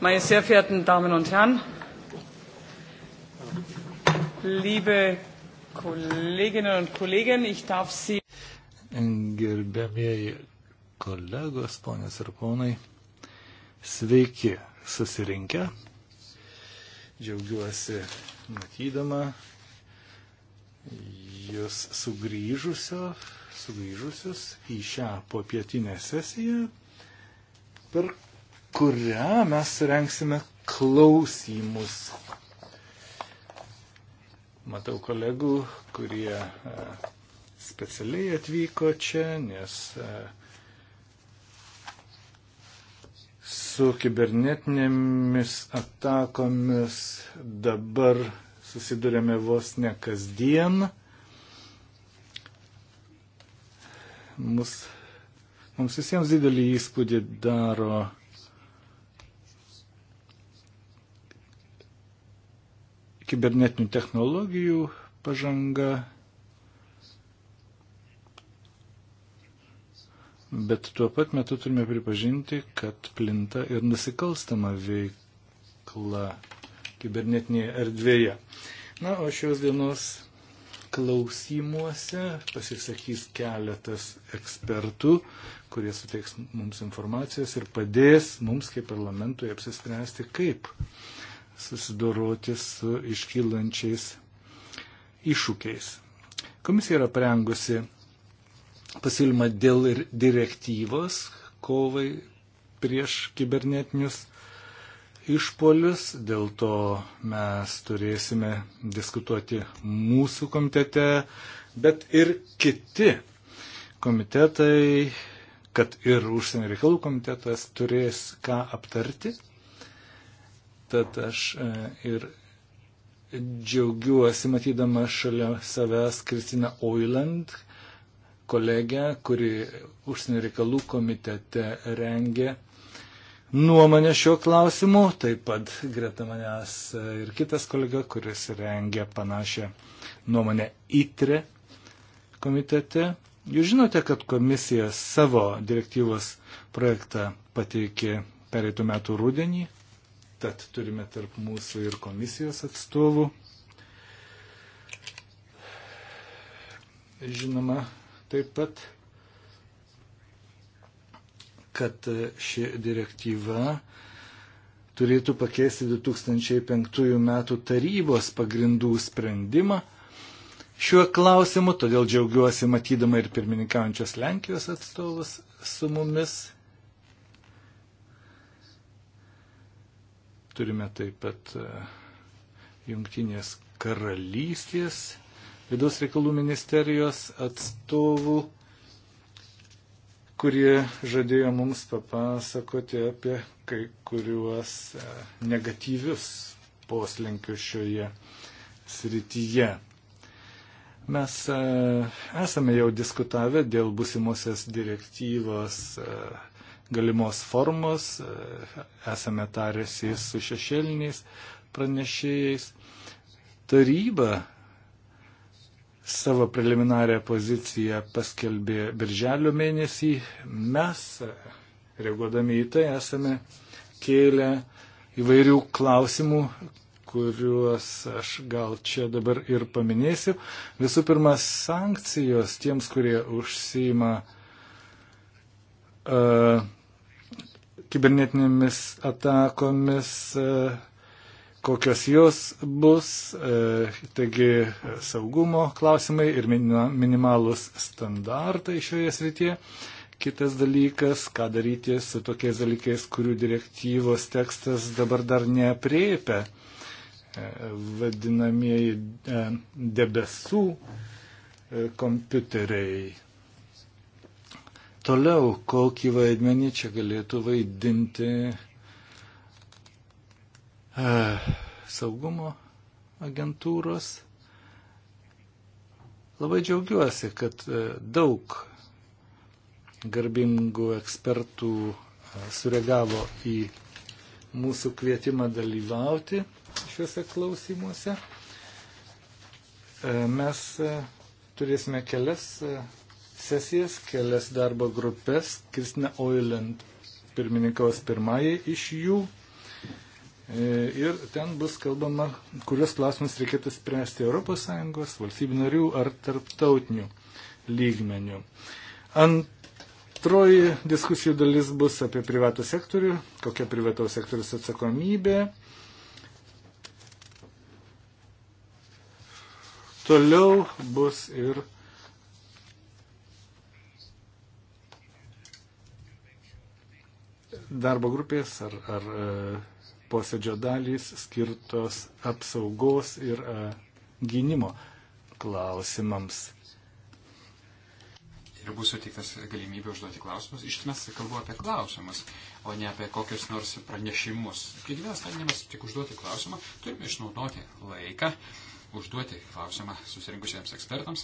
Meine sehr verehrten Damen und Herren, liebe Kolleginnen und Kollegen, ich darf Sie. Gerbėmieji kolegos, ponės ir ponai, sveiki susirinkę. Džiaugiuosi matydama jūs sugrįžusio, sugrįžusius į šią popietinę sesiją per kurią mes renksime klausimus. Matau kolegų, kurie e, specialiai atvyko čia, nes e, su kibernetinėmis atakomis dabar susidurėme vos ne kasdien. Mūsų Mums visiems didelį įspūdį daro kibernetinių technologijų pažanga, bet tuo pat metu turime pripažinti, kad plinta ir nusikalstama veikla kibernetinėje erdvėje. Na, o šios dienos klausimuose pasisakys keletas ekspertų, kurie suteiks mums informacijos ir padės mums kaip parlamentui apsispręsti, kaip susidoroti su iškylančiais iššūkiais. Komisija yra prengusi pasiūlymą dėl direktyvos kovai prieš kibernetinius išpolius, dėl to mes turėsime diskutuoti mūsų komitete, bet ir kiti komitetai kad ir užsienio reikalų komitetas turės ką aptarti. Tad aš e, ir džiaugiuosi matydama šalia savęs Kristina Oiland, kolegę, kuri užsienio reikalų komitete rengė nuomonę šiuo klausimu. Taip pat greta manęs e, ir kitas kolega, kuris rengė panašią nuomonę ITRE komitete. Jūs žinote, kad komisija savo direktyvos projektą pateikė pereitų metų rudenį, tad turime tarp mūsų ir komisijos atstovų. Žinoma, taip pat, kad ši direktyva turėtų pakeisti 2005 metų tarybos pagrindų sprendimą, šiuo klausimu, todėl džiaugiuosi matydama ir pirmininkaujančios Lenkijos atstovus su mumis. Turime taip pat e, Jungtinės karalystės vidaus reikalų ministerijos atstovų, kurie žadėjo mums papasakoti apie kai kuriuos e, negatyvius poslinkius šioje srityje. Mes e, esame jau diskutavę dėl busimosios direktyvos e, galimos formos, e, esame tarėsi su šešėliniais pranešėjais. Taryba savo preliminarią poziciją paskelbė birželio mėnesį. Mes, reaguodami į tai, esame kėlę įvairių klausimų, kuriuos aš gal čia dabar ir paminėsiu. Visų pirma, sankcijos tiems, kurie užsima uh, kibernetinėmis atakomis, uh, kokios jos bus, uh, taigi saugumo klausimai ir minimalus standartai šioje srityje. Uh, Kitas dalykas, ką daryti su tokiais dalykais, kurių direktyvos tekstas dabar dar neapriepia. E, vadinamieji e, debesų e, kompiuteriai. Toliau, kokį vaidmenį čia galėtų vaidinti saugumo agentūros. Labai džiaugiuosi, kad daug garbingų ekspertų sureagavo į mūsų kvietimą dalyvauti šiuose klausimuose. E, mes e, turėsime kelias e, sesijas, kelias darbo grupės. Kristina Oiland pirmininkaus pirmąjį iš jų. Ir ten bus kalbama, kurios klausimus reikėtų spręsti ES, valstybių narių ar tarptautinių lygmenių. Antroji diskusijų dalis bus apie privatų sektorių, kokia privataus sektorius atsakomybė Toliau bus ir darbo grupės ar, ar e, posėdžio dalys skirtos apsaugos ir a, e, gynimo klausimams. Ir bus suteiktas galimybė užduoti klausimus. Iš mes kalbu apie klausimus, o ne apie kokius nors pranešimus. Kiekvienas stengiamas tik užduoti klausimą, turime išnaudoti laiką užduoti klausimą susirinkusiems ekspertams.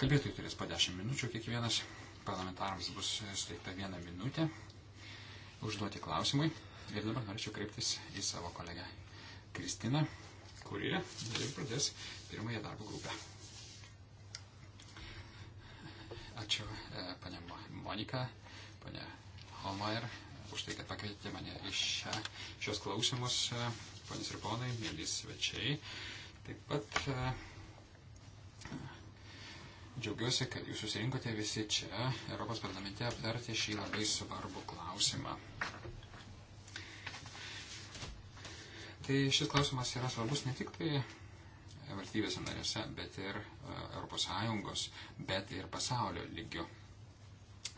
Kalbėtojai turės po 10 minučių kiekvienas, parlamentarams bus suteikta viena minutė užduoti klausimui. Ir dabar norėčiau kreiptis į savo kolegę Kristiną, kuri jau pradės pirmąją darbo grupę. Ačiū, e, panė Monika, panė Holmeier, už tai, kad pakvietėte mane iš šios klausimus, e, ponės ir ponai, mėly svečiai. Taip pat e, džiaugiuosi, kad jūs susirinkote visi čia Europos parlamente aptarti šį labai svarbų klausimą. Tai šis klausimas yra svarbus ne tik tai valstybėse narėse, bet ir e, Europos Sąjungos, bet ir pasaulio lygiu.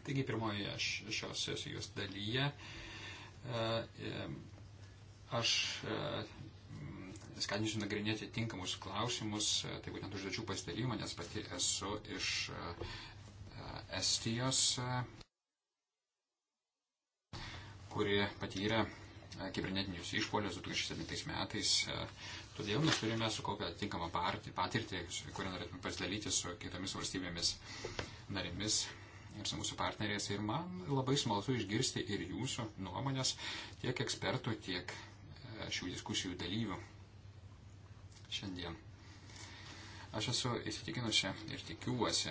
Taigi pirmoje šios sesijos dalyje e, aš skatinčiau nagrinėti tinkamus klausimus, e, tai būtent užduočių pasidalimą, nes pati esu iš e, e, Estijos, kuri patyrė kibernetinius išpolius 2007 metais. Todėl mes turime sukaupę tinkamą patirtį, kurią norėtume pasidalyti su kitomis valstybėmis narimis ir su mūsų partneriais. Ir man labai smalsu išgirsti ir jūsų nuomonės tiek ekspertų, tiek šių diskusijų dalyvių šiandien. Aš esu įsitikinusi ir tikiuosi,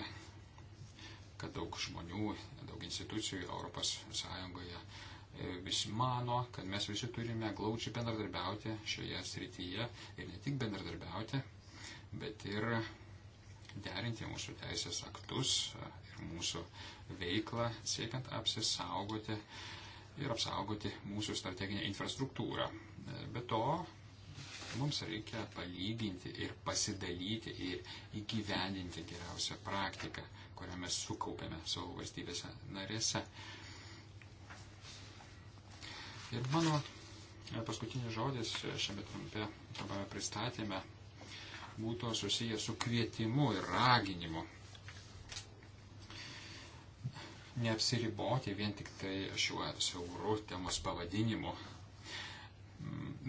kad daug žmonių, daug institucijų Europos Sąjungoje e, vis mano, kad mes visi turime glaučiai bendradarbiauti šioje srityje ir ne tik bendradarbiauti, bet ir derinti mūsų teisės aktus e, ir mūsų veiklą, siekiant apsisaugoti ir apsaugoti mūsų strateginę infrastruktūrą. E, be to, Mums reikia palyginti ir pasidalyti ir įgyvendinti geriausią praktiką, kurią mes sukaupėme savo valstybėse narėse. Ir mano paskutinis žodis šiame trumpe, trumpame pristatymė būtų susijęs su kvietimu ir raginimu neapsiriboti vien tik tai šiuo siauru temos pavadinimu.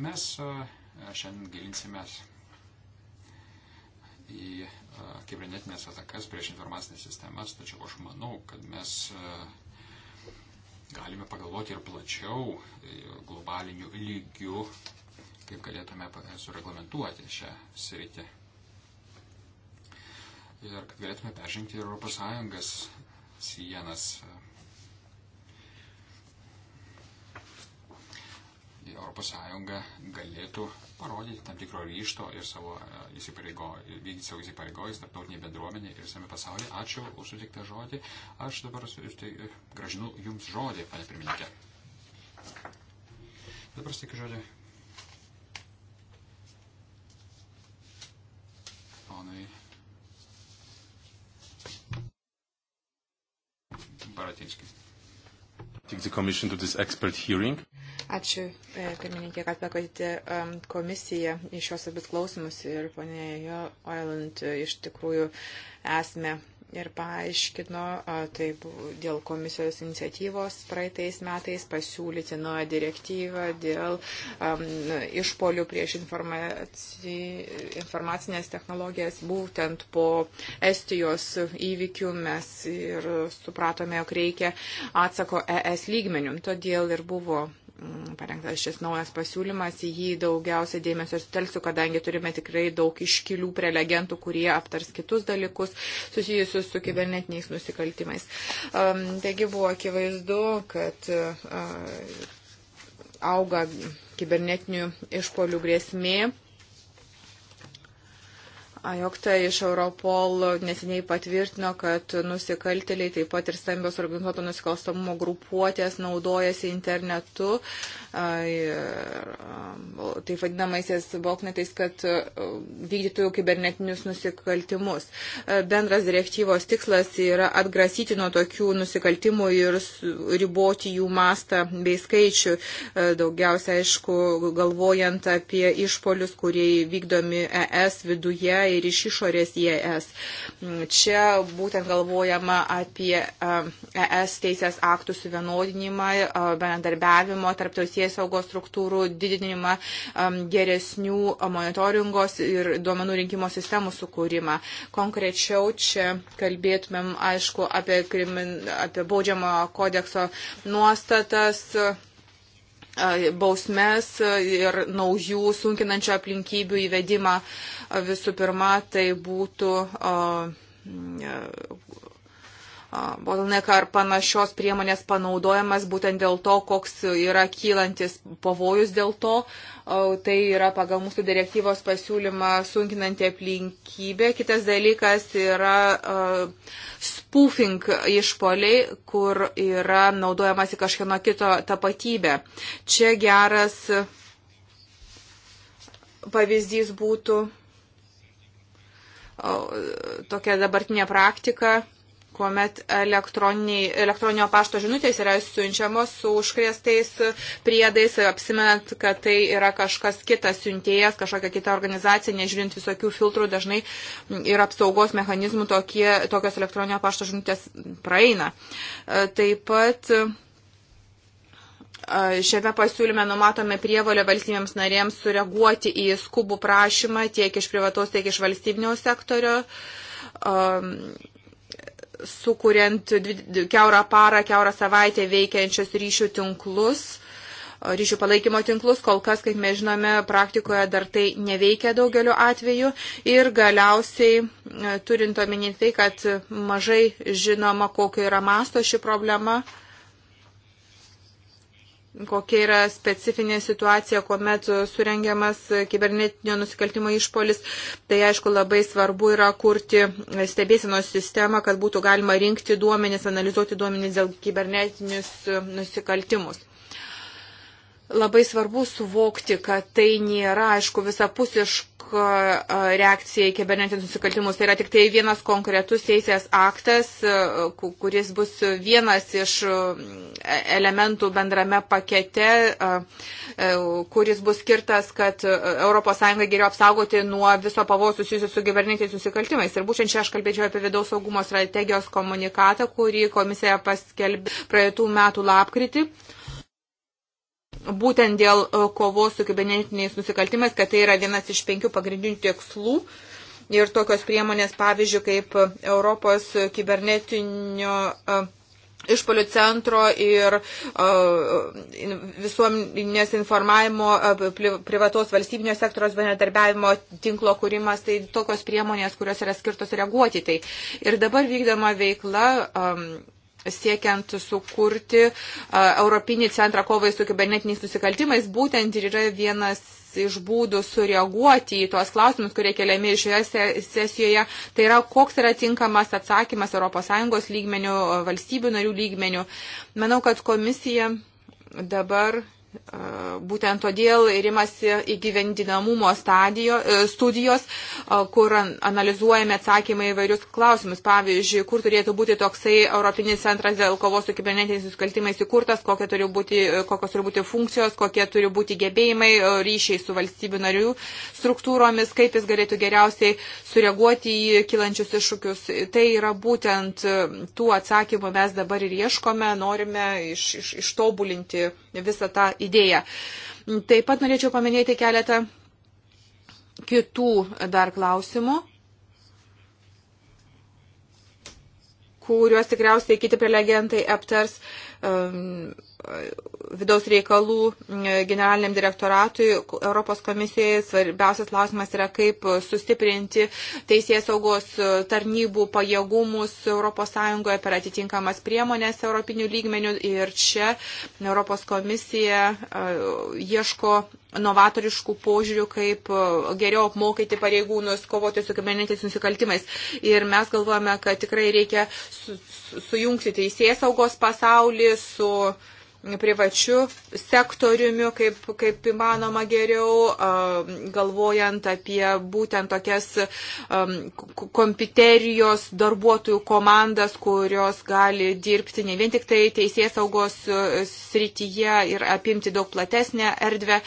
Mes Šiandien gilinsimės į e, kibernetinės atakas prieš informacinės sistemas, tačiau aš manau, kad mes e, galime pagalvoti ir plačiau e, globaliniu lygiu, kaip galėtume sureglamentuoti šią sritį. Ir kad galėtume peržengti ir ES sienas ES galėtų parodyti tam tikro ryšto ir savo e, vykdyti savo įsipareigojus tarptautinį bendruomenį ir visame pasaulyje. Ačiū už sutiktą žodį. Aš dabar tai, gražinu Jums žodį, pane pirmininkė. Dabar tik žodį. Ponai. Baratinskai. Take the commission to this expert hearing. Ačiū, e, pirmininkė, kad pakvietėte komisiją į šios abis klausimus ir ponė Jo Oiland e, iš tikrųjų esmė ir paaiškino, tai dėl komisijos iniciatyvos praeitais metais pasiūlyti naują direktyvą dėl um, išpolių prieš informaci, informacinės technologijas. Būtent po Estijos įvykių mes ir supratome, jog reikia atsako ES lygmenių. Todėl ir buvo Mm, parengtas šis naujas pasiūlymas, į jį daugiausia dėmesio sutelksiu, kadangi turime tikrai daug iškilių prelegentų, kurie aptars kitus dalykus susijusius su kibernetiniais nusikaltimais. Um, taigi buvo akivaizdu, kad uh, auga kibernetinių išpolių grėsmė Ajokta iš Europol neseniai patvirtino, kad nusikalteliai, taip pat ir stambios organizuoto nusikalstamumo grupuotės naudojasi internetu. Uh, tai vadinamaisiais boknetais, kad e, vykdytų kibernetinius nusikaltimus. E, bendras direktyvos tikslas yra atgrasyti nuo tokių nusikaltimų ir riboti jų mastą bei skaičių, daugiausia, aišku, galvojant apie išpolius, kurie vykdomi ES viduje ir iš išorės į ES. Mm, čia būtent galvojama apie ES teisės aktų suvienodinimą, bendarbiavimo tarptautinį teisės saugos struktūrų didinimą, geresnių monitoringos ir duomenų rinkimo sistemų sukūrimą. Konkrečiau čia kalbėtumėm, aišku, apie, krimin, apie baudžiamo kodekso nuostatas bausmes ir naujų sunkinančių aplinkybių įvedimą. Visų pirma, tai būtų botalneką ar panašios priemonės panaudojamas būtent dėl to, koks yra kylantis pavojus dėl to. Tai yra pagal mūsų direktyvos pasiūlymą sunkinanti aplinkybė. Kitas dalykas yra spoofing išpoliai, kur yra naudojamasi kažkieno kito tapatybė. Čia geras pavyzdys būtų tokia dabartinė praktika kuomet elektroninio pašto žinutės yra siunčiamos su užkrėstais priedais, apsimenant, kad tai yra kažkas kitas siuntėjas, kažkokia kita organizacija, nežiūrint visokių filtrų, dažnai ir apsaugos mechanizmų tokie, tokios elektroninio pašto žinutės praeina. E, taip pat e, Šiame pasiūlyme numatome prievalę valstybėms narėms sureaguoti į skubų prašymą tiek iš privataus, tiek iš valstybinio sektorio e, sukuriant keurą parą, keurą savaitę veikiančius ryšių tinklus, ryšių palaikymo tinklus, kol kas, kaip mes žinome, praktikoje dar tai neveikia daugeliu atveju ir galiausiai e, turint omeny tai, kad mažai žinoma, kokio yra masto ši problema, kokia yra specifinė situacija, kuomet surengiamas kibernetinio nusikaltimo išpolis. Tai aišku labai svarbu yra kurti stebėsenos sistemą, kad būtų galima rinkti duomenis, analizuoti duomenis dėl kibernetinius nusikaltimus labai svarbu suvokti, kad tai nėra, aišku, visapusiška reakcija į kibernetinius nusikaltimus. Tai yra tik tai vienas konkretus teisės aktas, kuris bus vienas iš elementų bendrame pakete, kuris bus skirtas, kad ES geriau apsaugoti nuo viso pavojų susijusiu su kibernetiniais nusikaltimais. Ir būtent čia aš kalbėčiau apie vidaus saugumo strategijos komunikatą, kurį komisija paskelbė praeitų metų lapkritį. Uh, būtent dėl e, kovos su kibernetiniais nusikaltimais, kad tai yra vienas iš penkių pagrindinių tikslų. Ir tokios priemonės, pavyzdžiui, kaip Europos kibernetinio e, išpolių centro ir e, visuomenės informavimo privatos valstybinio sektoriaus bendradarbiavimo tinklo kūrimas, tai tokios priemonės, kurios yra skirtos reaguoti. Tai ir dabar vykdoma veikla siekiant sukurti Europinį centrą kovai su kibernetiniais nusikaltimais, būtent ir yra vienas iš būdų sureaguoti į tuos klausimus, kurie keliami šioje sesijoje, tai yra koks yra tinkamas atsakymas ES lygmenių, valstybių narių lygmenių. Manau, kad komisija dabar Būtent todėl ir imasi įgyvendinamumo stadijo, e, studijos, kur analizuojame atsakymai įvairius klausimus. Pavyzdžiui, kur turėtų būti toksai Europinis centras dėl kovos su kibernetiniais nusikaltimais įkurtas, kokie turi būti, kokios turi būti funkcijos, kokie turi būti gebėjimai, e, ryšiai su valstybių narių struktūromis, kaip jis galėtų geriausiai sureaguoti į kilančius iššūkius. Tai yra būtent e, tų atsakymų mes dabar ir ieškome, norime iš, iš, ištobulinti visą tą idėją. Taip pat norėčiau paminėti keletą kitų dar klausimų, kuriuos tikriausiai kiti prelegentai aptars. Uh, Um, vidaus reikalų mm, generaliniam direktoratui Europos komisijai svarbiausias klausimas yra, kaip sustiprinti teisės saugos uh, tarnybų pajėgumus ES per atitinkamas priemonės europinių lygmenių. Ir čia Europos komisija uh, ieško novatoriškų požiūrių, kaip e, geriau apmokyti pareigūnus, kovoti su kibernetiniais nusikaltimais. Ir mes galvojame, kad tikrai reikia su, su, sujungti teisės saugos pasaulį su privačiu sektoriumi, kaip, kaip įmanoma geriau, e, galvojant apie būtent tokias e, kompiterijos darbuotojų komandas, kurios gali dirbti ne vien tik tai teisės saugos srityje ir apimti daug platesnę erdvę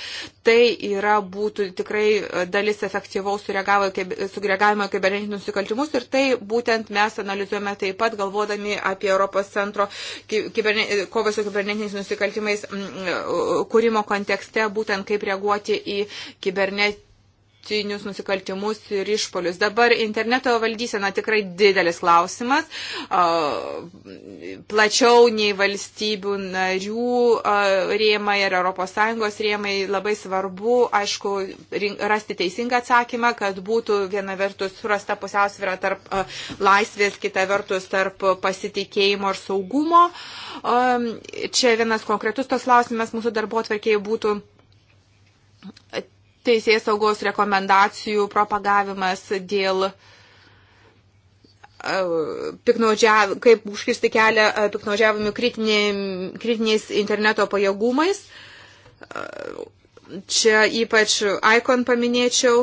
tai yra būtų tikrai e, dalis efektyvaus sureagavimo kibernetinius nusikaltimus ir tai būtent mes analizuojame taip pat galvodami apie Europos centro kiberne, kovą su kibernetiniais nusikaltimais e, kūrimo kontekste, būtent kaip reaguoti į kibernetinį smurtinius nusikaltimus ir išpolius. Dabar interneto valdysena tikrai didelis klausimas, plačiau nei valstybių narių rėmai ir ES rėmai labai svarbu, aišku, rasti teisingą atsakymą, kad būtų viena vertus surasta pusiausvyrą tarp laisvės, kita vertus tarp pasitikėjimo ir saugumo. Čia vienas konkretus tos klausimas mūsų darbo atverkėjai būtų teisės saugos rekomendacijų propagavimas dėl e, piknaudžiav, kaip užkirsti kelią e, piknaudžiavimui kritiniais interneto pajėgumais. E, čia ypač ICON paminėčiau.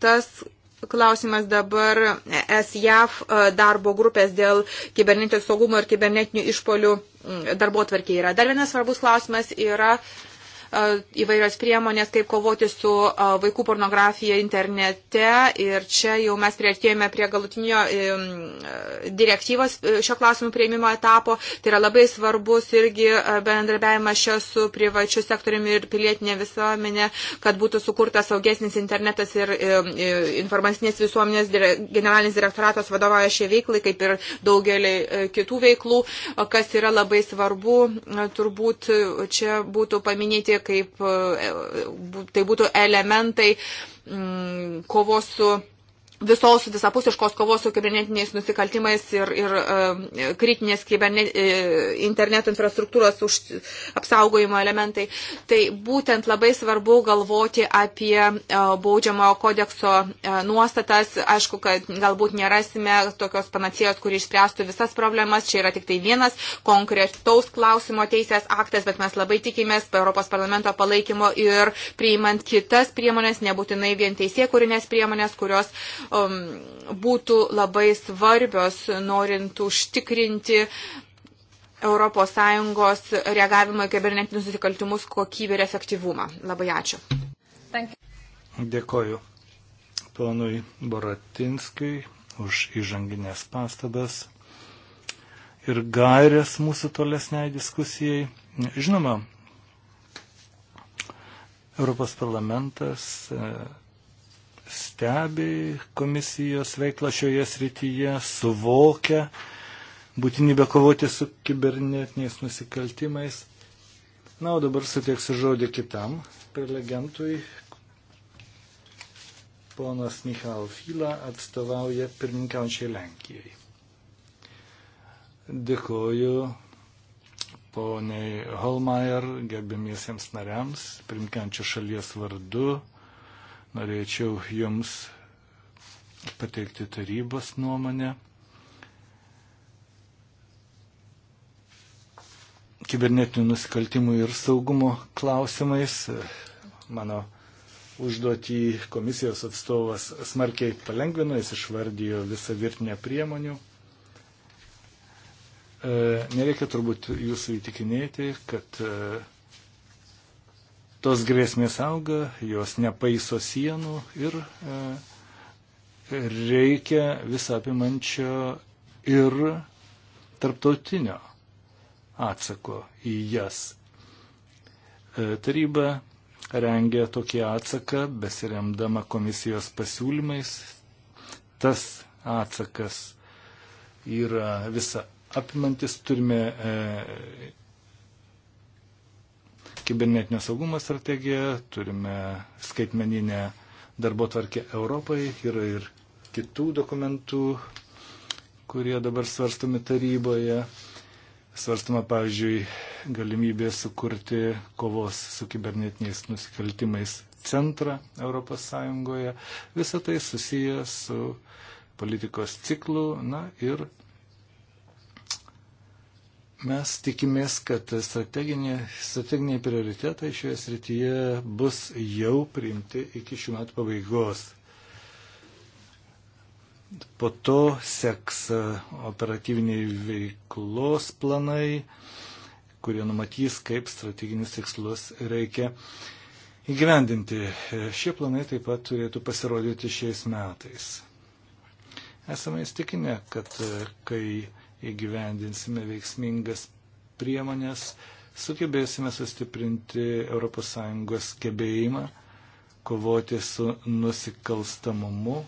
Tas klausimas dabar SJAF darbo grupės dėl kibernetinio saugumo ir kibernetinių išpolių darbo tvarkiai yra. Dar vienas svarbus klausimas yra uh, įvairios priemonės, kaip kovoti su vaikų pornografija internete. Ir čia jau mes prieartėjome prie galutinio direktyvos e, šio klausimų prieimimo etapo. Tai yra labai svarbus irgi bendrabiavimas čia su privačiu sektoriumi ir pilietinė visuomenė, kad būtų sukurtas saugesnis internetas ir e, e, informacinės visuomenės generalinis direktoratas vadovauja šiai veiklai, kaip ir daugelį kitų veiklų, kas yra labai svarbu, turbūt čia būtų paminėti kaip e, e, tai būtų elementai mm, kovos su visos visapusiškos kovos su kibernetiniais nusikaltimais ir, ir e, kritinės kibernet, e, interneto infrastruktūros už apsaugojimo elementai. Tai būtent labai svarbu galvoti apie e, baudžiamojo kodekso e, nuostatas. Aišku, kad galbūt nerasime tokios panacijos, kuri išspręstų visas problemas. Čia yra tik tai vienas konkretaus klausimo teisės aktas, bet mes labai tikimės Europos parlamento palaikymo ir priimant kitas priemonės, nebūtinai vien teisėkurinės priemonės, kurios uh, Um, būtų labai svarbios, norint užtikrinti ES reagavimą į kibernetinius nusikaltimus kokybę ir efektyvumą. Labai ačiū. Dėkoju ponui Boratinskui už įžanginės pastabas ir gairės mūsų tolesniai diskusijai. Žinoma, Europos parlamentas stebi komisijos veiklą šioje srityje, suvokia būtinybę kovoti su kibernetiniais nusikaltimais. Na, o dabar suteiksiu žodį kitam prelegentui. Ponas Michal Fila atstovauja pirmininkaujančiai Lenkijai. Dėkoju poniai Holmeier, gerbėmiesiems nariams, primkiančių šalies vardu. Norėčiau Jums pateikti tarybos nuomonę. Kibernetinių nusikaltimų ir saugumo klausimais. E, mano užduotį komisijos atstovas smarkiai palengvino, jis išvardijo visą virtinę priemonių e, nereikia turbūt jūsų įtikinėti, kad e, Tos grėsmės auga, jos nepaiso sienų ir e, reikia visą apimančio ir tarptautinio atsako į jas. E, taryba rengia tokį atsaką, besiremdama komisijos pasiūlymais. Tas atsakas yra visa apimantis, turime e, kibernetinio saugumo strategiją, turime skaitmeninę darbo tvarkę Europai, yra ir kitų dokumentų, kurie dabar svarstomi taryboje. Svarstama, pavyzdžiui, galimybė sukurti kovos su kibernetiniais nusikaltimais centrą Europos Sąjungoje. Visą tai susiję su politikos ciklu, na ir Mes tikimės, kad strateginiai, strateginiai prioritetai šioje srityje bus jau priimti iki šių metų pabaigos. Po to seks e, operatyviniai veiklos planai, kurie numatys, kaip strateginius tikslus reikia įgyvendinti. E, šie planai taip pat turėtų pasirodyti šiais metais. Esame įstikinę, kad e, kai įgyvendinsime veiksmingas priemonės, sugebėsime sustiprinti ES gebėjimą kovoti su nusikalstamumu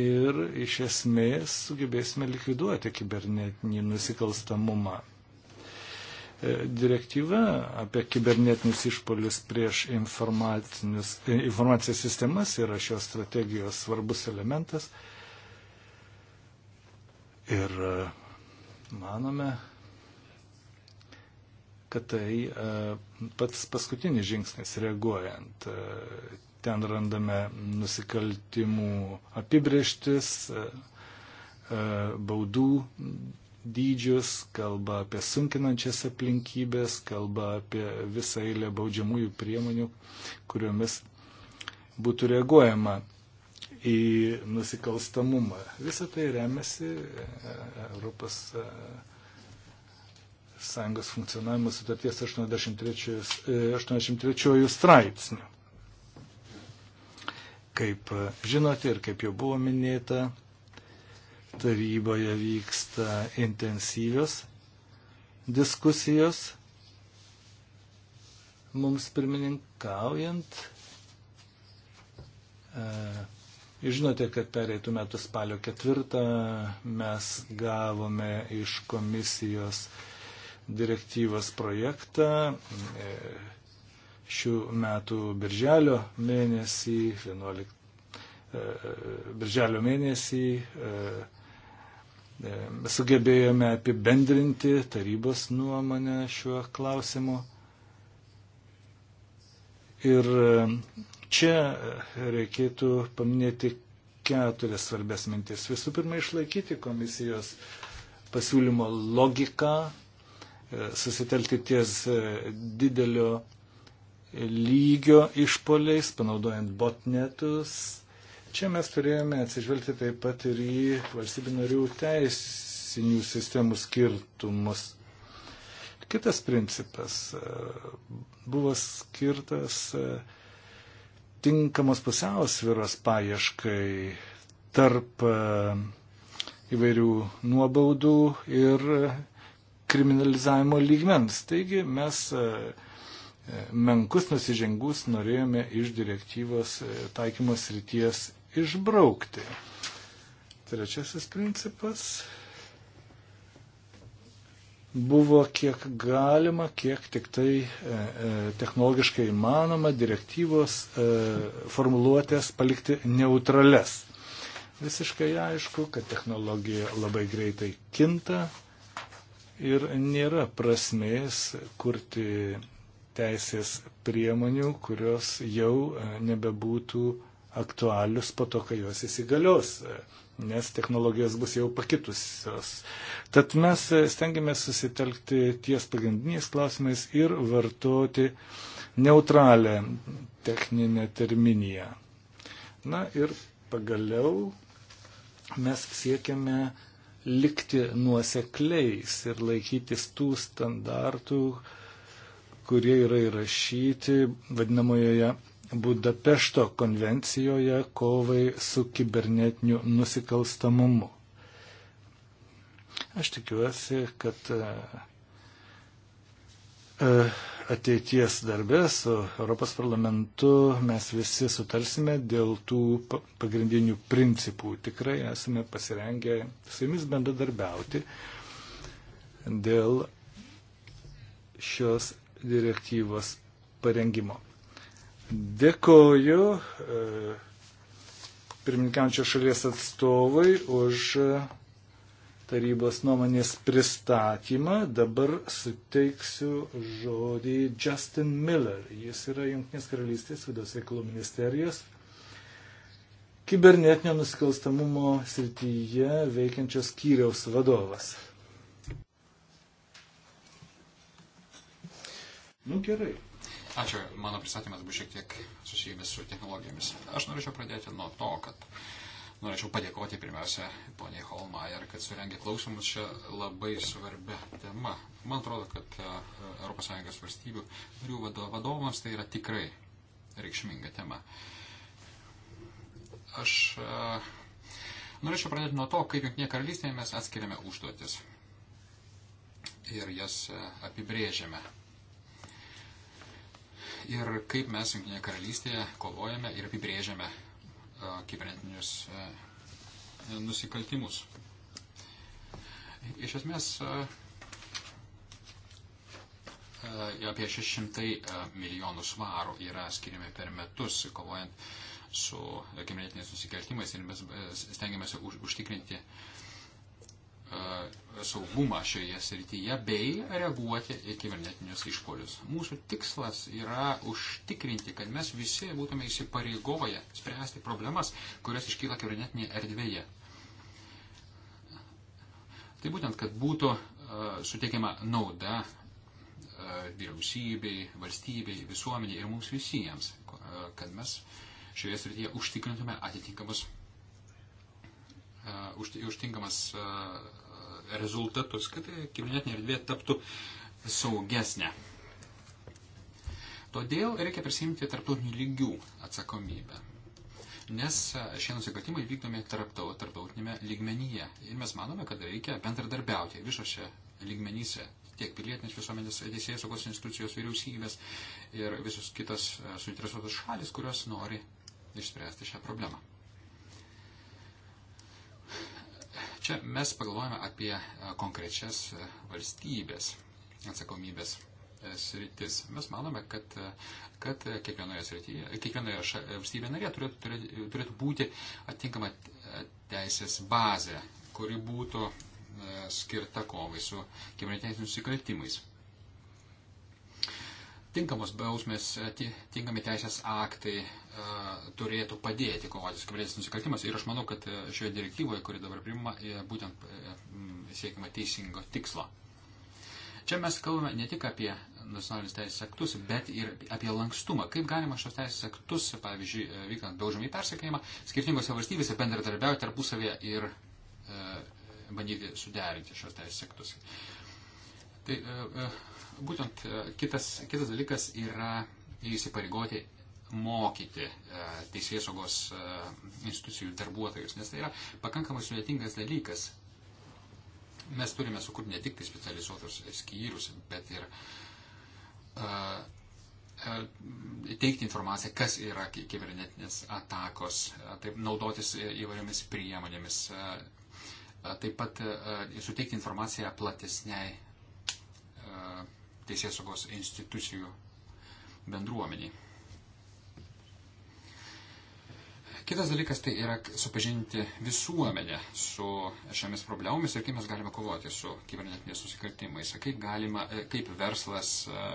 ir iš esmės sugebėsime likviduoti kibernetinį nusikalstamumą. E, direktyva apie kibernetinius išpolius prieš informacinės sistemas yra šios strategijos svarbus elementas. Ir e, manome, kad tai e, pats paskutinis žingsnis reaguojant. E, ten randame nusikaltimų apibrieštis, baudų dydžius, kalba apie sunkinančias aplinkybės, kalba apie visą eilę baudžiamųjų priemonių, kuriomis būtų reaguojama į nusikalstamumą. Visą tai remiasi e, e, Europos e, Sąjungos funkcionavimo sutarties 83, 83 straipsnių. Kaip žinote ir kaip jau buvo minėta, taryboje vyksta intensyvios diskusijos mums pirmininkaujant. E, Žinote, kad pereitų metų spalio ketvirtą mes gavome iš komisijos direktyvos projektą. E, šių metų birželio mėnesį, 11, e, birželio mėnesį e, sugebėjome apibendrinti tarybos nuomonę šiuo klausimu. Ir e, čia e, reikėtų paminėti keturias svarbės mintis. Visų pirma, išlaikyti komisijos pasiūlymo logiką, e, susitelkti ties didelio lygio išpoliais, panaudojant botnetus. Čia mes turėjome atsižvelgti taip pat ir į valstybių narių teisinių sistemų skirtumus. Kitas principas e, buvo skirtas e, tinkamos pusiausviros paieškai tarp e, įvairių nuobaudų ir kriminalizavimo lygmens. Taigi mes menkus nusižengus norėjome iš direktyvos taikymos ryties išbraukti. Trečiasis principas buvo kiek galima, kiek tik tai e, e, technologiškai įmanoma direktyvos e, formuluotės palikti neutrales. Visiškai aišku, kad technologija labai greitai kinta ir nėra prasmės kurti teisės priemonių, kurios jau nebebūtų aktualius po to, kai juos įsigalios, e, nes technologijos bus jau pakitusios. Tad mes e, stengiamės susitelkti ties pagrindiniais klausimais ir vartoti neutralią techninę terminiją. Na ir pagaliau mes siekiame likti nuosekliais ir laikytis tų standartų, kurie yra įrašyti vadinamojoje Budapešto konvencijoje kovai su kibernetiniu nusikalstamumu. Aš tikiuosi, kad e, e, ateities darbė su Europos parlamentu mes visi sutarsime dėl tų pagrindinių principų. Tikrai esame pasirengę su jumis bendradarbiauti dėl šios direktyvos parengimo. Dėkoju e, pirmininkiančio šalies atstovai už tarybos nuomonės pristatymą. Dabar suteiksiu žodį Justin Miller. Jis yra Junktinės karalystės vidaus reikalų ministerijos kibernetinio nusikalstamumo srityje veikiančios kyriaus vadovas. Nu gerai. Ačiū, mano pristatymas bus šiek tiek susijęs su technologijomis. Aš norėčiau pradėti nuo to, kad norėčiau padėkoti pirmiausia poniai Holmeier, kad surengė klausimus čia labai svarbia tema. Man atrodo, kad ES valstybių narių vadovams tai yra tikrai reikšminga tema. Aš e, norėčiau pradėti nuo to, kaip Junktinėje karalystėje mes atskiriame užduotis ir jas e, apibrėžiame ir kaip mes Junktinėje karalystėje kovojame ir apibrėžiame e, kibernetinius e, nusikaltimus. Iš esmės, e, apie 600 milijonų svarų yra skiriami per metus kovojant su kibernetiniais nusikaltimais ir mes stengiamės užtikrinti uh, E, saugumą šioje srityje bei reaguoti į kibernetinius išpolius. Mūsų tikslas yra užtikrinti, kad mes visi būtume įsipareigoję spręsti problemas, kurios iškyla kibernetinėje erdvėje. Tai būtent, kad būtų e, suteikiama nauda e, vyriausybei, valstybei, visuomeniai ir mums visiems, kad mes šioje srityje užtikrintume atitinkamus E, užtinkamas e, e, rezultatus, kad kibernetinė erdvė taptų saugesnė. Todėl reikia prisimti tarptautinių lygių atsakomybę. Nes šie nusikaltimai vykdomi tarptaut, tarptautinėme lygmenyje. Ir mes manome, kad reikia bendradarbiauti visose lygmenyse tiek pilietinės visuomenės, teisėjai saugos institucijos, vyriausybės ir visos kitos suinteresuotos šalis, kurios nori išspręsti šią problemą. Čia mes pagalvojame apie e, konkrečias e, valstybės atsakomybės e, sritis. Mes manome, kad, kad kiekvienoje, srityje, kiekvienoje ša, valstybėje narėje turėtų, turėtų, turėtų būti atitinkama teisės bazė, kuri būtų skirta kovai su kibernetiniais nusikaltimais tinkamos bausmės, tinkami teisės aktai e, turėtų padėti kovoti su kabinėtis nusikaltimas. Ir aš manau, kad e, šioje direktyvoje, kuri dabar primama, e, būtent siekima teisingo tikslo. Čia mes kalbame ne tik apie nacionalinius teisės aktus, bet ir apie lankstumą. Kaip galima šios teisės aktus, pavyzdžiui, vykdant daužomį persekėjimą, skirtingose valstybėse bendradarbiauti tarpusavėje ir e, bandyti suderinti šios teisės aktus. Tai e, e, Būtent e, kitas, kitas dalykas yra įsipareigoti mokyti e, teisės saugos e, institucijų darbuotojus, nes tai yra pakankamai sudėtingas dalykas. Mes turime sukurti ne tik tai specializuotus skyrius, bet ir uh, teikti informaciją, kas yra kibernetinės atakos, taip, naudotis įvairiomis priemonėmis, taip pat suteikti informaciją platesniai teisėsaugos institucijų bendruomeniai. Kitas dalykas tai yra supažinti visuomenę su šiomis problemomis ir kaip mes galime kovoti su kibernetiniais susikaltimais, kaip, galima, e, kaip verslas, e,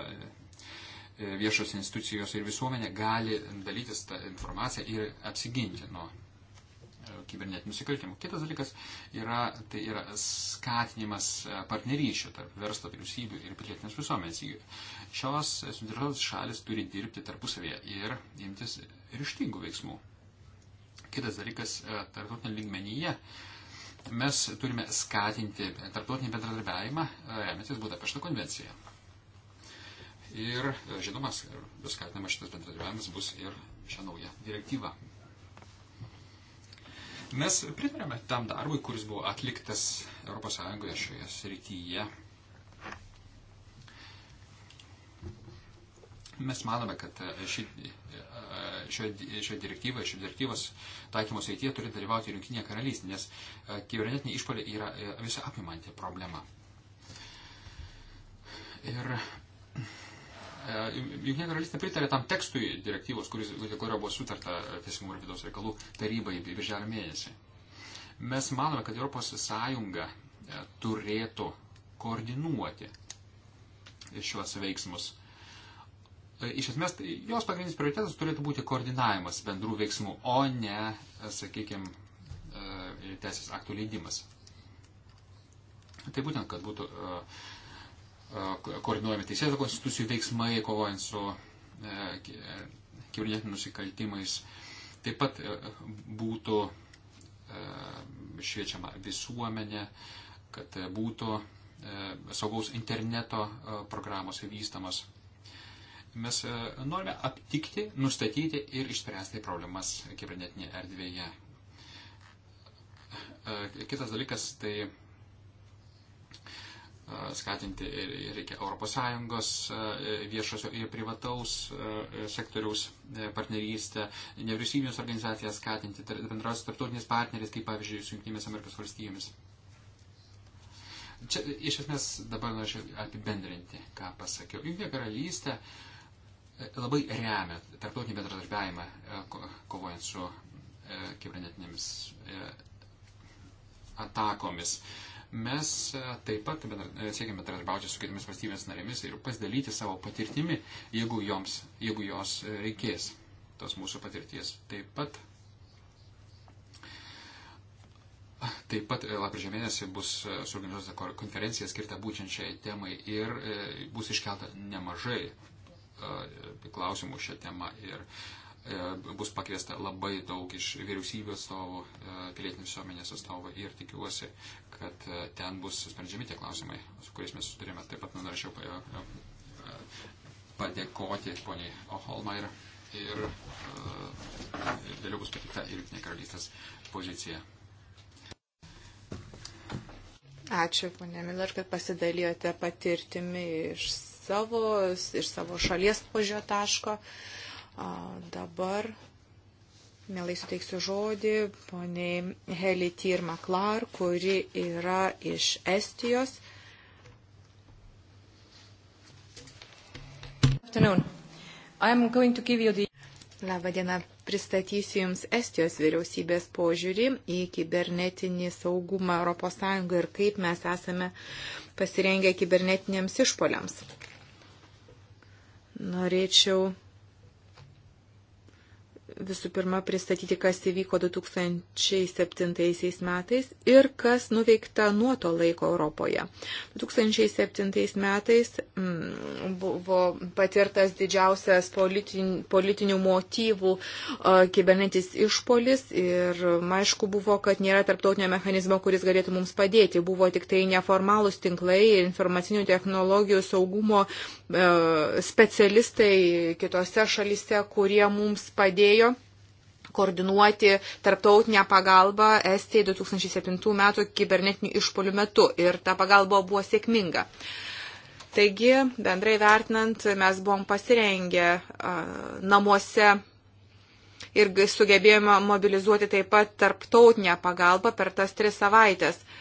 e, viešos institucijos ir visuomenė gali dalytis tą informaciją ir apsiginti nuo kibernetinių nusikaltimų. Kitas dalykas yra, tai yra skatinimas e, partnerysčių tarp verslo, vyriausybių ir pilietinės visuomenės. Šios suinteresuotos šalis turi dirbti tarpusavėje ir imtis ryštingų veiksmų. Kitas dalykas, e, tarptautinė lygmenyje mes turime skatinti tarptautinį bendradarbiavimą, e, remiantis Budapešto konvenciją. Ir žinomas, skatinama šitas bendradarbiavimas bus ir šią naują direktyvą. Mes pritarėme tam darbui, kuris buvo atliktas ES šioje srityje. Mes manome, kad e, ši, e, šio, šio direktyva, šio direktyvos taikymos srityje turi dalyvauti Junkinė karalystė, nes e, kibernetiniai išpoliai yra visą apimanti problema. Ir Junkinė karalystė pritarė tam tekstui direktyvos, kuris, kurio buvo sutarta e, Teisingumo ir vidaus reikalų tarybai birželio mėnesį. Mes manome, kad ES e, turėtų koordinuoti šiuos veiksmus. E, iš esmės, tai jos pagrindinis prioritetas turėtų būti koordinavimas bendrų veiksmų, o ne, sakykime, teisės aktų leidimas. Tai būtent, kad būtų uh, koordinuojami teisėsaugos institucijų veiksmai, kovojant su e, e, kibernetiniais nusikaltimais. Taip pat e, būtų šviečiama visuomenė, kad būtų saugaus interneto programos vystamas. Mes norime aptikti, nustatyti ir išspręsti problemas kibernetinėje erdvėje. Kitas dalykas tai skatinti reikia ES viešosio ir privataus sektoriaus e, partnerystę, nevyriausybinės organizacijas skatinti, bendraus tarptautinės partneris, kaip pavyzdžiui, su Junktinėmis Amerikos valstybėmis. Čia iš esmės dabar norėčiau apibendrinti, ką pasakiau. Junktinė karalystė e, labai remia tarptautinį bendradarbiavimą e, kovojant su kibernetinėmis atakomis. E, Mes e, taip pat e, siekiame bendradarbiauti su kitomis valstybės narėmis ir pasidalyti savo patirtimi, jeigu, joms, jeigu jos e, reikės tos mūsų patirties. Taip pat, taip pat lapkričio mėnesį bus suorganizuota konferencija skirta būtent šiai temai ir bus iškelta nemažai klausimų šią temą. Ir E, bus pakviesta labai daug iš vyriausybės atstovų, e, pilietinės visuomenės atstovų ir tikiuosi, kad e, ten bus sprendžiami tie klausimai, su kuriais mes susidurėme. Taip pat norėčiau padėkoti poniai Holmair ir, ir vėliau bus patikta ir Junktinė karalystės pozicija. Ačiū, ponė Miller, kad pasidalijote patirtimi iš savo, iš savo šalies požio taško. Uh, Dabar Mielai suteiksiu žodį poniai Heli Tirma Klar, kuri yra iš Estijos. The... Labą dieną, pristatysiu Jums Estijos vyriausybės požiūrį į kibernetinį saugumą ES ir kaip mes esame pasirengę kibernetiniams išpoliams. Norėčiau visų pirma pristatyti, kas įvyko 2007 metais ir kas nuveikta nuo to laiko Europoje. 2007 metais mm, buvo patirtas didžiausias politin, politinių motyvų kibernetis išpolis ir aišku buvo, kad nėra tarptautinio mechanizmo, kuris galėtų mums padėti. Buvo tik tai neformalūs tinklai ir informacinių technologijų saugumo E, specialistai kitose šalise, kurie mums padėjo koordinuoti tarptautinę pagalbą Estijai 2007 metų kibernetinių išpolių metu ir ta pagalba buvo sėkminga. Taigi, bendrai vertinant, mes buvom pasirengę a, e, namuose ir sugebėjome mobilizuoti taip pat tarptautinę pagalbą per tas tris savaitės. A,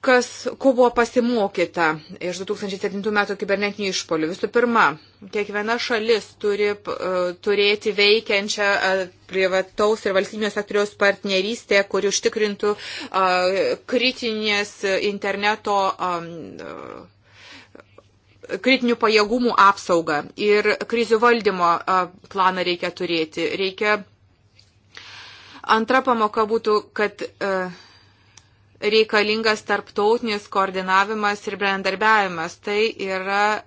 kas, ko buvo pasimokyta iš 2007 metų kibernetinių išpolių. Visų pirma, kiekviena šalis turi uh, turėti veikiančią uh, privataus ir valstybinio sektoriaus partnerystę, kuri užtikrintų uh, kritinės interneto. Um, uh, kritinių pajėgumų apsaugą ir krizių valdymo uh, planą reikia turėti. Reikia Antra pamoka būtų, kad uh, reikalingas tarptautinis koordinavimas ir bendarbiavimas. Tai yra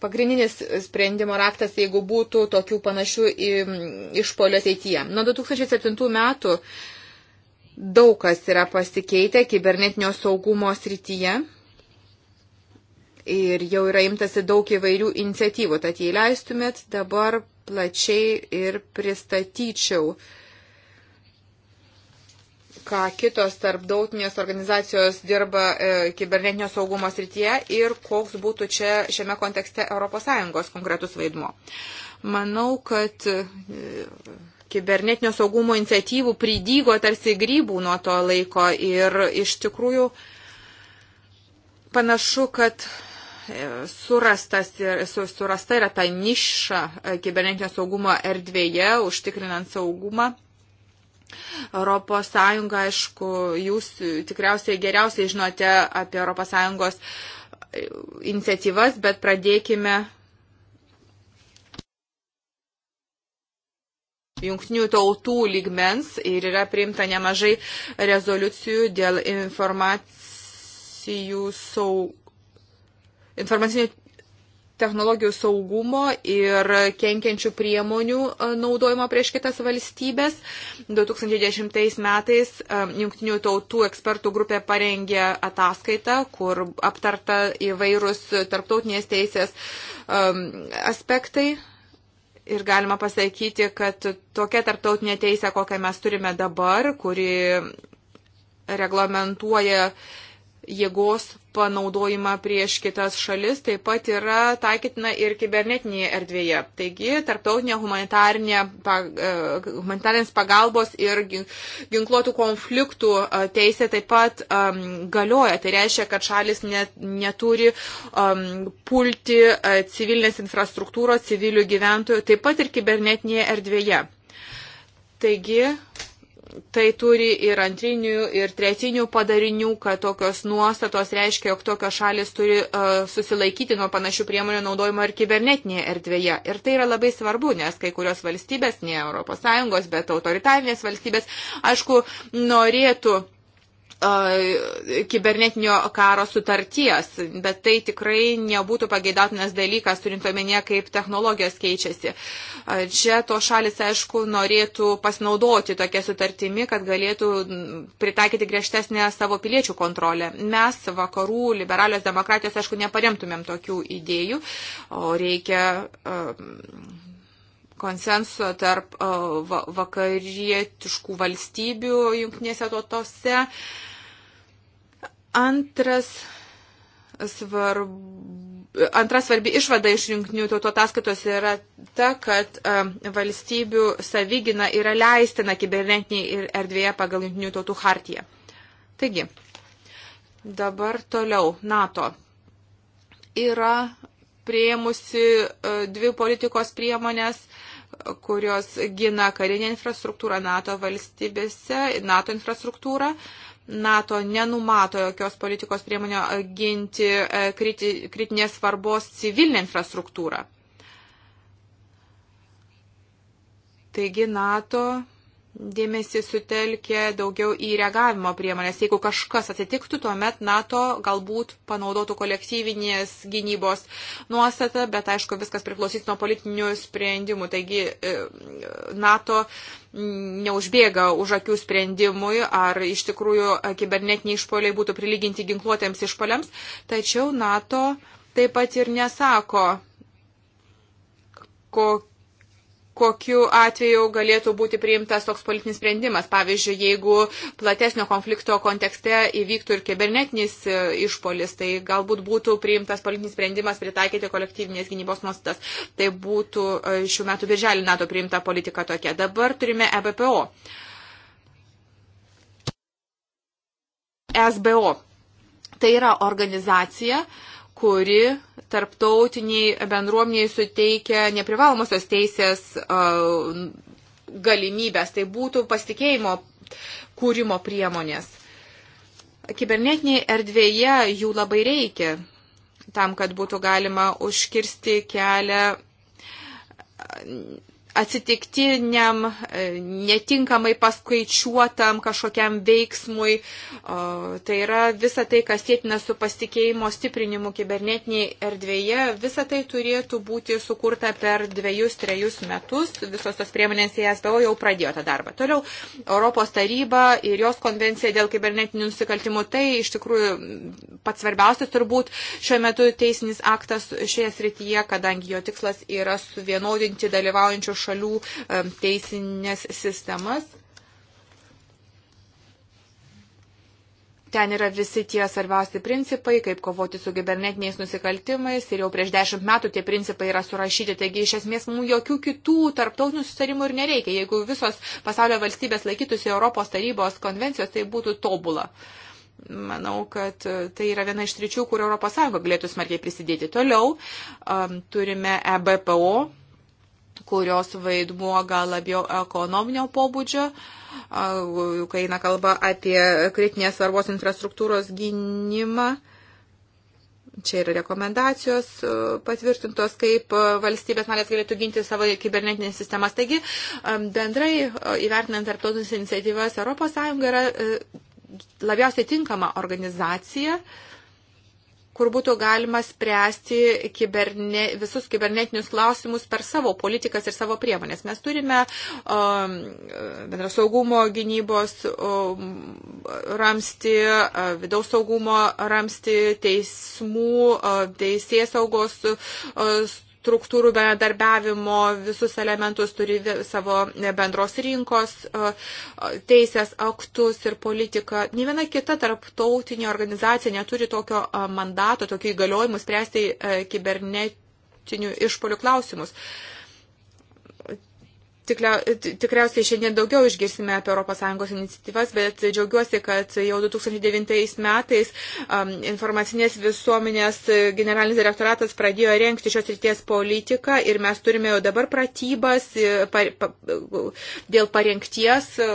pagrindinis sprendimo raktas, jeigu būtų tokių panašių išpolio ateityje. Nuo 2007 metų daug kas yra pasikeitę kibernetinio saugumo srityje ir jau yra imtasi daug įvairių iniciatyvų. Tad jei leistumėt, dabar plačiai ir pristatyčiau uh, ką kitos tarptautinės organizacijos dirba e, kibernetinio saugumo srityje ir koks būtų čia šiame kontekste ES konkretus vaidmo. Manau, kad e, kibernetinio saugumo iniciatyvų pridygo tarsi grybų nuo to laiko ir iš tikrųjų panašu, kad e, surastas ir surasta yra ta niša e, kibernetinio saugumo erdvėje, užtikrinant saugumą Europos Sąjunga, aišku, jūs tikriausiai geriausiai žinote apie Europos Sąjungos iniciatyvas, bet pradėkime jungtinių tautų lygmens ir yra priimta nemažai rezoliucijų dėl informacijų saug... informacinių technologijų saugumo ir kenkiančių priemonių e, naudojimo prieš kitas valstybės. 2010 metais e, Junktinių tautų ekspertų grupė parengė ataskaitą, kur aptarta įvairūs tarptautinės teisės e, aspektai. Ir galima pasakyti, kad tokia tarptautinė teisė, kokią mes turime dabar, kuri reglamentuoja jėgos panaudojimą prieš kitas šalis taip pat yra taikytina ir kibernetinėje erdvėje. Taigi, tarptautinė humanitarinė, e, humanitarinės pagalbos ir ginkluotų konfliktų e, teisė taip pat um, galioja. Tai reiškia, kad šalis net, neturi um, pulti e, civilinės infrastruktūros, civilių gyventojų, taip pat ir kibernetinėje erdvėje. Taigi, tai turi ir antrinių, ir tretinių padarinių, kad tokios nuostatos reiškia, jog tokios šalis turi uh, susilaikyti nuo panašių priemonių naudojimo ir kibernetinėje erdvėje. Ir tai yra labai svarbu, nes kai kurios valstybės, ne ES, bet autoritarinės valstybės, aišku, norėtų kibernetinio karo sutarties, bet tai tikrai nebūtų pageidautinas dalykas, turint omenyje, kaip technologijos keičiasi. Čia to šalis, aišku, norėtų pasinaudoti tokia sutartimi, kad galėtų pritaikyti griežtesnę savo piliečių kontrolę. Mes, vakarų liberalios demokratijos, aišku, neparemtumėm tokių idėjų, o reikia. Uh, konsenso tarp vakarietiškų valstybių jungtinėse tautose. Antras svarbu antra svarbi išvada iš jungtinių tautų ataskaitos yra ta, kad e, valstybių savygina yra leistina kibernetiniai erdvėje pagal jungtinių tautų hartiją. Taigi, dabar toliau NATO. Yra prieimusi e, dvi politikos priemonės kurios gina karinę infrastruktūrą NATO valstybėse, NATO infrastruktūrą. NATO nenumato jokios politikos priemonio ginti e, kriti, kritinės svarbos civilinę infrastruktūrą. Taigi NATO dėmesį sutelkė daugiau į reagavimo priemonės. Jeigu kažkas atsitiktų, tuomet NATO galbūt panaudotų kolektyvinės gynybos nuostatą, bet aišku, viskas priklausys nuo politinių sprendimų. Taigi e, NATO neužbėga už akių sprendimui, ar iš tikrųjų kibernetiniai išpoliai būtų prilyginti ginkluotėms išpoliams, tačiau NATO taip pat ir nesako, kokie kokiu atveju galėtų būti priimtas toks politinis sprendimas. Pavyzdžiui, jeigu platesnio konflikto kontekste įvyktų ir kibernetinis e, išpolis, tai galbūt būtų priimtas politinis sprendimas pritaikyti kolektyvinės gynybos nuostas. Tai būtų e, šių metų birželį NATO priimta politika tokia. Dabar turime EBPO. SBO. Tai yra organizacija, uh, kuri tarptautiniai bendruomeniai suteikia neprivalomosios teisės galimybės. Tai būtų pasitikėjimo kūrimo priemonės. Kibernetiniai erdvėje jų labai reikia tam, kad būtų galima užkirsti kelią atsitiktiniam, e, netinkamai paskaičiuotam kažkokiam veiksmui. Tai yra visa tai, kas sėtina su pasitikėjimo stiprinimu kibernetiniai erdvėje, visa tai turėtų būti sukurta per dviejus, trejus metus. Visos tos priemonės ESBO jau pradėjo tą darbą. Toliau Europos taryba ir jos konvencija dėl kibernetinių nusikaltimų, tai iš tikrųjų pats svarbiausias turbūt šiuo metu teisinis aktas šioje srityje, kadangi jo tikslas yra suvienodinti dalyvaujančių šalių teisinės sistemas. ten yra visi tie svarbiausi principai, kaip kovoti su gibernetiniais nusikaltimais ir jau prieš dešimt metų tie principai yra surašyti, taigi iš esmės mums jokių kitų tarptautinių sustarimų ir nereikia. Jeigu visos pasaulio valstybės laikytųsi Europos tarybos konvencijos, tai būtų tobula. Manau, kad e, tai yra viena iš tričių, kur ES galėtų smarkiai prisidėti. Toliau um, turime EBPO, kurios vaidmuo gal labiau ekonominio pobūdžio, kai eina kalba apie kritinės svarbos infrastruktūros gynimą. Čia yra rekomendacijos patvirtintos, kaip valstybės narės galėtų ginti savo kibernetinės sistemas. Taigi, bendrai įvertinant tarptautinės iniciatyvas, ES yra labiausiai tinkama organizacija uh, kur būtų galima spręsti kiberne, visus kibernetinius klausimus per savo politikas ir savo priemonės. Mes turime um, bendros saugumo gynybos um, ramsti, uh, vidaus saugumo ramsti, teismų, uh, teisės saugos uh, struktūrų bendarbiavimo visus elementus, turi savo bendros rinkos teisės aktus ir politiką. Ne viena kita tarptautinė organizacija neturi tokio mandato, tokio įgaliojimų spręsti kibernetinių išpolių klausimus. Uh, Tikriausiai šiandien daugiau išgirsime apie ES iniciatyvas, bet džiaugiuosi, kad jau 2009 metais um, informacinės visuomenės generalinis direktoratas pradėjo renkti šios ryties politiką ir mes turime jau dabar pratybas e, par, pa, dėl parengties e,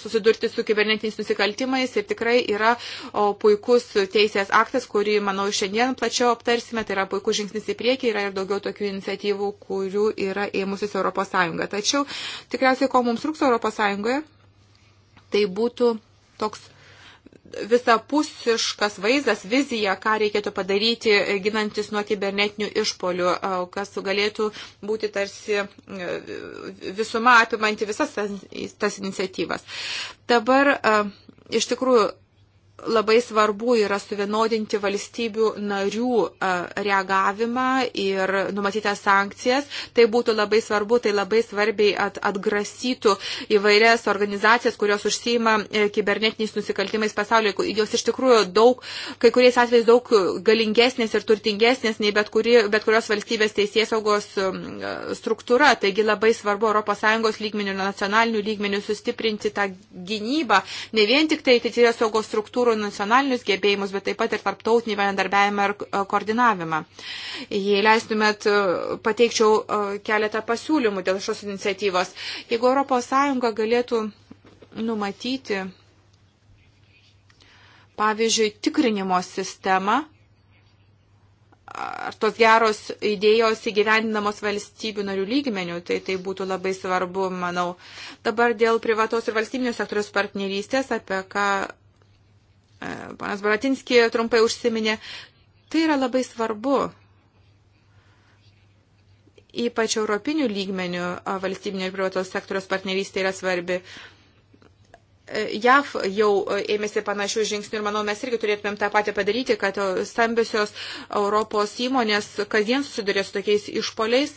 susidurti su kibernetiniais nusikaltimais ir tikrai yra o, puikus teisės aktas, kurį, manau, šiandien plačiau aptarsime, tai yra puikus žingsnis į priekį, yra ir daugiau tokių iniciatyvų, kurių yra ėmusis ES sąjungą. Tačiau tikriausiai, ko mums trūks Europos sąjungoje, tai būtų toks visapusiškas vaizdas, vizija, ką reikėtų padaryti, ginantis nuo kibernetinių išpolių, kas galėtų būti tarsi visuma apimanti visas tas, tas iniciatyvas. Dabar iš tikrųjų labai svarbu yra suvienodinti valstybių narių reagavimą ir numatytas sankcijas. Tai būtų labai svarbu, tai labai svarbiai at, atgrasytų įvairias organizacijas, kurios užsima e, kibernetiniais nusikaltimais pasaulyje. Jos iš tikrųjų daug, kai kuriais atvejais daug galingesnės ir turtingesnės nei bet, kuri, bet kurios valstybės teisėsaugos e, struktūra. Taigi labai svarbu ES lygmenių ir nacionalinių lygmenių sustiprinti tą gynybą, ne vien tik tai teisėsaugos struktūrų struktūrų nacionalinius gebėjimus, bet taip pat ir tarptautinį bendarbiavimą ir e, koordinavimą. Jei leistumėt, e, pateikčiau e, keletą pasiūlymų dėl šios iniciatyvos. Jeigu ES galėtų numatyti, pavyzdžiui, tikrinimo sistemą, ar tos geros idėjos įgyvendinamos valstybių narių lygmenių, tai tai būtų labai svarbu, manau. Dabar dėl privatos ir valstybinio sektoriaus partnerystės, apie ką E, panas Baratinskį trumpai užsiminė, tai yra labai svarbu. Ypač europinių lygmenių valstybinio ir privataus sektoriaus partnerystė yra svarbi. E, JAV jau e, ėmėsi panašių žingsnių ir manau mes irgi turėtumėm tą patį padaryti, kad stambiosios Europos įmonės kasdien susidurė su tokiais išpoliais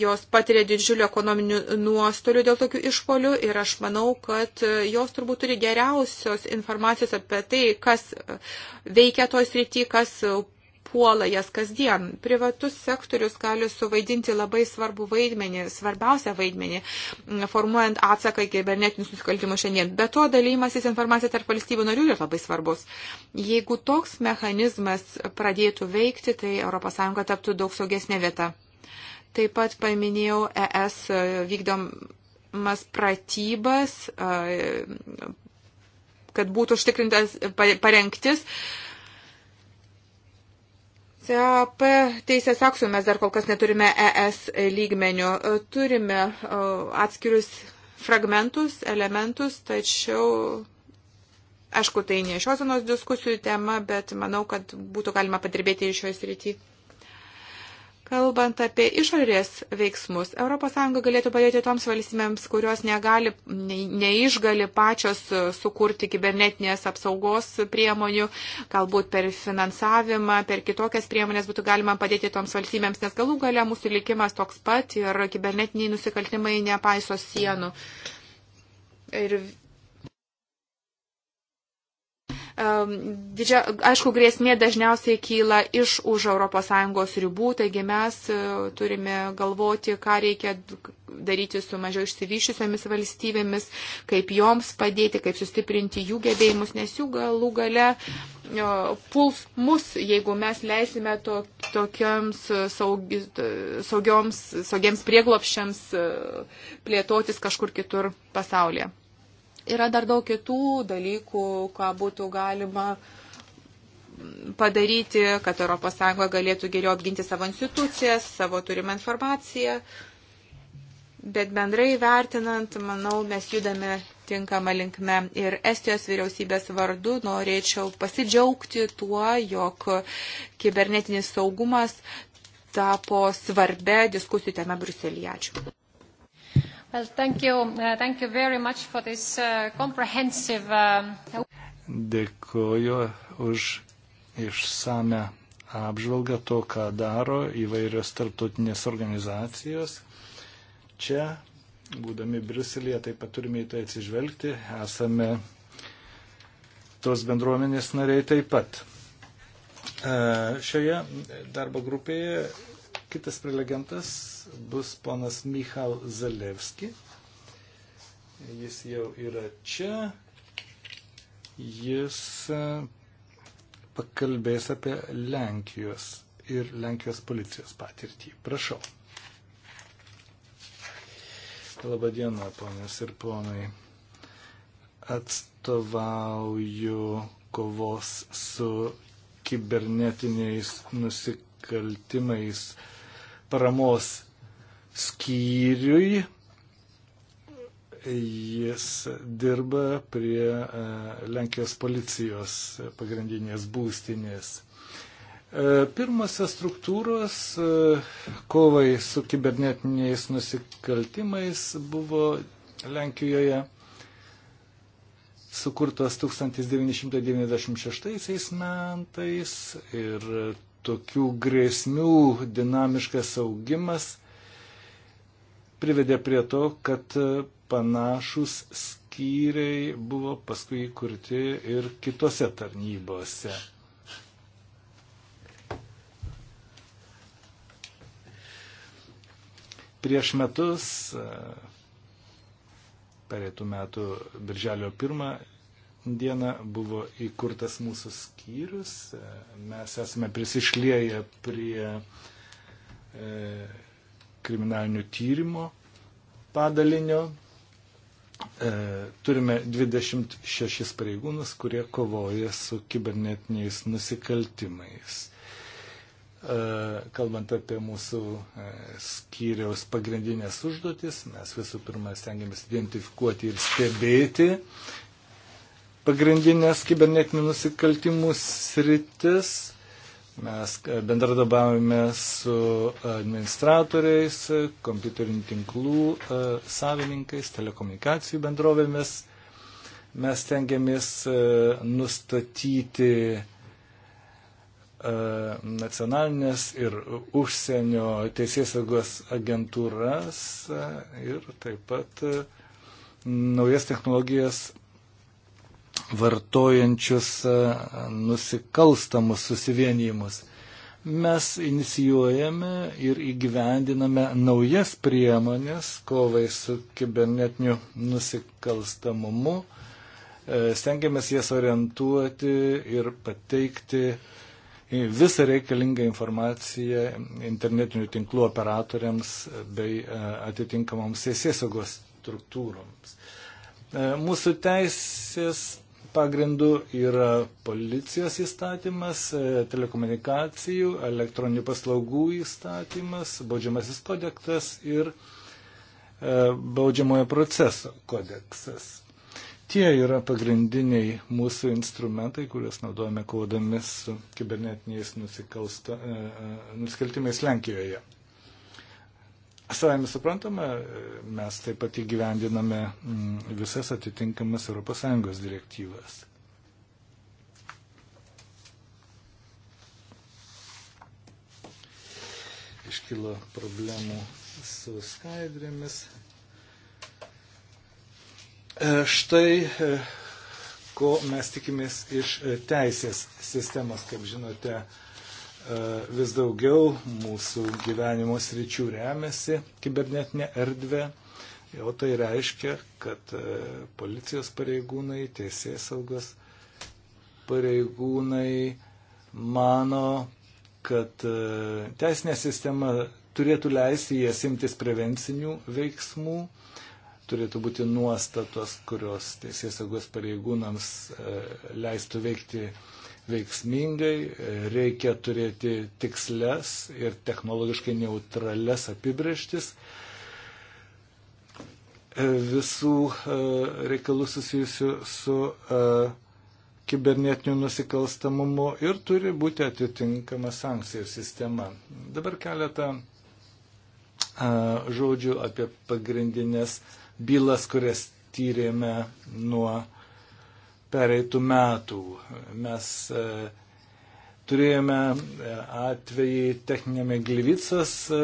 Jos patiria didžiulį ekonominių nuostolių dėl tokių išpolių ir aš manau, kad jos turbūt turi geriausios informacijos apie tai, kas veikia toj srity, kas puola jas kasdien. Privatus sektorius gali suvaidinti labai svarbų vaidmenį, svarbiausią vaidmenį, formuojant atsaką į kibernetinius nusikaltimus šiandien. Be to, dalymasis informacija tarp valstybių narių yra labai svarbus. Jeigu toks mechanizmas pradėtų veikti, tai ES taptų daug saugesnė vieta. Taip pat paminėjau ES vykdomas pratybas, kad būtų užtikrintas parengtis. CAP teisės aktų mes dar kol kas neturime ES lygmenių. Turime atskirius fragmentus, elementus, tačiau, aišku, tai ne šios dienos diskusijų tema, bet manau, kad būtų galima padirbėti ir šioje srityje. Kalbant apie išorės veiksmus, ES galėtų padėti toms valstybėms, kurios negali, neišgali pačios sukurti kibernetinės apsaugos priemonių, galbūt per finansavimą, per kitokias priemonės būtų galima padėti toms valstybėms, nes galų gale mūsų likimas toks pat ir kibernetiniai nusikaltimai nepaiso sienų. Ir Didžia, aišku, grėsmė dažniausiai kyla iš už ES ribų, taigi mes e, turime galvoti, ką reikia daryti su mažiau išsivyšusiomis valstybėmis, kaip joms padėti, kaip sustiprinti jų gebėjimus, nes jų galų gale e, puls mus, jeigu mes leisime to, tokiams e, saug, saugioms, saugiems prieglopščiams plėtotis kažkur kitur pasaulyje. Yra dar daug kitų dalykų, ką būtų galima padaryti, kad ES galėtų geriau apginti savo institucijas, savo turimą informaciją. Bet bendrai vertinant, manau, mes judame tinkama linkme. Ir Estijos vyriausybės vardu norėčiau pasidžiaugti tuo, jog kibernetinis saugumas tapo svarbia diskusijų tema Bruselėje. Ačiū. Well, thank you. Uh, thank you very much for this uh, comprehensive. Um... Dėkoju už išsame apžvalgą to, ką daro įvairios tarptautinės organizacijos. Čia, būdami Briuselėje, taip pat turime į tai atsižvelgti. Esame tos bendruomenės nariai taip pat. E, šioje darbo grupėje Kitas prelegentas bus ponas Michal Zalevski. Jis jau yra čia. Jis e, pakalbės apie Lenkijos ir Lenkijos policijos patirtį. Prašau. Labadiena, ponės ir ponai. Atstovauju kovos su kibernetiniais nusikaltimais paramos skyriui. Jis dirba prie e, Lenkijos policijos pagrindinės būstinės. E, pirmosios struktūros e, kovai su kibernetiniais nusikaltimais buvo Lenkijoje sukurtos 1996 metais ir tokių grėsmių dinamiškas augimas privedė prie to, kad panašus skyriai buvo paskui įkurti ir kitose tarnybose. Prieš metus, e, perėtų metų birželio pirmą, dieną buvo įkurtas mūsų skyrius. Mes esame prisišlėję prie e, kriminalinių tyrimo padalinio. E, turime 26 pareigūnus, kurie kovoja su kibernetiniais nusikaltimais. E, kalbant apie mūsų e, skyriaus pagrindinės užduotis, mes visų pirma stengiamės identifikuoti ir stebėti pagrindinės kibernetinių nusikaltimų sritis. Mes e, bendradabavome su administratoriais, kompiuterinių tinklų e, savininkais, telekomunikacijų bendrovėmis. Mes tengiamės e, nustatyti nacionalinės ir užsienio teisėsaugos agentūras ir taip pat naujas technologijas vartojančius e, nusikalstamus susivienijimus. Mes inicijuojame ir įgyvendiname naujas priemonės kovai su kibernetiniu nusikalstamumu. E, stengiamės jas orientuoti ir pateikti visą reikalingą informaciją internetinių tinklų operatoriams bei e, atitinkamoms teisėsaugos struktūroms. Mūsų teisės pagrindu yra policijos įstatymas, e, telekomunikacijų, elektroninių paslaugų įstatymas, baudžiamasis kodeksas ir e, baudžiamojo proceso kodeksas. Tie yra pagrindiniai mūsų instrumentai, kuriuos naudojame kovodami su kibernetiniais e, nusikaltimais Lenkijoje. Savame suprantama, mes taip pat įgyvendiname mm, visas atitinkamas ES direktyvas. Iškilo problemų su skaidrėmis. E, štai e, ko mes tikimės iš e, teisės sistemos, kaip žinote, E, vis daugiau mūsų gyvenimo sričių remiasi kibernetinė erdvė, o tai reiškia, kad e, policijos pareigūnai, teisės saugos pareigūnai mano, kad e, teisinė sistema turėtų leisti jas imtis prevencinių veiksmų, turėtų būti nuostatos, kurios teisės saugos pareigūnams leistų veikti veiksmingai, reikia turėti tiksles ir technologiškai neutrales apibrieštis visų e, reikalų susijusių su e, kibernetiniu nusikalstamumu ir turi būti atitinkama sankcijų sistema. Dabar keletą e, žodžių apie pagrindinės bylas, kurias tyrėme nuo pereitų metų. Mes e, turėjome e, atvejį techninėme Glivicas e,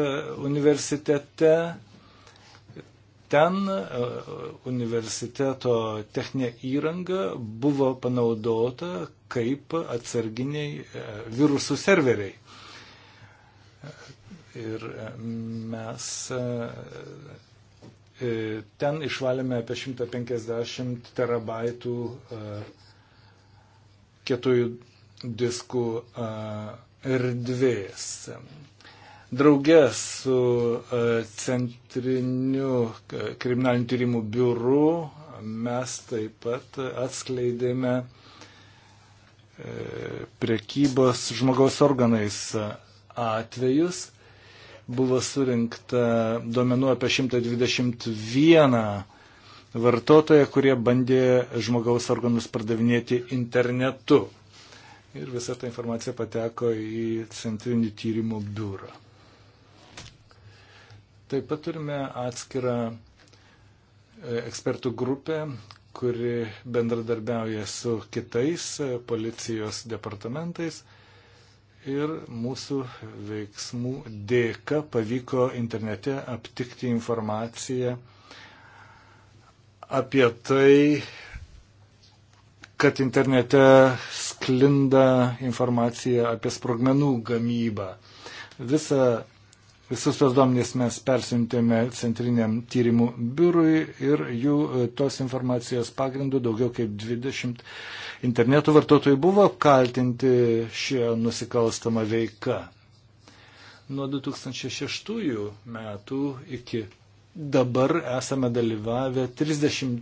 universitete. Ten universiteto techninė įranga buvo panaudota kaip atsarginiai virusų serveriai. Ir mes E, ten išvalėme apie 150 terabaitų e, kietųjų diskų e, erdvės. Drauge su Centriniu kriminalinių tyrimų biuru mes taip pat atskleidėme prekybos žmogaus organais atvejus buvo surinkta duomenų apie 121 vartotoją, kurie bandė žmogaus organus pardavinėti internetu. Ir visa ta informacija pateko į Centrinį tyrimų biurą. Taip pat turime atskirą e, ekspertų grupę, kuri bendradarbiauja su kitais e, policijos departamentais ir mūsų veiksmų dėka pavyko internete aptikti informaciją apie tai, kad internete sklinda informacija apie sprogmenų gamybą. Visa Visus tos duomenys mes persintėme Centriniam tyrimų biurui ir jų e, tos informacijos pagrindų daugiau kaip 20 interneto vartotojų buvo apkaltinti šią nusikalstamą veiką. Nuo 2006 metų iki dabar esame dalyvavę 30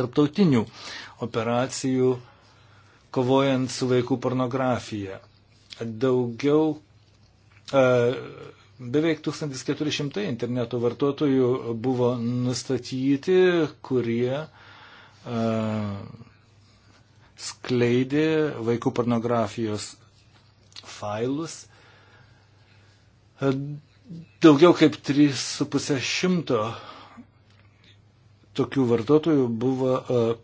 tarptautinių operacijų kovojant su vaikų pornografija. Daugiau E, beveik 1400 interneto vartotojų buvo nustatyti, kurie e, skleidė vaikų pornografijos failus. E, daugiau kaip 3,5 šimto tokių vartotojų buvo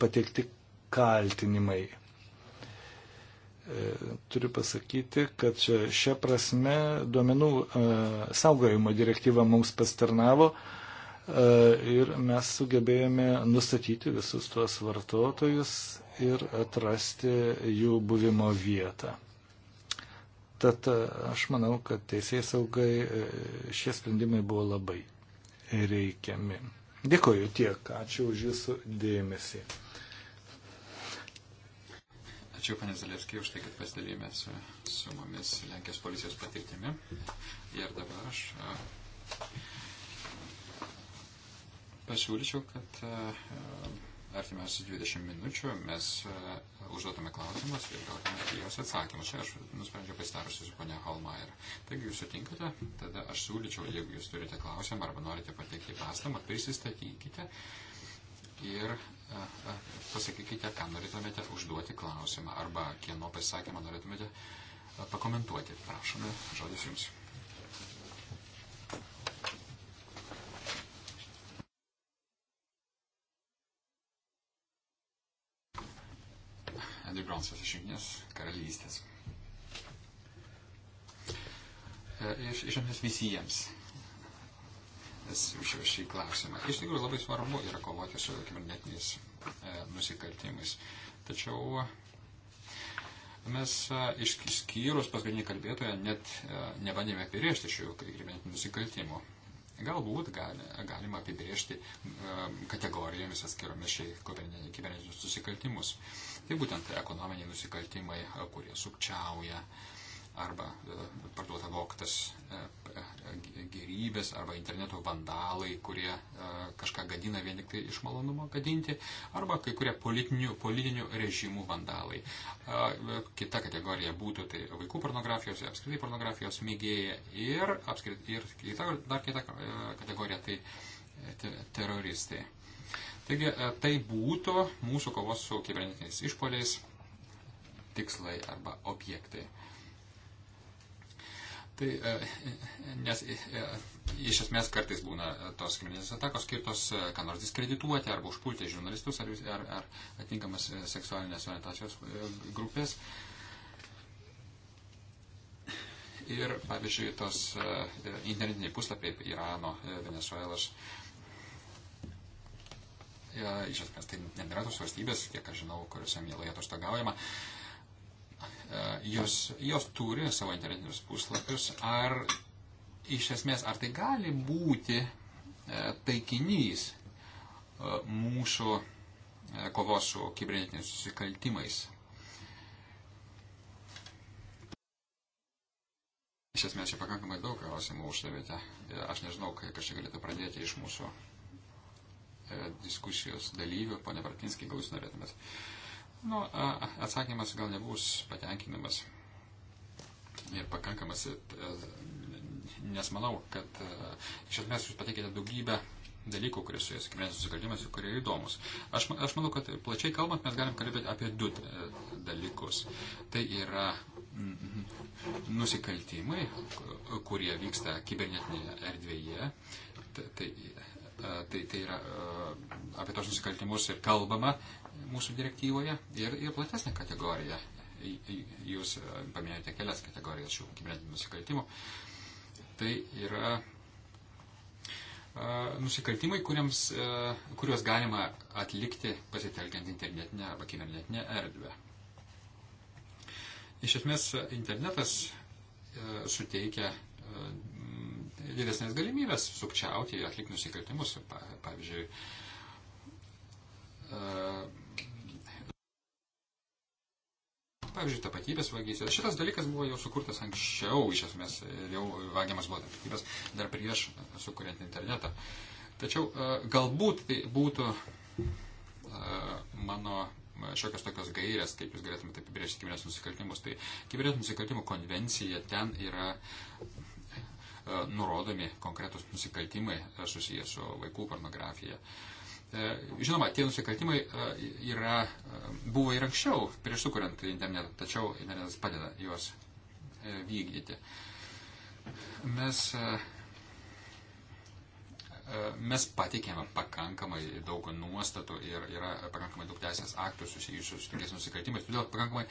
pateikti kaltinimai. Turiu pasakyti, kad šią prasme duomenų e, saugojimo direktyva mums pastarnavo e, ir mes sugebėjome nustatyti visus tuos vartotojus ir atrasti jų buvimo vietą. Tad e, aš manau, kad teisėjai saugai šie sprendimai buvo labai reikiami. Dėkoju tiek, ačiū už Jūsų dėmesį. Ačiū, panė Zalevskiai, už tai, kad pasidalėme su, su mumis Lenkijos policijos patirtimi. Ir dabar aš a, pasiūlyčiau, kad artimiausius 20 minučių mes a, užduotume klausimus ir gautume į juos atsakymus. Čia aš nusprendžiau pasitarusiu su ponia Holmeier. Taigi jūs sutinkate, tada aš siūlyčiau, jeigu jūs turite klausimą arba norite pateikti pastamą, prisistatykite ir pasakykite, ką norėtumėte užduoti klausimą arba kieno pasisakymą norėtumėte e, pakomentuoti. Prašome, žodis jums. Andy Bronsas iš Jungtinės karalystės. E, iš, iš esmės visiems šį, šį klausimą. Iš tikrųjų labai svarbu yra kovoti su kibernetiniais e, nusikaltimais. Tačiau e, mes e, išskyrus paskutinį kalbėtoją net e, nebandėme apibriežti šių kibernetinių nusikaltimų. Galbūt gali, galima apibriežti e, kategorijomis atskiromis šiai kibernetinius nusikaltimus. Tai būtent ekonominiai nusikaltimai, kurie sukčiauja. E, arba e, parduota voktas e, e, gerybės arba interneto vandalai, kurie kažką gadina vien tik tai iš malonumo gadinti, arba kai kurie politinių, politinių režimų vandalai. Kita kategorija būtų tai vaikų pornografijos, apskritai pornografijos mėgėja ir, apskritai, ir kita, dar kita kategorija tai te, teroristai. Taigi tai būtų mūsų kovos su kibernetiniais išpoliais tikslai arba objektai. Tai e, nes e, e, iš esmės kartais būna tos kriminės atakos skirtos, ką nors diskredituoti arba užpulti žurnalistus ar, ar, ar atinkamas seksualinės orientacijos grupės. Ir, pavyzdžiui, tos internetiniai puslapiai Irano, Venezuelos. Iš esmės tai nėra tos valstybės, kiek aš žinau, kuriuose mielai atostogaujama. Uh, E, jos, jos turi savo internetinius puslapius, ar iš esmės, ar tai gali būti e, taikinys e, mūsų kovos su kibernetiniais susikaltimais. Iš esmės, čia pakankamai daug klausimų uždavėte. Aš nežinau, kaip aš čia galėtų pradėti iš mūsų diskusijos dalyvių. Pone Vartinskai, gal jūs norėtumėte Nu, atsakymas gal nebus patenkinamas ir pakankamas, e, nes manau, kad e, iš esmės jūs pateikėte daugybę dalykų, kurie su jais kibernetinės nusikaltimas ir kurie įdomus. Aš, aš manau, kad plačiai kalbant mes galim kalbėti apie du e, dalykus. Tai yra nusikaltimai, kurie vyksta kibernetinėje erdvėje. Tai, tai, tai, tai yra apie tos nusikaltimus ir kalbama mūsų direktyvoje ir, ir platesnė kategorija. Jūs e, paminėjote kelias kategorijas šių kibernetinių nusikaltimų. Tai yra e, nusikaltimai, kuriems, e, kuriuos galima atlikti pasitelkiant internetinę arba kibernetinę erdvę. Iš esmės, internetas suteikia didesnės galimybės sukčiauti ir atlikti nusikaltimus. Pavyzdžiui, Pavyzdžiui, tapatybės vagystė. Šitas dalykas buvo jau sukurtas anksčiau, iš esmės, jau vagiamas buvo tapatybės dar prieš sukuriant internetą. Tačiau e, galbūt tai būtų e, mano e, šiokios tokios gairės, kaip jūs galėtumėte apibrėžti kibernetinius nusikaltimus. Tai kibernetinių nusikaltimų konvencija ten yra nurodomi konkretus nusikaltimai susijęs su vaikų pornografija. Uh, E, žinoma, tie nusikaltimai e, yra, e, buvo ir anksčiau, prieš sukuriant internetą, tačiau internetas padeda juos vykdyti. Mes, mes patikėme pakankamai daug nuostatų ir yra pakankamai daug teisės aktų susijusių su tokiais nusikaltimais, todėl pakankamai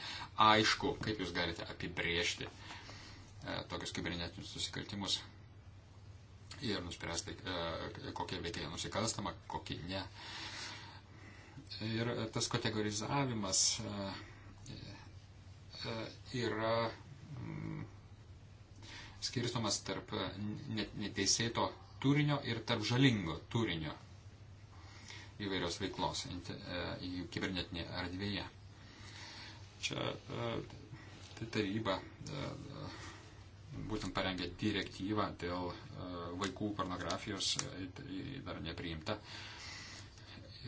aišku, kaip jūs galite apibriežti tokius kibernetinius nusikaltimus ir nuspręsti, e, kokia veikla nusikalstama, kokia ne. Ir tas kategorizavimas e, e, yra mm, skirstomas tarp neteisėto turinio ir tarp žalingo turinio įvairios veiklos kibernetinėje erdvėje. Čia tai taryba būtent parengė direktyvą dėl e, vaikų pornografijos, e, dar nepriimta.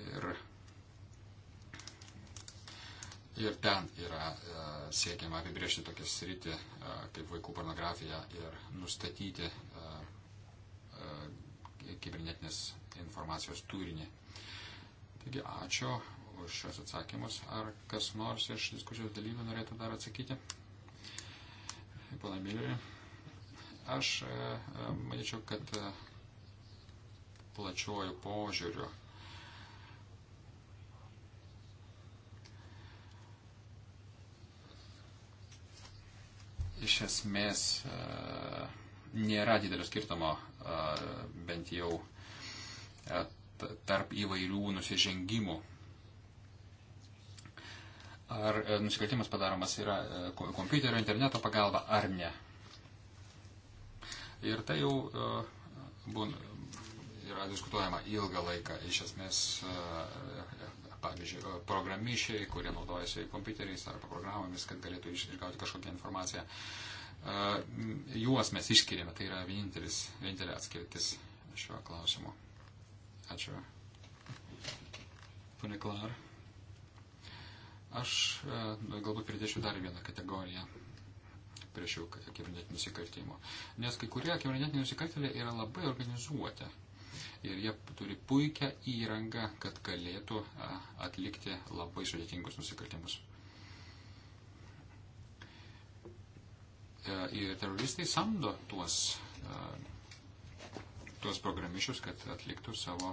Ir, ir ten yra e, siekiama apibriežti tokią sritį kaip vaikų pornografija ir nustatyti kibernetinės informacijos turinį. Taigi ačiū už šios atsakymus. Ar kas nors iš diskusijos dalyvių norėtų dar atsakyti? Pana Milerį. Aš e, e, manyčiau, kad e, plačiuoju požiūriu iš esmės nėra didelio skirtumo bent jau tarp įvairių nusižengimų. Ar nusikaltimas padaromas yra kompiuterio, interneto pagalba ar ne. Ir tai jau e, būna, yra diskutuojama ilgą laiką. Iš esmės, e, e, pavyzdžiui, programišiai, kurie naudojasi kompiuteriais arba programomis, kad galėtų išgauti kažkokią informaciją, juos mes išskiriame. Tai yra vienintelis, vienintelė atskirtis šiuo klausimu. Ačiū. Pane Klar. Aš galbūt pridėčiau dar vieną kategoriją prie šių kibernetinių nusikaltimų. Nes kai kurie kibernetiniai nusikaltėliai yra labai organizuoti. Ir jie turi puikią įrangą, kad galėtų atlikti labai sudėtingus nusikaltimus. E, ir teroristai samdo tuos, tuos programišius, kad atliktų savo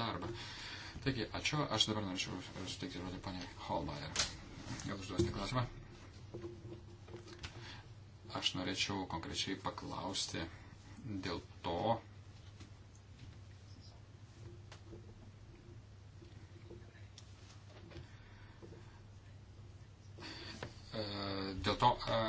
darbą. Taigi, ačiū. Aš dabar norėčiau suteikti žodį poniai Holmeier. Gal užduosite klausimą? aš norėčiau konkrečiai paklausti dėl to, e, dėl to, e,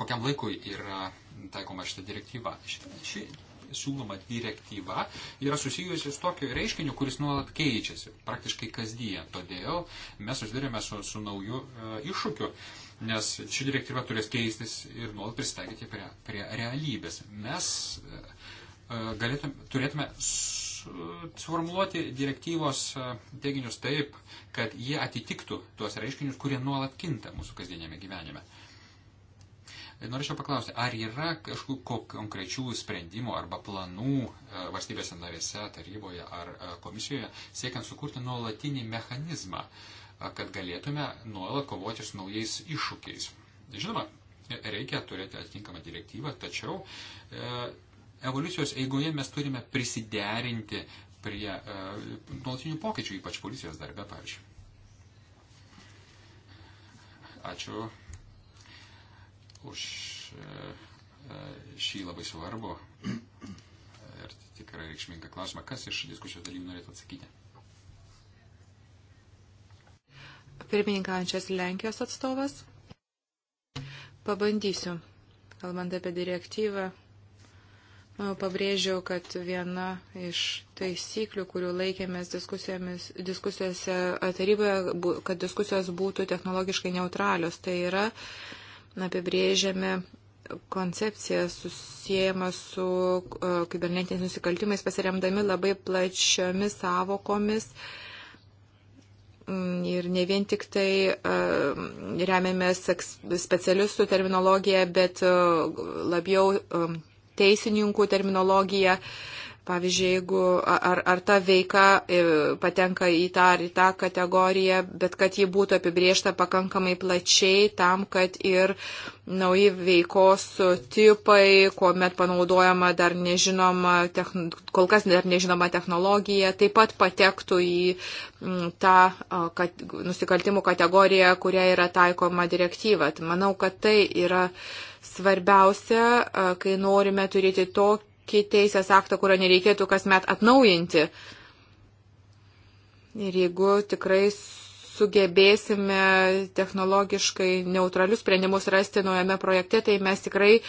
kokiam laikui yra taikoma šita direktyva. Ši siūloma direktyva yra susijusi su tokiu reiškiniu, kuris nuolat keičiasi, praktiškai kasdien. Todėl mes susidurėme su, su nauju e, iššūkiu. E, nes ši direktyva turės keistis ir nuolat pristaikyti prie, prie realybės. Mes e, e, galėtume, turėtume suformuoluoti direktyvos e, teiginius taip, kad jie atitiktų tuos reiškinius, kurie nuolat kinta mūsų kasdienėme gyvenime. Norėčiau paklausti, ar yra kažkokių konkrečių sprendimų arba planų valstybėse narėse, taryboje ar komisijoje, siekiant sukurti nuolatinį mechanizmą uh, kad galėtume nuolat kovoti su naujais iššūkiais. Žinoma, reikia turėti atitinkamą direktyvą, tačiau e, evoliucijos eigoje mes turime prisiderinti prie e, nuolatinių pokyčių, ypač policijos darbe, pavyzdžiui. Ačiū už e, e šį labai svarbų ir tikrai reikšmingą klausimą. Kas iš diskusijos dalyvių norėtų atsakyti? pirmininkaujančios Lenkijos atstovas. Pabandysiu, kalbant apie direktyvą. Nu, pabrėžiau, kad viena iš taisyklių, kurių laikėmės diskusijose taryboje, kad diskusijos būtų technologiškai neutralios, tai yra apibrėžiame koncepcija susijęma su uh, kibernetiniais nusikaltimais, pasiremdami labai plačiomis savokomis, uh, Mm, ir ne vien tik tai remiamės specialistų terminologiją, bet e, labiau teisininkų terminologiją. Pavyzdžiui, jeigu ar, ar ta veika e, patenka į tą ar į tą kategoriją, bet kad ji būtų apibriešta pakankamai plačiai tam, kad ir nauji veikos tipai, kuomet panaudojama dar nežinoma, techn, kol kas dar nežinoma technologija, taip pat patektų į tą kad, nusikaltimų kategoriją, kuria yra taikoma direktyva. Tai manau, kad tai yra svarbiausia, kai norime turėti tokį tokį teisės aktą, kurio nereikėtų kasmet atnaujinti. Ir jeigu tikrai sugebėsime technologiškai neutralius sprendimus rasti naujame projekte, tai mes tikrai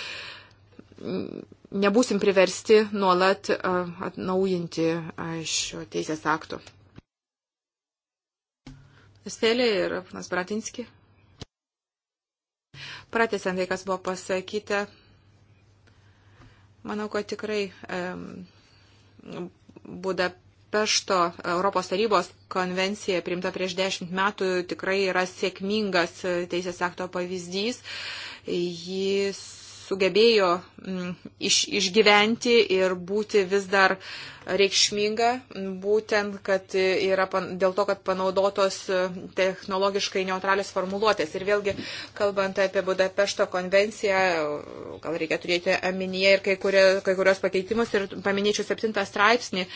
mm, nebūsim priversti nuolat atnaujinti šio teisės akto. Stelė ir panas Bratinski. Pratesiant tai, kas buvo pasakyta, Manau, kad tikrai Budapešto Europos tarybos konvencija priimta prieš dešimt metų tikrai yra sėkmingas teisės akto pavyzdys. Jis sugebėjo mm, iš, išgyventi ir būti vis dar reikšminga, būtent kad yra pan, dėl to, kad panaudotos e, technologiškai neutralios formuluotės. Ir vėlgi, kalbant apie Budapešto konvenciją, gal reikia turėti aminyje ir kai, kurie, kai kurios pakeitimus ir paminėčiau septintą straipsnį.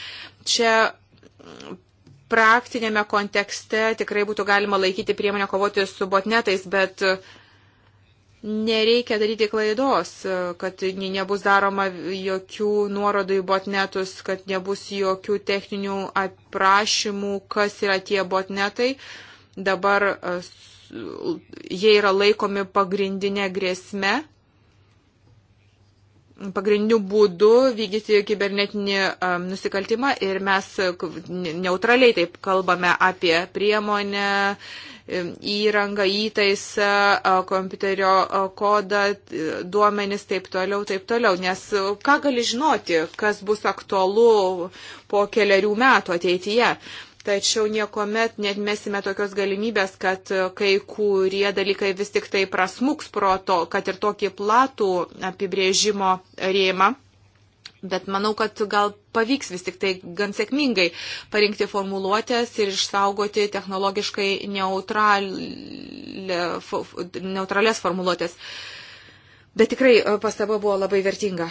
Čia mm, praktinėme kontekste tikrai būtų galima laikyti priemonę kovoti su botnetais, bet uh, nereikia daryti klaidos, kad nebus daroma jokių nuorodų į botnetus, kad nebus jokių techninių aprašymų, kas yra tie botnetai. Dabar e, jie yra laikomi pagrindinė grėsme, pagrindiniu būdu vykdyti kibernetinį e, nusikaltimą ir mes neutraliai taip kalbame apie priemonę, įrangą, įtaisą, kompiuterio kodą, duomenis, taip toliau, taip toliau. Nes ką gali žinoti, kas bus aktualu po keliarių metų ateityje. Tačiau niekuomet net mesime tokios galimybės, kad kai kurie dalykai vis tik tai prasmuks pro to, kad ir tokį platų apibrėžimo rėmą Bet manau, kad gal pavyks vis tik tai gan sėkmingai parinkti formuluotės ir išsaugoti technologiškai neutralė, neutralės formuluotės. Bet tikrai e, pastaba buvo labai vertinga.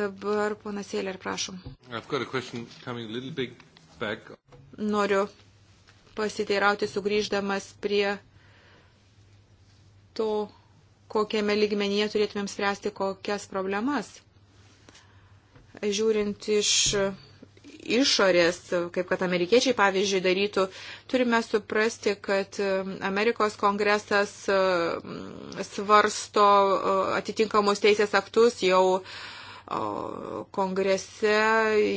Dabar ponas Eiler, prašom. Noriu pasiteirauti sugrįždamas prie to kokiame lygmenyje turėtumėm spręsti kokias problemas. Žiūrint iš išorės, kaip kad amerikiečiai pavyzdžiui darytų, turime suprasti, kad um, Amerikos kongresas um, svarsto uh, atitinkamus teisės aktus jau uh, kongrese,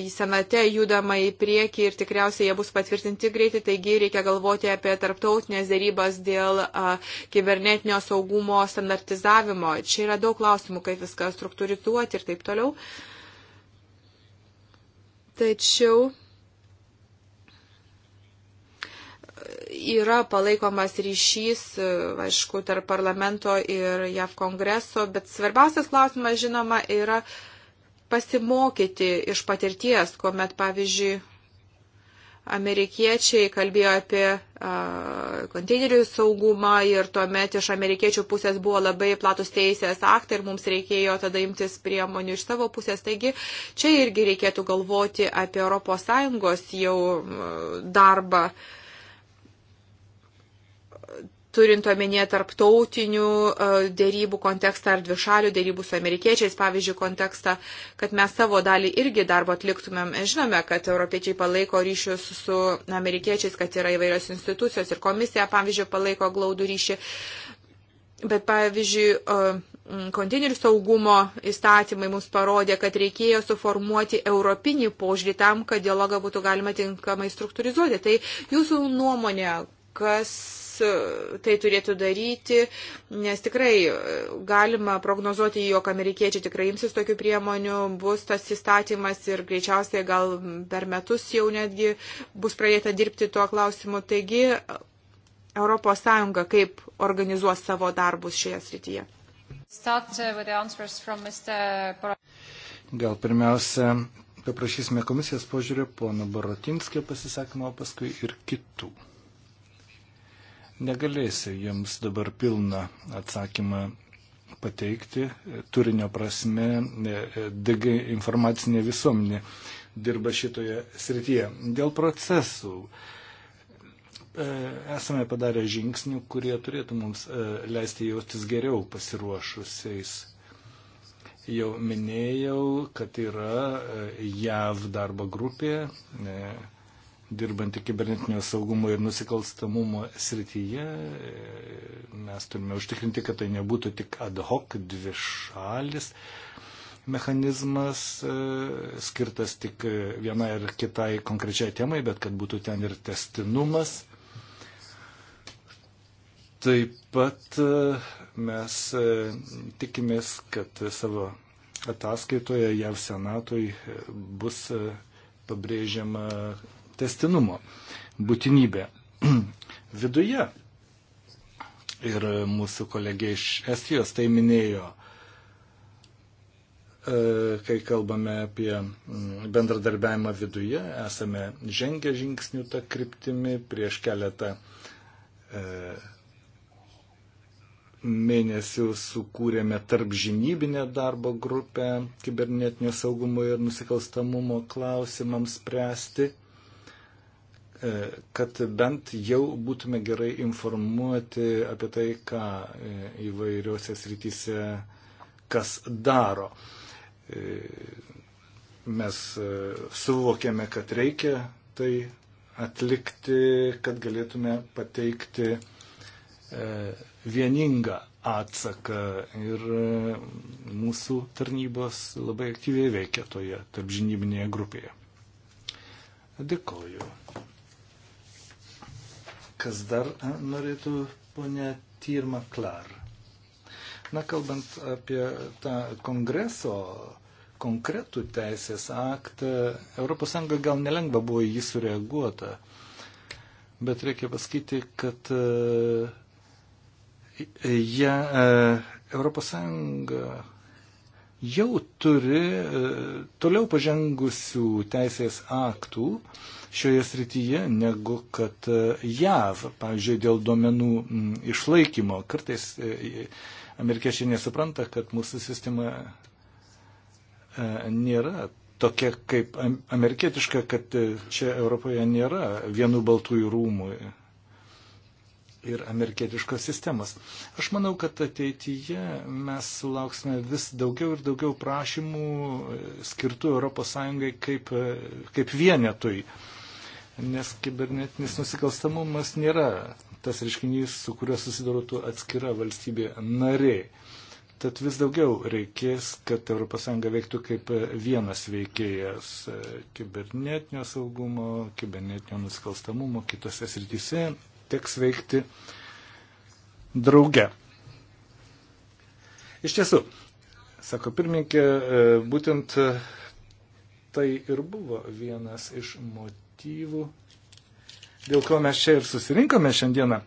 į senate judama į priekį ir tikriausiai jie bus patvirtinti greitai, taigi reikia galvoti apie tarptautinės dėrybas dėl a, kibernetinio saugumo standartizavimo. Čia yra daug klausimų, kaip viską struktūrizuoti ir taip toliau. Tačiau yra palaikomas ryšys, aišku, tarp parlamento ir JAV kongreso, bet svarbiausias klausimas, žinoma, yra uh, pasimokyti iš patirties, kuomet, pavyzdžiui, amerikiečiai kalbėjo apie a, konteinerių saugumą ir tuomet iš amerikiečių pusės buvo labai platus teisės aktai ir mums reikėjo tada imtis priemonių iš savo pusės. Taigi čia irgi reikėtų galvoti apie ES jau darbą. A, turint omenyje tarptautinių e, dėrybų kontekstą ar dvišalių dėrybų su amerikiečiais, pavyzdžiui, kontekstą, kad mes savo dalį irgi darbo atliktumėm. Žinome, kad europiečiai palaiko ryšius su amerikiečiais, kad yra įvairios institucijos ir komisija, pavyzdžiui, palaiko glaudų ryšį. Bet, pavyzdžiui, e, konteinerių saugumo įstatymai mums parodė, kad reikėjo suformuoti europinį požiūrį tam, kad dialogą būtų galima tinkamai struktūrizuoti. Tai jūsų nuomonė, kas E, tai turėtų daryti, nes tikrai e, galima prognozuoti, jog amerikiečiai tikrai imsis tokių priemonių, bus tas įstatymas ir greičiausiai gal per metus jau netgi bus pradėta dirbti tuo klausimu. Taigi ES kaip organizuos savo darbus šioje srityje. Uh, gal pirmiausia, paprašysime komisijos požiūrio pono Borotinskio pasisakymą, o paskui ir kitų. Negalėsiu jums dabar pilną atsakymą pateikti. Turinio prasme, e, e, DG informacinė visuomenė dirba šitoje srityje. Dėl procesų e, esame padarę žingsnių, kurie turėtų mums leisti jaustis geriau pasiruošusiais. Jau minėjau, kad yra JAV darbo grupė, dirbanti kibernetinio saugumo ir nusikalstamumo srityje, mes turime užtikrinti, kad tai nebūtų tik ad hoc dvi šalis mechanizmas e, skirtas tik vienai ar kitai konkrečiai temai, bet kad būtų ten ir testinumas. Taip pat e, mes e, tikimės, kad savo ataskaitoje JAV Senatui bus pabrėžiama testinumo būtinybė. Viduje ir mūsų kolegė iš Estijos tai minėjo, e, kai kalbame apie mm, bendradarbiavimą viduje, esame žengę žingsnių tą kryptimį prieš keletą e, mėnesių sukūrėme tarp žinybinę darbo grupę kibernetinio saugumo ir nusikalstamumo klausimams spręsti. E, kad bent jau būtume gerai informuoti apie tai, ką e, įvairiuose srityse kas daro. E, mes suvokėme, kad reikia tai atlikti, kad galėtume pateikti vieningą atsaką ir mūsų tarnybos labai aktyviai veikia toje tarpžinybinėje grupėje. Dėkoju. Kas dar norėtų, ponia Tirma Klar? Na, kalbant apie tą kongreso konkretų teisės aktą, ES gal nelengva buvo jį sureaguota, bet reikia pasakyti, kad ja, ES jau turi toliau pažengusių teisės aktų, šioje srityje negu kad e, JAV, pavyzdžiui, dėl duomenų išlaikymo. Kartais e, e, amerikiečiai nesupranta, kad mūsų sistema nėra tokia kaip amerikietiška, kad čia Europoje nėra vienų baltųjų rūmų ir amerikietiškos sistemos. Aš manau, kad ateityje mes sulauksime vis daugiau ir daugiau prašymų skirtų ES kaip, kaip vienetui nes kibernetinis nusikalstamumas nėra tas reiškinys, su kuriuo susidorotų atskira valstybė nariai. Tad vis daugiau reikės, kad ES veiktų kaip vienas veikėjas kibernetinio saugumo, kibernetinio nusikalstamumo, kitose srityse teks veikti drauge. Iš tiesų, sako pirmininkė, būtent tai ir buvo vienas iš motyvų motyvų, dėl ko mes čia ir susirinkome šiandieną.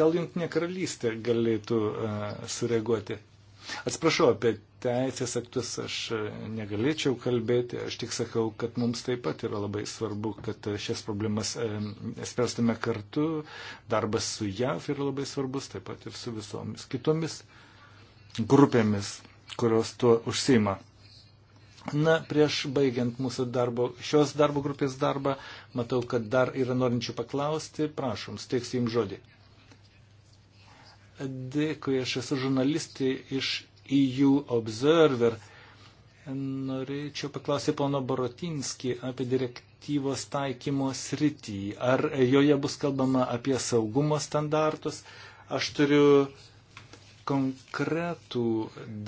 Gal Junktinė karalystė galėtų uh, sureaguoti. Atsiprašau, apie teisės aktus aš e, negalėčiau kalbėti, aš tik sakau, kad mums taip pat yra labai svarbu, kad e, šias problemas um, spręstume kartu, darbas su JAV yra labai svarbus, taip pat ir su visomis kitomis grupėmis, kurios tuo užsima. Na, prieš baigiant mūsų darbo, šios darbo grupės darbą, matau, kad dar yra norinčių paklausti. Prašom, steiksiu jums žodį. Dėkui, aš esu žurnalistė iš EU Observer. Norėčiau paklausyti pono Borotinskį apie direktyvos taikymo sritį. Ar joje bus kalbama apie saugumo standartus? Aš turiu konkretų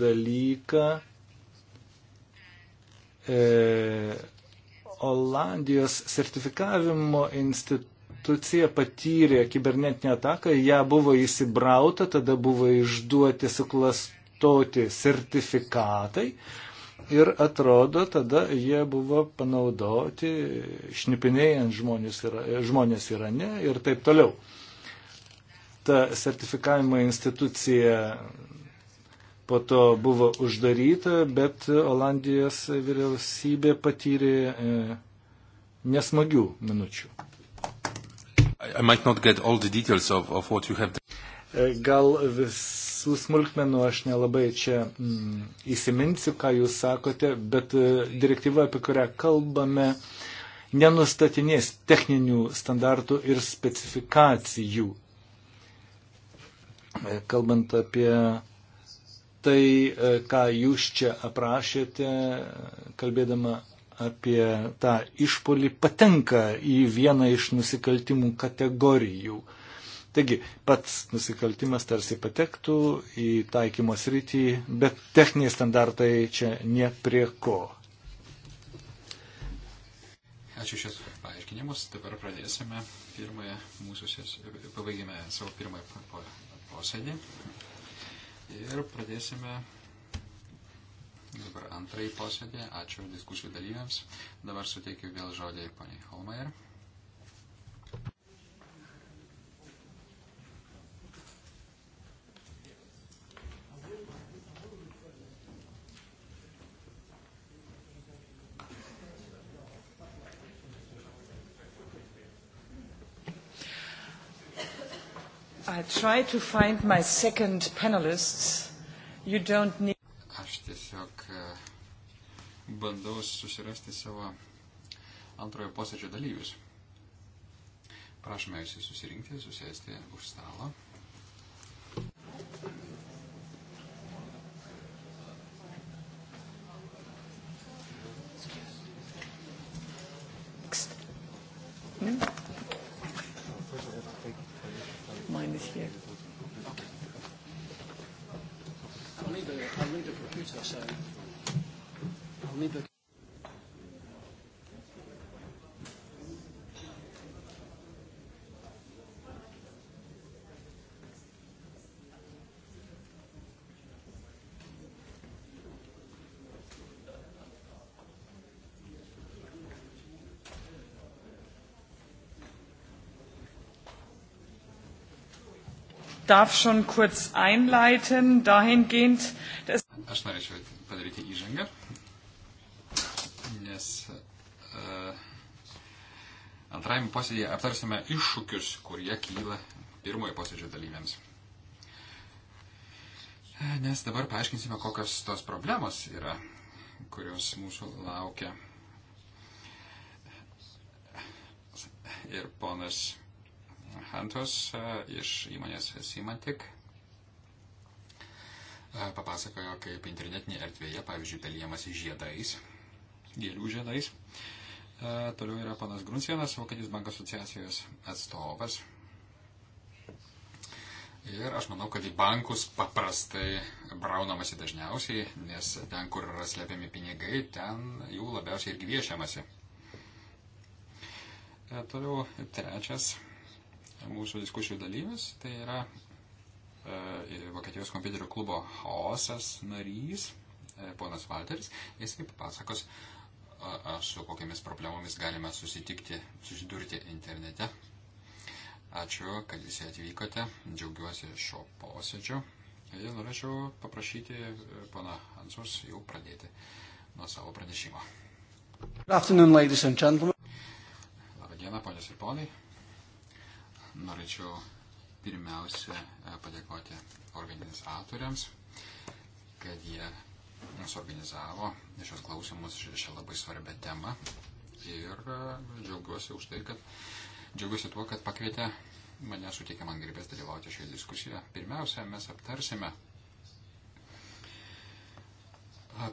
dalyką e, Olandijos sertifikavimo institucija patyrė kibernetinę ataką, ją buvo įsibrauta, tada buvo išduoti suklastoti sertifikatai ir atrodo, tada jie buvo panaudoti šnipinėjant žmonės, yra, žmonės Irane ir taip toliau. Ta sertifikavimo institucija po to buvo uždaryta, bet Olandijos vyriausybė patyrė e, nesmagių minučių. Of, of e, Gal visų smulkmenų aš nelabai čia mm, įsiminsiu, ką jūs sakote, bet e, direktyva, apie kurią kalbame, nenustatinės techninių standartų ir specifikacijų. Kalbant apie tai, e, ką jūs čia aprašėte, kalbėdama apie tą išpolį, patenka į vieną iš nusikaltimų kategorijų. Taigi, pats nusikaltimas tarsi patektų į taikymos rytį, bet techniniai standartai čia ne prie ko. Ačiū šios paaiškinimus. Dabar pradėsime pirmąją mūsų sesiją. Pabaigime savo pirmąją posėdį. Po, po Ir pradėsime dabar antrąjį posėdį. Ačiū diskusijų dalyviams. Dabar suteikiu vėl žodį poniai Holmeier. I try to find my second panelists. You don't need... Aš tiesiog e, bandau susirasti savo antrojo posėdžio dalyvius. Prašome visi susirinkti, susėsti už stalo. darf schon kurz einleiten, dahingehend, dass. Aš norėčiau padaryti įžangą, nes uh, antrajame posėdėje aptarsime iššūkius, kurie kyla pirmojo posėdžio dalyviams. E, nes dabar paaiškinsime, kokios tos problemos yra, kurios mūsų laukia. E, ir ponas Hantos e, iš įmonės Simantik e, papasakojo, kaip internetinėje erdvėje, pavyzdžiui, dalyjamasi žiedais, gėlių žiedais. E, toliau yra panas Grunsienas, Vokietijos banko asociacijos atstovas. Ir aš manau, kad į bankus paprastai braunamasi dažniausiai, nes ten, kur yra slepiami pinigai, ten jų labiausiai ir gviešiamasi. Toliau trečias mūsų diskusijų dalyvis, tai yra e, Vokietijos kompiuterio klubo chaosas narys, e, ponas Walteris. Jis kaip pasakos, a, a, su kokiamis problemomis galime susitikti, susidurti internete. Ačiū, kad jūs atvykote, džiaugiuosi šio posėdžio. Ir norėčiau paprašyti e, pana Hansus jau pradėti nuo savo pranešimo. Labą dieną, ponios ir ponai norėčiau pirmiausia e, padėkoti organizatoriams, kad jie mus organizavo šios klausimus šią labai svarbę temą. Ir e, džiaugiuosi už tai, kad džiaugiuosi tuo, kad pakvietė mane suteikė man garbės dalyvauti šioje diskusijoje. Pirmiausia, mes aptarsime e,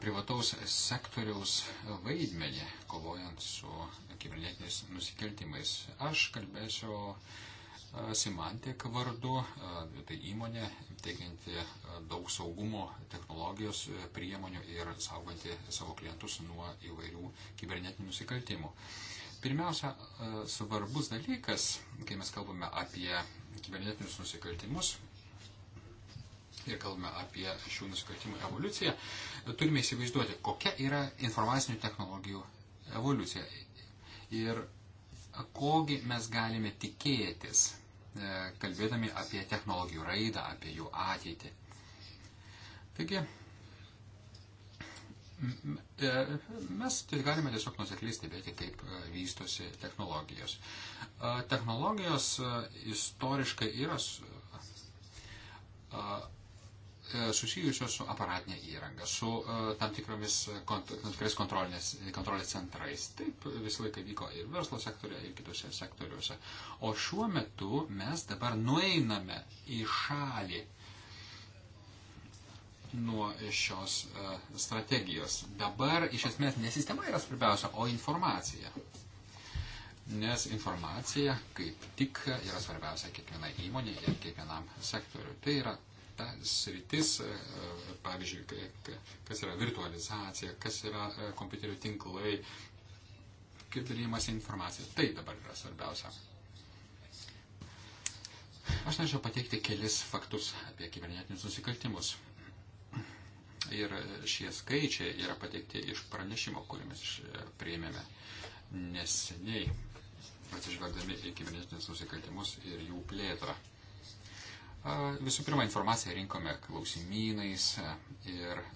privataus sektoriaus vaidmenį, kovojant su kibernetiniais nusikaltimais. Aš kalbėsiu uh, Simantik vardu, tai įmonė teikianti daug saugumo technologijos e, priemonių ir sauganti savo klientus nuo įvairių kibernetinių nusikaltimų. Pirmiausia, svarbus dalykas, kai mes kalbame apie kibernetinius nusikaltimus ir kalbame apie šių nusikaltimų evoliuciją, turime įsivaizduoti, kokia yra informacinių technologijų evoliucija ir kogi mes galime tikėtis E, kalbėdami apie technologijų raidą, apie jų ateitį. Taigi, e, mes tai galime tiesiog nusekliai stebėti, kaip e, vystosi technologijos. Technologijos istoriškai yra susijusios su aparatinė įranga, su e, tam tikromis kont kontrolės, kontrolės centrais. Taip visą laiką vyko ir verslo sektorioje, ir kitose sektoriuose. O šiuo metu mes dabar nueiname į šalį nuo šios e, strategijos. Dabar iš esmės ne sistema yra svarbiausia, o informacija. Nes informacija kaip tik yra svarbiausia kiekvienai įmonėje ir kiekvienam sektoriu. Tai yra ta sritis, e, e, pavyzdžiui, kas yra virtualizacija, kas yra e, kompiuterių tinklai, kaip dalymas informacija. Tai dabar yra svarbiausia. Aš norėčiau pateikti kelis faktus apie kibernetinius nusikaltimus. Ir šie skaičiai yra pateikti iš pranešimo, kurį mes priėmėme neseniai, atsižvelgdami į kibernetinius nusikaltimus ir jų plėtrą. Visų pirma, informaciją rinkome klausimynais e, ir e,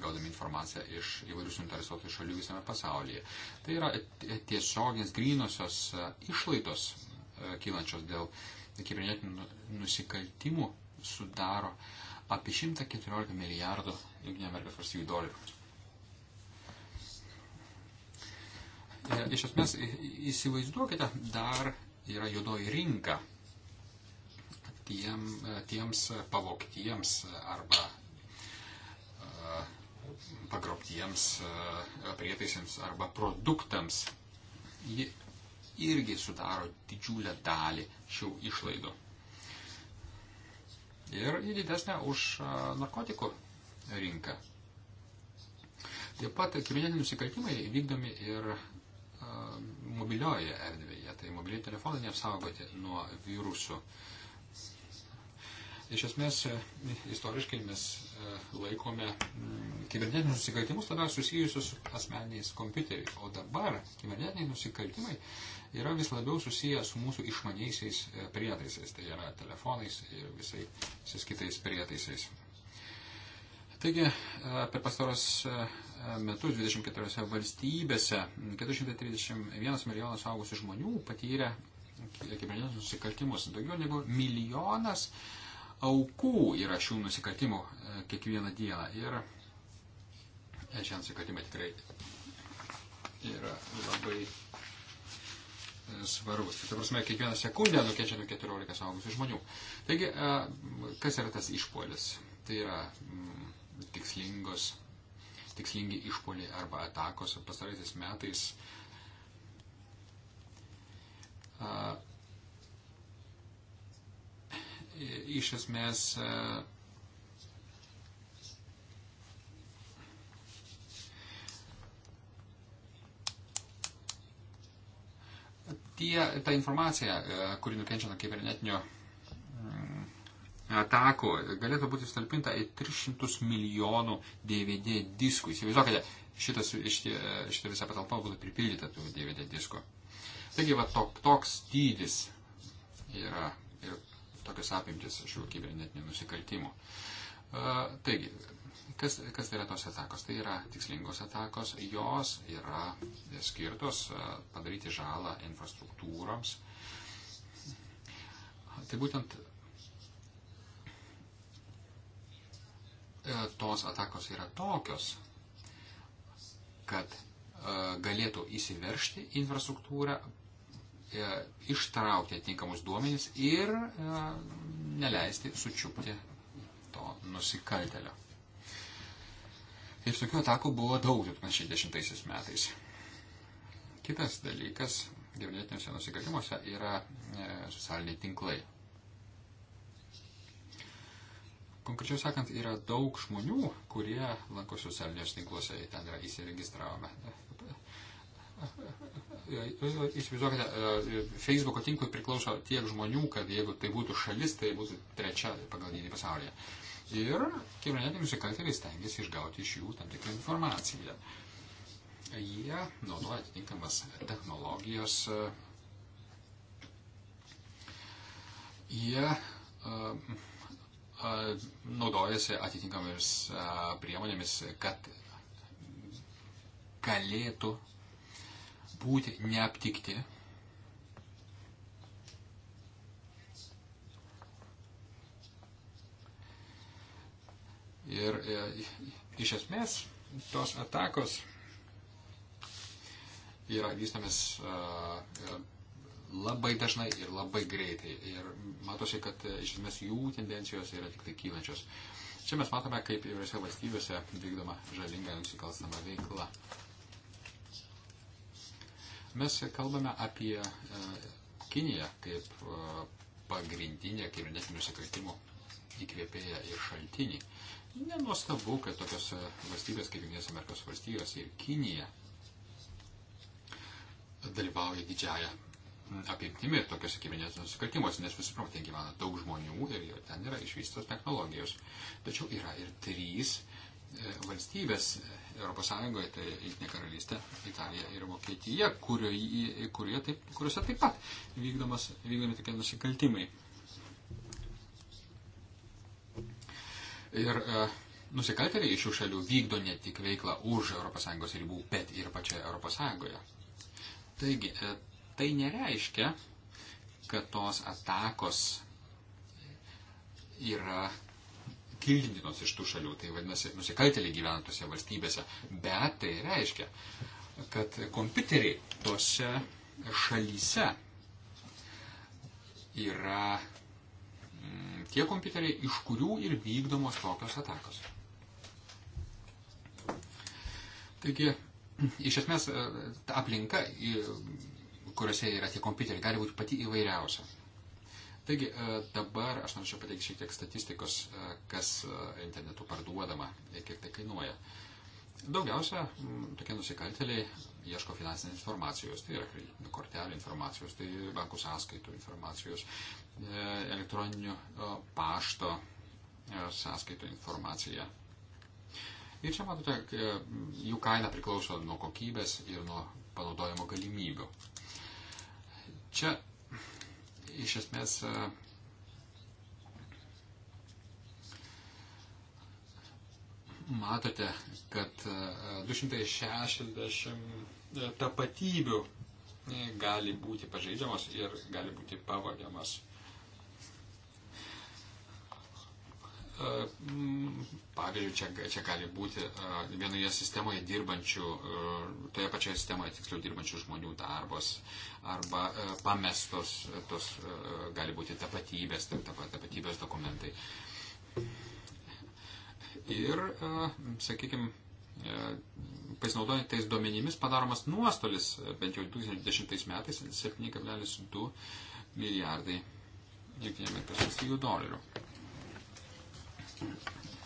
gaudami informaciją iš įvairių suinteresuotų šalių visame pasaulyje. Tai yra tiesioginės grynosios e, išlaidos kylančios dėl kibernetinių nusikaltimų sudaro apie 114 milijardų JAV dolerių. Iš esmės, įsivaizduokite, dar yra juodoji rinka tiem, tiems pavoktiems arba e, pagrobtiems e, prietaisėms arba produktams, ji irgi sudaro didžiulę dalį šių išlaidų. Ir ji didesnė už e, narkotikų rinką. Taip pat kriminaliniai nusikaltimai vykdomi ir mobiliojoje erdvėje, tai mobiliai telefonai neapsaugoti nuo virusų. Uh, Iš esmės, e, istoriškai mes e, laikome mm, kibernetinius nusikaltimus labiausiai susijusius su asmeniais kompiuteriais, o dabar kibernetiniai nusikaltimai yra vis labiau susiję su mūsų išmaniaisiais e, prietaisais, tai yra telefonais ir visai, visais kitais prietaisais. Taigi, per pastaros metus 24 valstybėse 431 milijonas augusių žmonių patyrė kibernetinius nusikaltimus. Daugiau negu milijonas uh, aukų yra šių nusikaltimų e, kiekvieną dieną. Ir e, šie nusikaltimai tikrai yra labai e, svarbus. Tai, ta prasme, kiekvieną sekundę nukentžia nuo 14 saugusių žmonių. Taigi, kas yra tas išpolis? Tai yra m, mm, tikslingos, tikslingi išpoliai arba atakos pastaraisiais metais. A, iš esmės e, tie, ta informacija, e, kuri nukenčia nuo kibernetinio mm, atako, galėtų būti sutalpinta į 300 milijonų DVD diskų. Įsivaizduokite, šitas, šitie, šitą visą patalpą būtų pripildyta tų DVD diskų. Taigi, va, tok, toks dydis yra tokios apimtis šių kibernetinių nusikaltimų. E, taigi, kas, kas tai yra tos atakos? Tai yra tikslingos atakos, jos yra skirtos e, padaryti žalą infrastruktūroms. Tai būtent e, tos atakos yra tokios, kad galėtų įsiveršti infrastruktūrą, E, ištraukti atinkamus duomenys ir e, neleisti sučiupti to nusikaltelio. Ir tokių atakų buvo daug 2010 metais. Kitas dalykas gyvenėtiniuose nusikaltimuose yra e, socialiniai tinklai. Konkrečiau sakant, yra daug žmonių, kurie lanko socialiniuose tinkluose, ten yra įsiregistravome. Įsivaizduokite, e, e, Facebook'o tinklui priklauso tiek žmonių, kad jeigu tai būtų šalis, tai būtų trečia pagal dydį pasaulyje. Ir kibernetiniai nusikaltėliai stengiasi išgauti iš jų tam tikrą informaciją. Jie naudoja atitinkamas technologijas. Jie e, naudojasi atitinkamomis priemonėmis, kad galėtų būti neaptikti. Ir e, iš esmės tos atakos yra vystamis e, e, labai dažnai ir labai greitai. Ir matosi, kad e, iš esmės jų tendencijos yra tik tai kylančios. Čia mes matome, kaip įvairiose valstybėse vykdoma žalinga nusikalstama veikla. E, Mes kalbame apie e, Kiniją kaip e, pagrindinę kibernetinių nusikaltimų įkvėpėją ir šaltinį. Nenuostabu, kad tokios valstybės kaip Junktinės Amerikos valstijos ir Kinija dalyvauja didžiaja apimtimi tokiuose kibernetiniuose nusikaltimuose, nes visų pirma, ten gyvena daug žmonių ir ten yra išvystos technologijos. Tačiau yra ir trys valstybės ES, tai Jungtinė karalystė, Italija ir Vokietija, kurioje, kurioje taip, kuriuose taip pat vykdomas, vykdomi tokie nusikaltimai. Ir e, nusikaltėliai iš šių šalių vykdo ne tik veiklą už ES ribų, bet ir pačioje ES. Taigi, e, tai nereiškia, kad tos atakos yra kildintinos iš tų šalių, tai vadinasi, nusikaltėliai gyventose valstybėse, bet tai reiškia, kad kompiuteriai tose šalyse yra mm, tie kompiuteriai, iš kurių ir vykdomos tokios atakos. Taigi, iš esmės, ta aplinka, kuriuose yra tie kompiuteriai, gali būti pati įvairiausia. Taigi e, dabar aš norėčiau pateikti šiek tiek statistikos, e, kas e, internetu parduodama ir kiek tai kainuoja. Daugiausia tokie nusikaltėliai ieško finansinės informacijos, tai yra kreditinių kortelių informacijos, tai bankų sąskaitų informacijos, elektroninių pašto sąskaitų informacija. Ir čia matote, jų kaina priklauso nuo kokybės ir nuo panaudojimo galimybių. Čia iš esmės e, matote, kad 260 e, e, tapatybių gali būti pažeidžiamos ir gali būti pavagiamas. Pavyzdžiui, čia, čia gali būti vienoje sistemoje dirbančių, toje pačioje sistemoje tiksliau dirbančių žmonių darbos arba pamestos, tos gali būti tapatybės, tapatybės dokumentai. Ir, sakykime, pasinaudojant tais duomenimis padaromas nuostolis bent jau 2010 metais 7,2 milijardai jungtinių amerikos valstybių dolerių.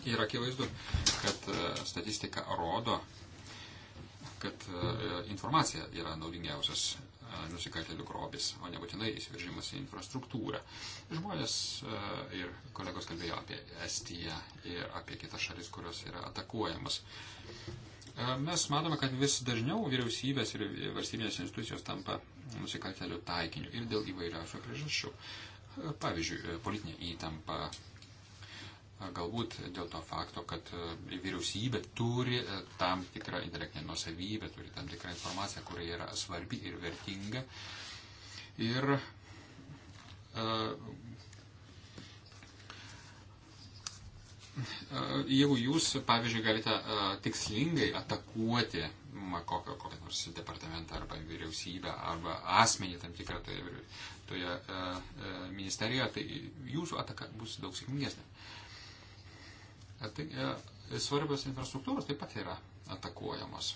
Ir akivaizdu, kad e, statistika rodo, kad e, informacija yra naudingiausias e, nusikaltelių grobis, o nebūtinai įsiveržimas į infrastruktūrą. Žmonės ir kolegos kalbėjo apie Estiją ir apie kitas šalis, kurios yra atakuojamas. Mes matome, kad vis dažniau vyriausybės ir valstybinės institucijos tampa nusikaltelių taikiniu ir dėl įvairiausių priežasčių. Pavyzdžiui, politinė įtampa, galbūt dėl to fakto, kad e, vyriausybė turi e, tam tikrą intelektinę nusavybę, turi tam tikrą informaciją, kuri yra svarbi ir vertinga. Ir e, jeigu jūs, pavyzdžiui, galite tikslingai atakuoti kokią, kokią nors departamentą arba vyriausybę arba asmenį tam tikrą toje, toje ministerijoje, tai jūsų ataka bus daug sėkmingesnė tai e, svarbios infrastruktūros taip pat yra atakuojamos.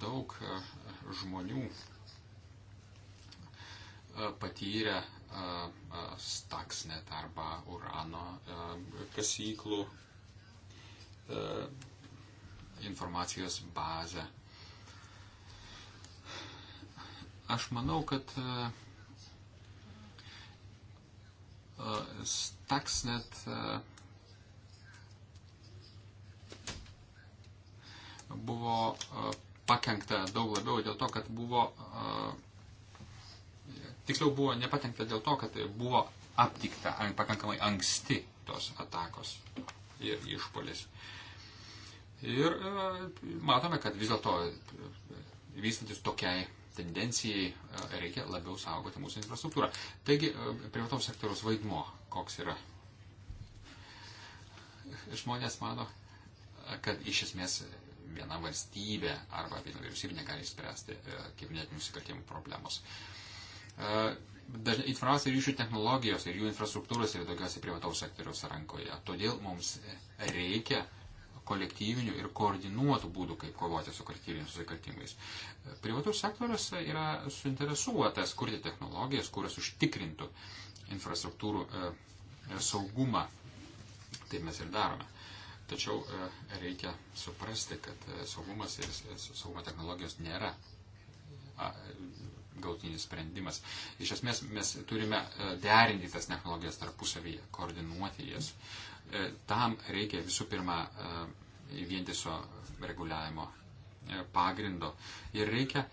Daug e, žmonių e, patyrė staksnet arba urano kasyklų informacijos bazę. Aš manau, kad Stuxnet buvo pakengta daug labiau dėl to, kad buvo, tiksliau buvo nepakengta dėl to, kad buvo aptikta pakankamai anksti tos atakos ir išpolis. Ir matome, kad vis dėlto vystantis tokiai tendencijai reikia labiau saugoti mūsų infrastruktūrą. Taigi, privataus sektoriaus vaidmo koks yra? Žmonės mano, kad iš esmės viena valstybė arba viena vyriausybė negali spręsti e, kibernetinių nusikaltimų problemos. E, Informacijos ryšių technologijos ir jų infrastruktūros yra daugiausiai privataus sektoriaus rankoje. Todėl mums reikia kolektyvinių ir koordinuotų būdų, kaip kovoti su kolektyviniais nusikaltimais. Privatus sektorius yra suinteresuotas kurti technologijas, kurias užtikrintų infrastruktūrų e, saugumą. Taip mes ir darome. Tačiau e, reikia suprasti, kad e, saugumas ir e, saugumo technologijos nėra gautinis sprendimas. Iš esmės mes turime derinti tas technologijas tarpusavyje, koordinuoti jas. Tam reikia visų pirma vientiso reguliavimo pagrindo ir reikia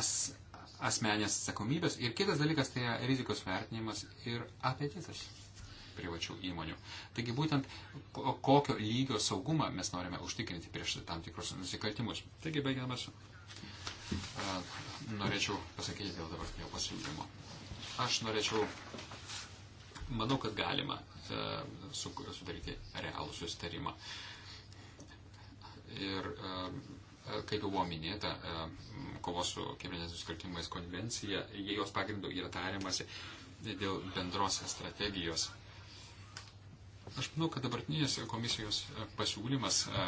as, asmenės atsakomybės. Ir kitas dalykas tai rizikos vertinimas ir apetitas privačių įmonių. Taigi būtent kokio lygio saugumą mes norime užtikrinti prieš tam tikrus nusikaltimus. Taigi baigiamas, norėčiau pasakyti dėl dabartinio pasiūlymo. Aš norėčiau, manau, kad galima sudaryti realų susitarimą. Ir kaip jau buvo minėta, kovos su kibernetiniais nusikaltimais konvencija, jei jos pagrindu yra tariamasi dėl bendros strategijos Aš manau, kad dabartinės komisijos e, pasiūlymas e,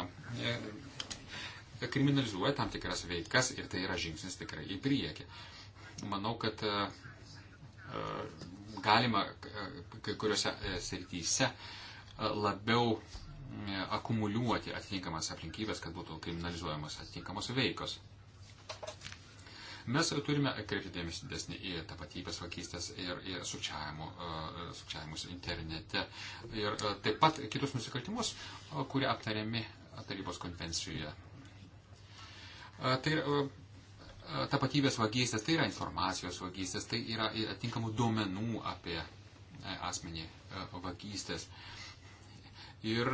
e, kriminalizuoja tam tikras veikas ir tai yra žingsnis tikrai į priekį. Manau, kad galima kai kuriuose srityse labiau akumuliuoti atitinkamas aplinkybės, kad būtų kriminalizuojamos atitinkamos veikos. Mes turime kreipti dėmesį didesnį į tapatybės vagystės ir į e, e, sukčiavimus internete. Ir e, taip pat kitus nusikaltimus, kurie aptariami tarybos konvencijoje. Tai tapatybės vagystės, tai yra informacijos vagystės, tai yra atinkamų duomenų apie asmenį vagystės. Ir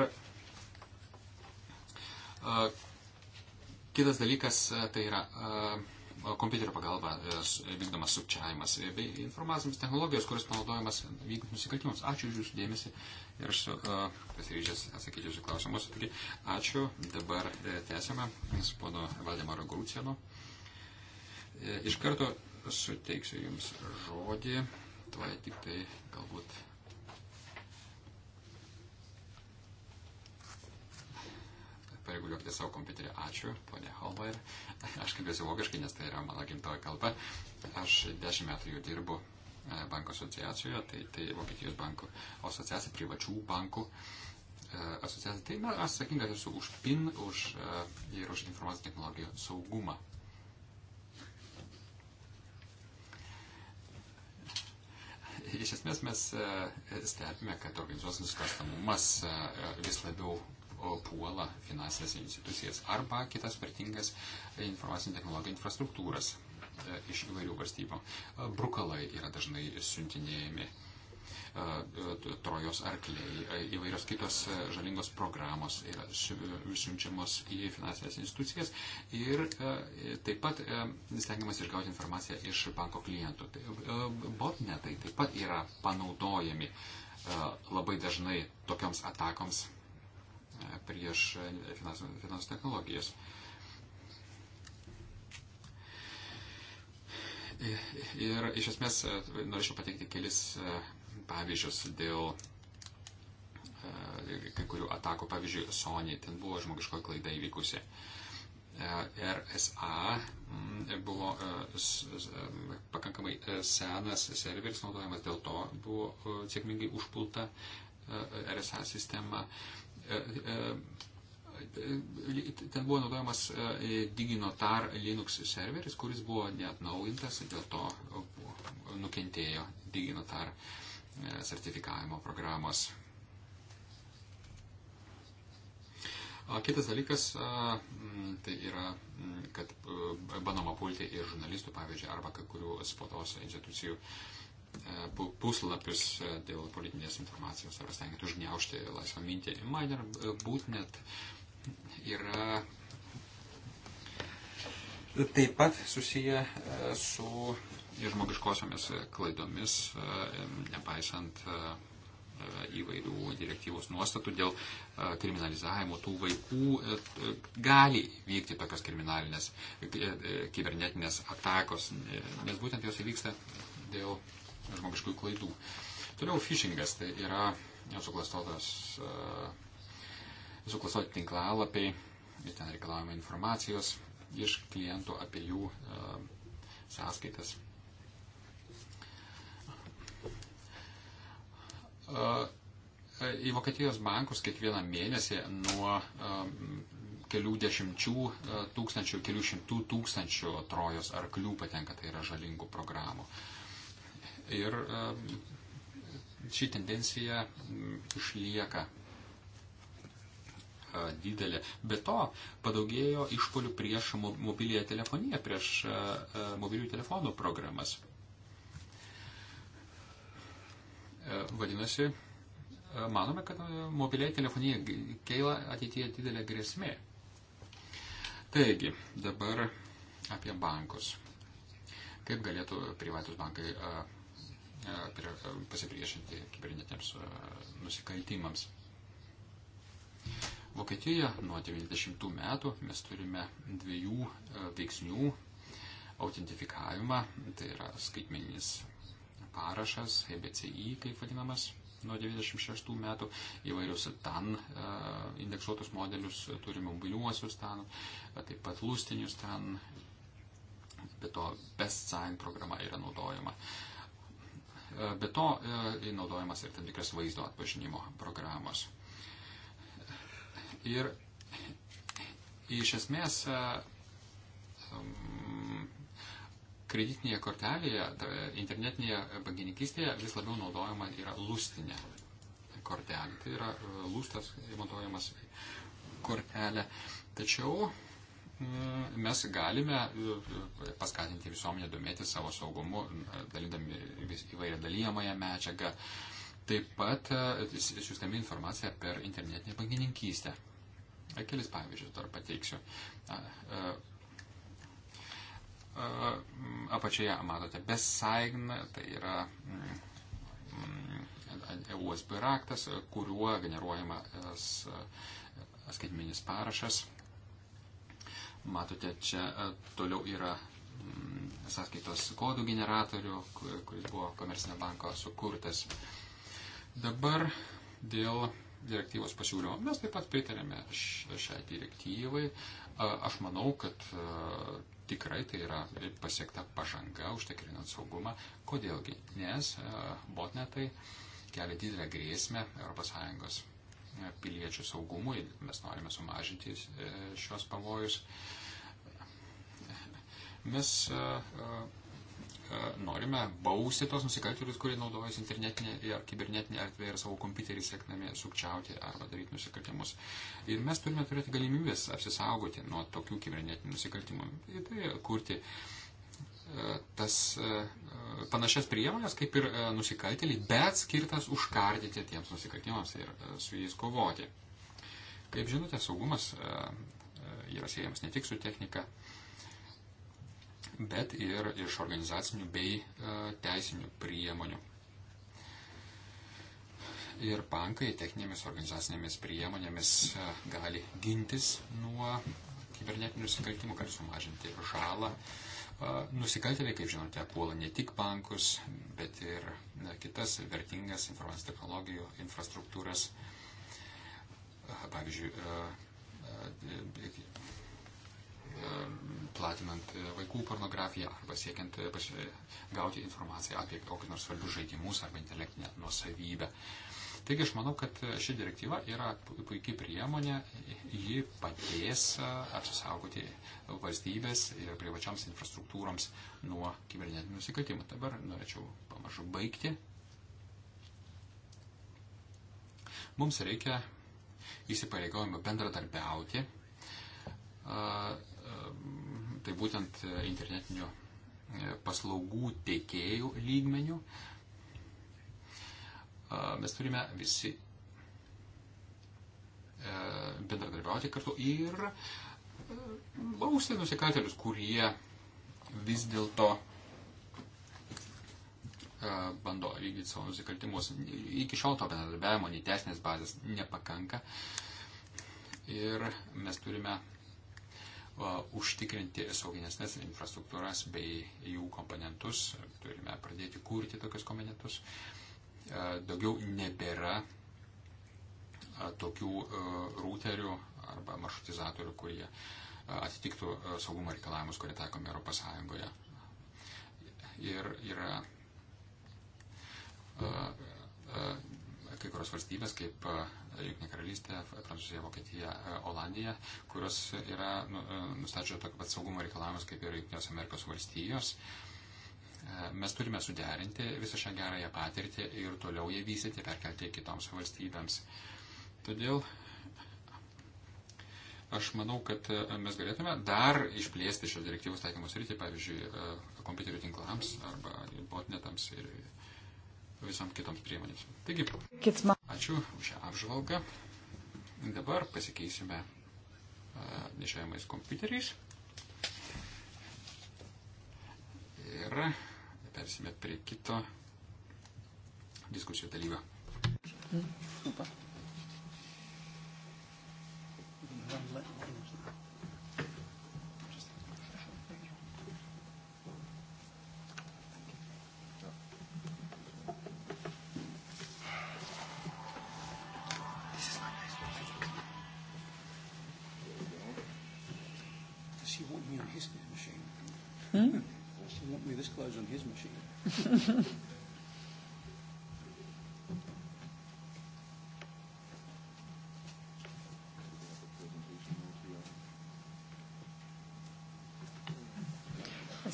kitas dalykas tai yra kompiuterio pagalba e, e, vykdomas sukčiavimas e, bei informacinės technologijos, kuris panaudojamas vykdant nusikaltimus. Ačiū už Jūsų dėmesį ir aš uh, pasiryžęs atsakyti Jūsų klausimus. Taigi, ačiū. Dabar tęsime su pono Valdemaro Grūcienu. Iš karto suteiksiu Jums žodį, tuoj tik tai galbūt pareguliuokite savo kompiuterį. Ačiū, ponė Holmeier. Aš kalbėsiu vokiškai, nes tai yra mano gimtoji kalba. Aš dešimt metų jau dirbu e, banko asociacijoje, tai, tai Vokietijos bankų asociacija, privačių bankų e, asociacija. Tai mes atsakingas esu už PIN už, e, ir už informacijos technologijų saugumą. Iš esmės mes stebime, kad organizuos nusikalstamumas vis labiau puola finansinės institucijas arba kitas vertingas informacinių technologijų infrastruktūras e, iš įvairių valstybių. E, brukalai yra dažnai siuntinėjami e, trojos arkliai, įvairios kitos žalingos programos yra siunčiamos į finansinės institucijas ir taip pat stengiamas išgauti informaciją iš banko klientų. Tai, botnetai taip pat yra panaudojami labai dažnai tokioms atakoms prieš finansų technologijas. Ir iš esmės e, norėčiau pateikti kelis e, pavyzdžius dėl e, kai kurių atakų. Pavyzdžiui, Sony, ten buvo žmogiškoji klaida įvykusi. RSA mm, buvo pakankamai senas serveris naudojamas, dėl to buvo sėkmingai užpulta RSA sistema ten buvo naudojamas e, DigiNotar Linux serveris, kuris buvo neatnaujintas, dėl to e, nukentėjo DigiNotar e, sertifikavimo programos. Kitas dalykas, tai yra, kad bandoma pulti ir žurnalistų, pavyzdžiui, arba kai kurių spaudos institucijų uh, E, puslapius e, dėl politinės informacijos ar stengiant užgneušti laisvą mintį. Man ir e, būtent yra taip pat susiję su žmogiškosiomis klaidomis, nepaisant įvairių direktyvos nuostatų dėl kriminalizavimo tų vaikų gali vykti tokios kriminalinės kibernetinės atakos, nes būtent jos įvyksta dėl žmogiškų klaidų. Toliau phishingas tai yra suklastotas, e, suklastoti tinklalapiai ir ten reikalavimo informacijos iš klientų apie jų e, sąskaitas. E, į Vokietijos bankus kiekvieną mėnesį nuo kelių dešimčių tūkstančių, kelių šimtų tūkstančių trojos arklių patenka, tai yra žalingų programų. Uh, ir ši tendencija išlieka e, didelė. Be to, padaugėjo išpolių prieš mobiliją telefoniją, prieš e, e, mobilių telefonų programas. Vadinasi, manome, kad mobiliai telefonija keila ateityje didelė grėsmė. Taigi, dabar apie bankus. Kaip galėtų privatus bankai E, prie, e, pasipriešinti kibernetiniams e, nusikaltimams. Vokietijoje nuo 90 metų mes turime dviejų veiksnių autentifikavimą, tai yra skaitmeninis parašas, EBCI kaip vadinamas, nuo 96 metų, įvairius TAN indeksuotus modelius, turime mobiliuosius TAN, taip pat lūstinius TAN, be to BestSign programa yra naudojama E, be to, e, naudojamas ir tam tikras vaizdo atpažinimo programos. Ir iš esmės e, kreditinėje kortelėje, internetinėje bankininkystėje vis labiau naudojama yra lustinė kortelė. Tai yra lustas montuojamas kortelė. Tačiau Mm, mes galime e, e, paskatinti visuomenę domėtis savo saugumu, dalindami įvairią dalyjamąją medžiagą, taip pat e, siūstami informaciją per internetinę bankininkystę. Kelis pavyzdžius dar pateiksiu. Apačioje matote besaign, tai yra USB raktas, kuriuo generuojamas skaitminis parašas Matote, čia e, toliau yra mm, sąskaitos kodų generatorių, kuris buvo komercinio banko sukurtas. Dabar dėl direktyvos pasiūlymo. Mes taip pat pritarėme šiai direktyvai. Aš manau, kad e, tikrai tai yra pasiekta pažanga užtikrinant saugumą. Kodėlgi? Nes e, botnetai kelia didelę grėsmę ES piliečių saugumui, mes norime sumažinti e, šios pavojus. Mes e, e, norime bausti tos nusikaltėlius, kurie naudojasi internetinė ir kibernetinė erdvė ir savo kompiuterį siekdami sukčiauti arba daryti nusikaltimus. Ir mes turime turėti galimybės apsisaugoti nuo tokių kibernetinių nusikaltimų ir tai kurti uh, tas e, panašias priemonės kaip ir e, nusikaltėliai, bet skirtas užkardyti tiems nusikaltimams ir e, su jais kovoti. Kaip žinote, saugumas yra siejamas ne tik su technika, bet ir iš organizacinių bei teisinių priemonių. Ir bankai techninėmis organizacinėmis priemonėmis gali gintis nuo kibernetinių nusikaltimų, gali sumažinti žalą. Uh, Nusikaltėliai, kaip žinote, puola ne tik bankus, bet ir kitas vertingas informacijos technologijų infrastruktūras. Pavyzdžiui, e, platinant e, vaikų pornografiją arba siekiant e, gauti informaciją apie kokius nors svarbius žaidimus arba intelektinę nuosavybę. Uh, Taigi aš manau, kad ši direktyva yra puikiai priemonė, ji padės apsisaugoti valstybės ir privačiams infrastruktūroms nuo kibernetinių nusikaltimų. Dabar norėčiau pamažu baigti. Mums reikia įsipareigojimo bendradarbiauti. Tai būtent internetinių e, paslaugų teikėjų lygmenių. Uh, mes turime visi e, bendradarbiauti kartu ir bausti e, nusikaltelius, kurie vis dėlto e, bando vykdyti savo nusikaltimus. Iki šiol to bendradarbiavimo nei teisinės bazės nepakanka. Ir mes turime užtikrinti sauginesnės infrastruktūras bei jų komponentus. Turime pradėti kurti tokius komponentus. Uh, E, daugiau nebėra e, tokių e, routerių arba maršrutizatorių, kurie atitiktų saugumo reikalavimus, kurie taikomi Europos Sąjungoje. Ir yra kai kurios valstybės, kaip Junktinė karalystė, Prancūzija, Vokietija, Olandija, kurios yra nu, nustačio tokį pat saugumo reikalavimus, kaip ir Junktinės Amerikos valstijos. Uh, Mes turime suderinti visą šią gerąją patirtį ir toliau ją vystyti, perkelti kitoms valstybėms. Todėl aš manau, kad e, mes galėtume dar išplėsti šios direktyvos taikymus rytį, pavyzdžiui, e, kompiuterių tinklams arba botnetams ir visom kitoms priemonėms. Taigi, ačiū už šią apžvalgą. Dabar pasikeisime e, nešiojamais kompiuteriais. Ir persime prie kito diskusijų dalyvio. Mm. Super.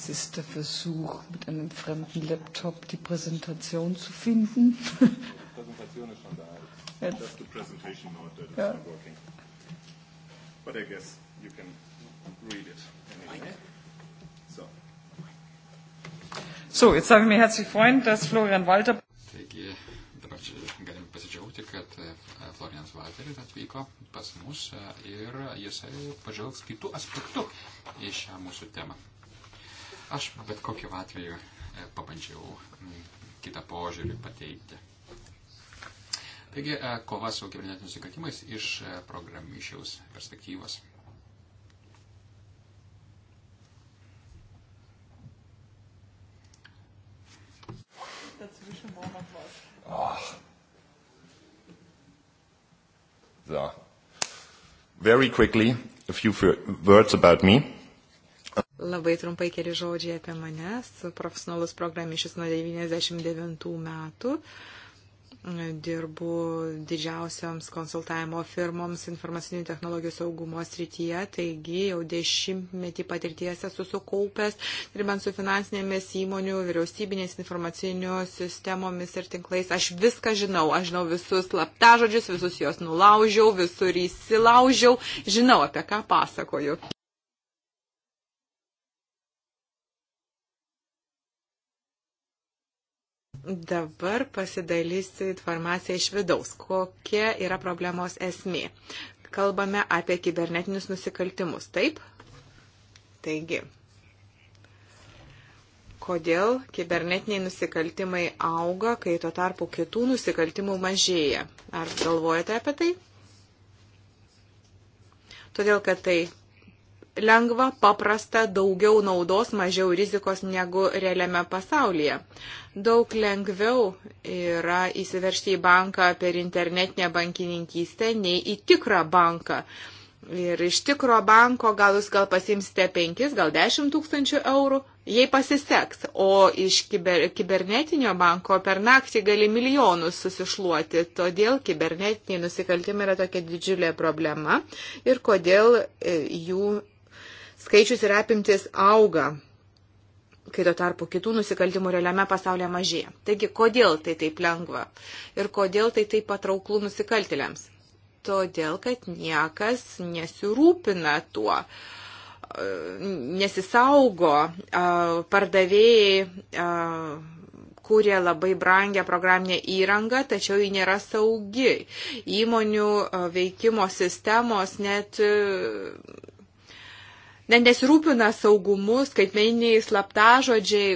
Es ist der Versuch, mit einem fremden Laptop die Präsentation zu finden. Die Präsentation ist schon da. It's just the presentation note that is yeah. not working. But I guess you can read it anyway. So. So, jetzt darf ich mir herzlich freuen, dass Florian Walter. Taigi, dabar čia galime pasidžiaugti, kad e, Florianas Walteris atvyko pas mus e, ir jisai pažvelgs kitų aspektų į šią mūsų temą. Aš bet kokiu atveju e, pabandžiau kitą požiūrį pateikti. Taigi, e, kova su kibernetiniais nusikaltimais iš e, programišiaus perspektyvos. dazwischen war noch was. Ach. So. Very quickly, a few words about me. Labai trumpai keli žodžiai apie mane. Profesionalus programišius nuo 99 metų. Dirbu didžiausiams konsultavimo firmoms informacinių technologijų saugumo srityje, taigi jau dešimtmetį patirties esu sukaupęs, dirbant su finansinėmis įmonių, vyriausybinės informacinių sistemomis ir tinklais. Aš viską žinau, aš žinau visus slaptažodžius, visus juos nulaužiau, visur įsilaužiau, žinau apie ką pasakoju. Dabar pasidalysiu informaciją iš vidaus, kokia yra problemos esmė. Kalbame apie kibernetinius nusikaltimus, taip? Taigi, kodėl kibernetiniai nusikaltimai auga, kai tuo tarpu kitų nusikaltimų mažėja? Ar galvojate apie tai? Todėl, kad tai lengva, paprasta, daugiau naudos, mažiau rizikos negu realiame pasaulyje. Daug lengviau yra įsiveršti į banką per internetinę bankininkystę nei į tikrą banką. Ir iš tikro banko gal jūs gal pasimsite 5, gal 10 tūkstančių eurų, jei pasiseks, o iš kiber, kibernetinio banko per naktį gali milijonus susišluoti. Todėl kibernetiniai nusikaltimai yra tokia didžiulė problema ir kodėl e, jų skaičius ir apimtis auga, kai tuo tarpu kitų nusikaltimų realiame pasaulyje mažėja. Taigi, kodėl tai taip lengva ir kodėl tai taip patrauklų nusikaltėliams? Todėl, kad niekas nesirūpina tuo e, nesisaugo, e, pardavėjai e, kūrė labai brangę programinę įrangą, tačiau ji nėra saugi. Įmonių veikimo sistemos net ne, nesirūpina saugumu, skaitmeniniai slaptažodžiai,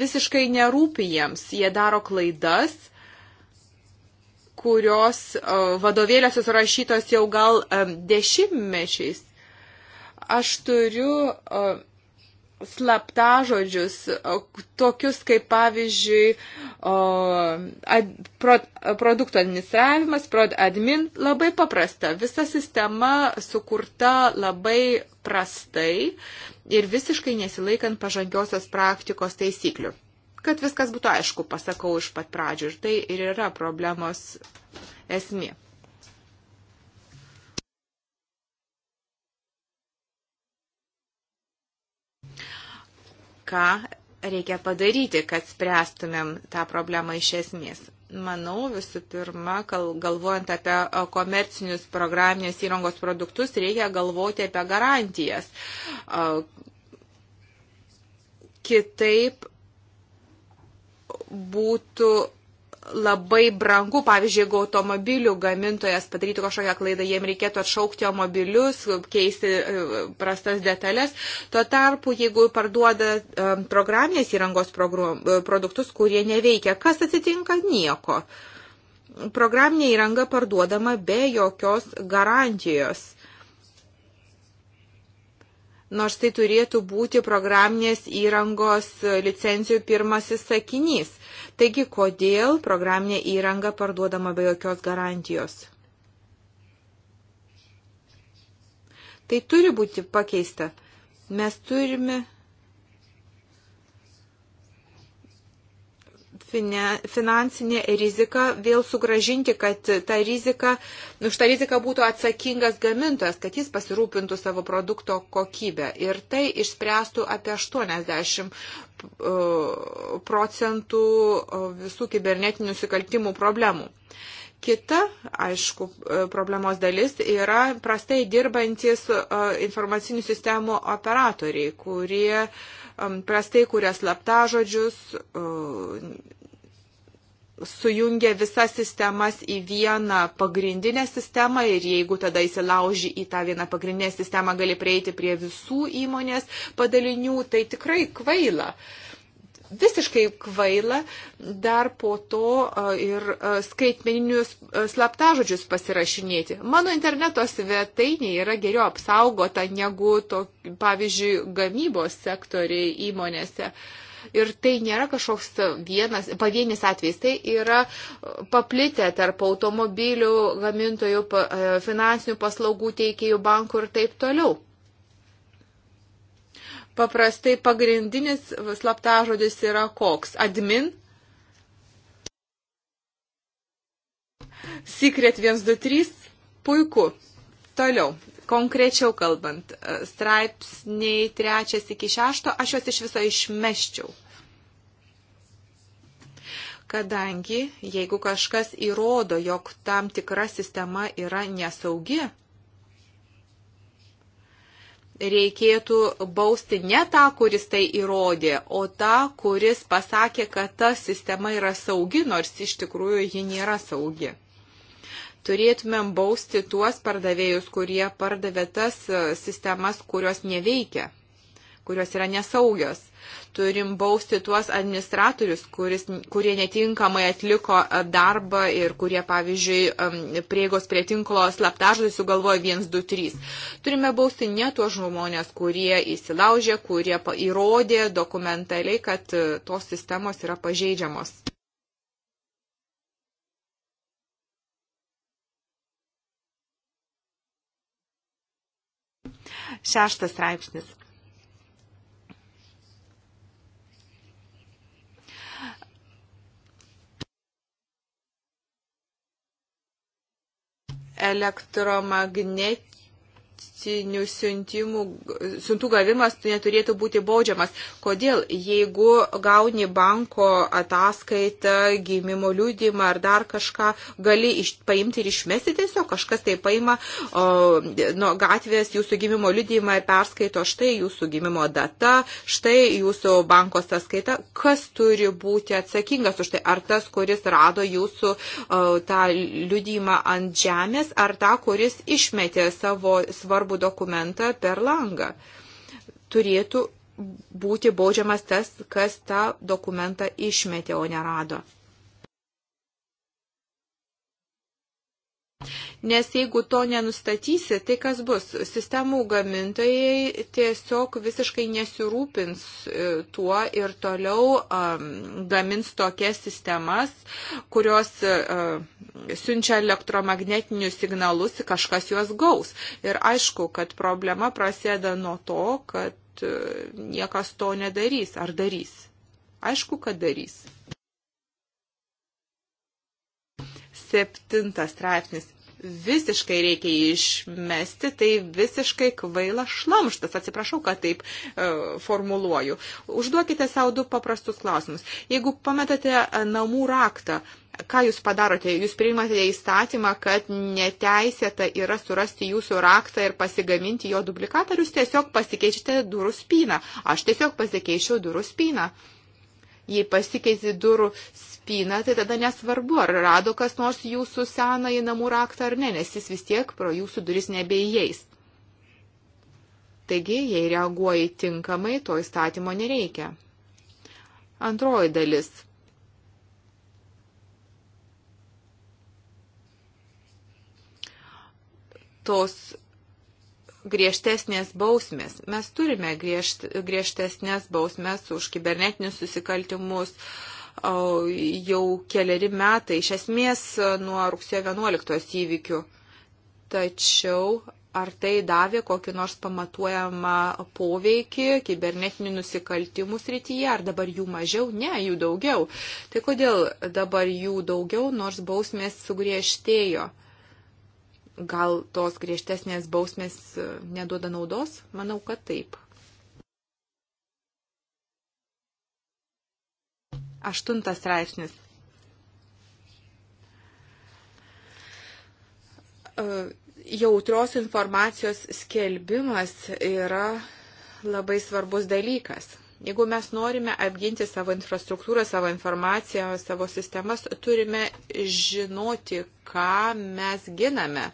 visiškai nerūpi jiems. Jie daro klaidas, kurios e, vadovėliuose surašytos jau gal e, dešimtmečiais. Aš turiu e, slaptažodžius, tokius kaip pavyzdžiui produktų administravimas, prod admin, labai paprasta. Visa sistema sukurta labai prastai ir visiškai nesilaikant pažangiosios praktikos taisyklių. Kad viskas būtų aišku, pasakau iš pat pradžių ir tai ir yra problemos esmė. ką reikia padaryti, kad spręstumėm tą problemą iš esmės. Manau, visų pirma, galvojant apie e, komercinius programinės įrangos produktus, reikia galvoti apie garantijas. E, kitaip būtų labai brangu, pavyzdžiui, jeigu automobilių gamintojas padarytų kažkokią klaidą, jiem reikėtų atšaukti automobilius, keisti e, prastas detalės. Tuo tarpu, jeigu parduoda e, programinės įrangos e, produktus, kurie neveikia, kas atsitinka? Nieko. Programinė įranga parduodama be jokios garantijos nors tai turėtų būti programinės įrangos licencijų pirmasis sakinys. Taigi, kodėl programinė įranga parduodama be jokios garantijos? Tai turi būti pakeista. Mes turime finansinė rizika, vėl sugražinti, kad ta rizika, nu, už tą riziką būtų atsakingas gamintojas, kad jis pasirūpintų savo produkto kokybę. Ir tai išspręstų apie 80 e, procentų e, visų kibernetinių nusikaltimų problemų. Kita, aišku, e, problemos dalis yra prastai dirbantis informacinių sistemų operatoriai, kurie uh, prastai kuria slaptažodžius, sujungia visas sistemas į vieną pagrindinę sistemą ir jeigu tada įsilauži į tą vieną pagrindinę sistemą, gali prieiti prie visų įmonės padalinių, tai tikrai kvaila. Uh, visiškai kvaila dar po to ir skaitmeninius slaptažodžius pasirašinėti. Mano interneto svetainė yra geriau apsaugota negu, to, pavyzdžiui, gamybos sektoriai įmonėse. Ir tai nėra kažkoks vienas, pavienis atvejs, tai yra paplitę tarp automobilių, gamintojų, e, finansinių paslaugų teikėjų, bankų ir taip toliau paprastai pagrindinis slaptažodis yra koks? Admin? Secret 123? Puiku. Toliau. Konkrečiau kalbant, straipsniai trečias iki šešto, aš juos iš viso išmeščiau kadangi jeigu kažkas įrodo, jog tam tikra sistema yra nesaugi, reikėtų bausti ne tą, kuris tai įrodė, o tą, kuris pasakė, kad ta sistema yra saugi, nors iš tikrųjų ji nėra saugi. Turėtumėm bausti tuos pardavėjus, kurie pardavė tas e, sistemas, kurios neveikia kurios yra nesaugios. Turim bausti tuos administratorius, kuris, kurie netinkamai atliko e, darbą ir kurie, pavyzdžiui, prieigos prie tinklo slaptažodį sugalvoja 1, 2, 3. Turime bausti ne tuos žmonės, kurie įsilaužė, kurie įrodė dokumentaliai, kad e, tos sistemos yra pažeidžiamos. Šeštas straipsnis elektromagnetinė mokestinių siuntimų, siuntų gavimas neturėtų būti baudžiamas. Kodėl? Jeigu gauni banko ataskaitą, gimimo liūdimą ar dar kažką, gali iš, paimti ir išmesti tiesiog, kažkas tai paima o, nuo gatvės jūsų gimimo liūdimą ir perskaito štai jūsų gimimo data, štai jūsų banko sąskaita. Kas turi būti atsakingas už tai? Ar tas, kuris rado jūsų o, tą liūdimą ant žemės, ar tą, kuris išmetė savo svarbų svarbų dokumentą per langą. Turėtų būti baudžiamas tas, kas tą dokumentą išmetė, o nerado. Nes jeigu to nenustatysi, tai kas bus? Sistemų gamintojai tiesiog visiškai nesirūpins e, tuo ir toliau um, gamins tokias sistemas, kurios uh, siunčia elektromagnetinius signalus, kažkas juos gaus. Ir aišku, kad problema prasideda nuo to, kad uh, niekas to nedarys. Ar darys? Aišku, kad darys. Septintas straipsnis visiškai reikia išmesti, tai visiškai kvaila šlamštas. Atsiprašau, kad taip e, formuluoju. Užduokite savo du paprastus klausimus. Jeigu pametate e, namų raktą, ką jūs padarote? Jūs priimate įstatymą, kad neteisėta yra surasti jūsų raktą ir pasigaminti jo duplikatą, ar jūs tiesiog pasikeičiate durų spyną. Aš tiesiog pasikeičiau durų spyną jei pasikeisi durų spyną, tai tada nesvarbu, ar rado kas nors jūsų seną į namų raktą ar ne, nes jis vis tiek pro jūsų duris nebeįeis. Taigi, jei reaguoji tinkamai, to įstatymo nereikia. Antroji dalis. Tos griežtesnės bausmės. Mes turime griežt, griežtesnės bausmės už kibernetinius susikaltimus, uh, jau keliari metai, iš esmės nuo rugsėjo 11 įvykių. Tačiau ar tai davė kokį nors pamatuojamą poveikį kibernetinių nusikaltimų srityje, ar dabar jų mažiau? Ne, jų daugiau. Tai kodėl dabar jų daugiau, nors bausmės sugriežtėjo? Gal tos griežtesnės bausmės neduoda naudos? Manau, kad taip. Aštuntas straipsnis. E, jautrios informacijos skelbimas yra labai svarbus dalykas. Jeigu mes norime apginti savo infrastruktūrą, savo informaciją, savo sistemas, turime žinoti, ką mes giname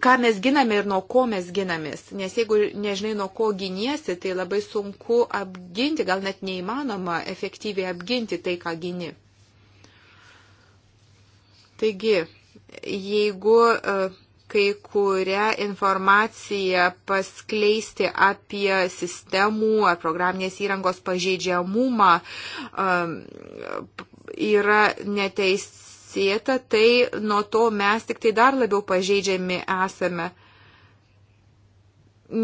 ką mes giname ir nuo ko mes ginamės. Nes jeigu nežinai, nuo ko giniesi, tai labai sunku apginti, gal net neįmanoma efektyviai apginti tai, ką gini. Taigi, jeigu e, kai kurią informaciją paskleisti apie sistemų ar programinės įrangos pažeidžiamumą e, yra neteis teisėta, tai nuo to mes tik tai dar labiau pažeidžiami esame.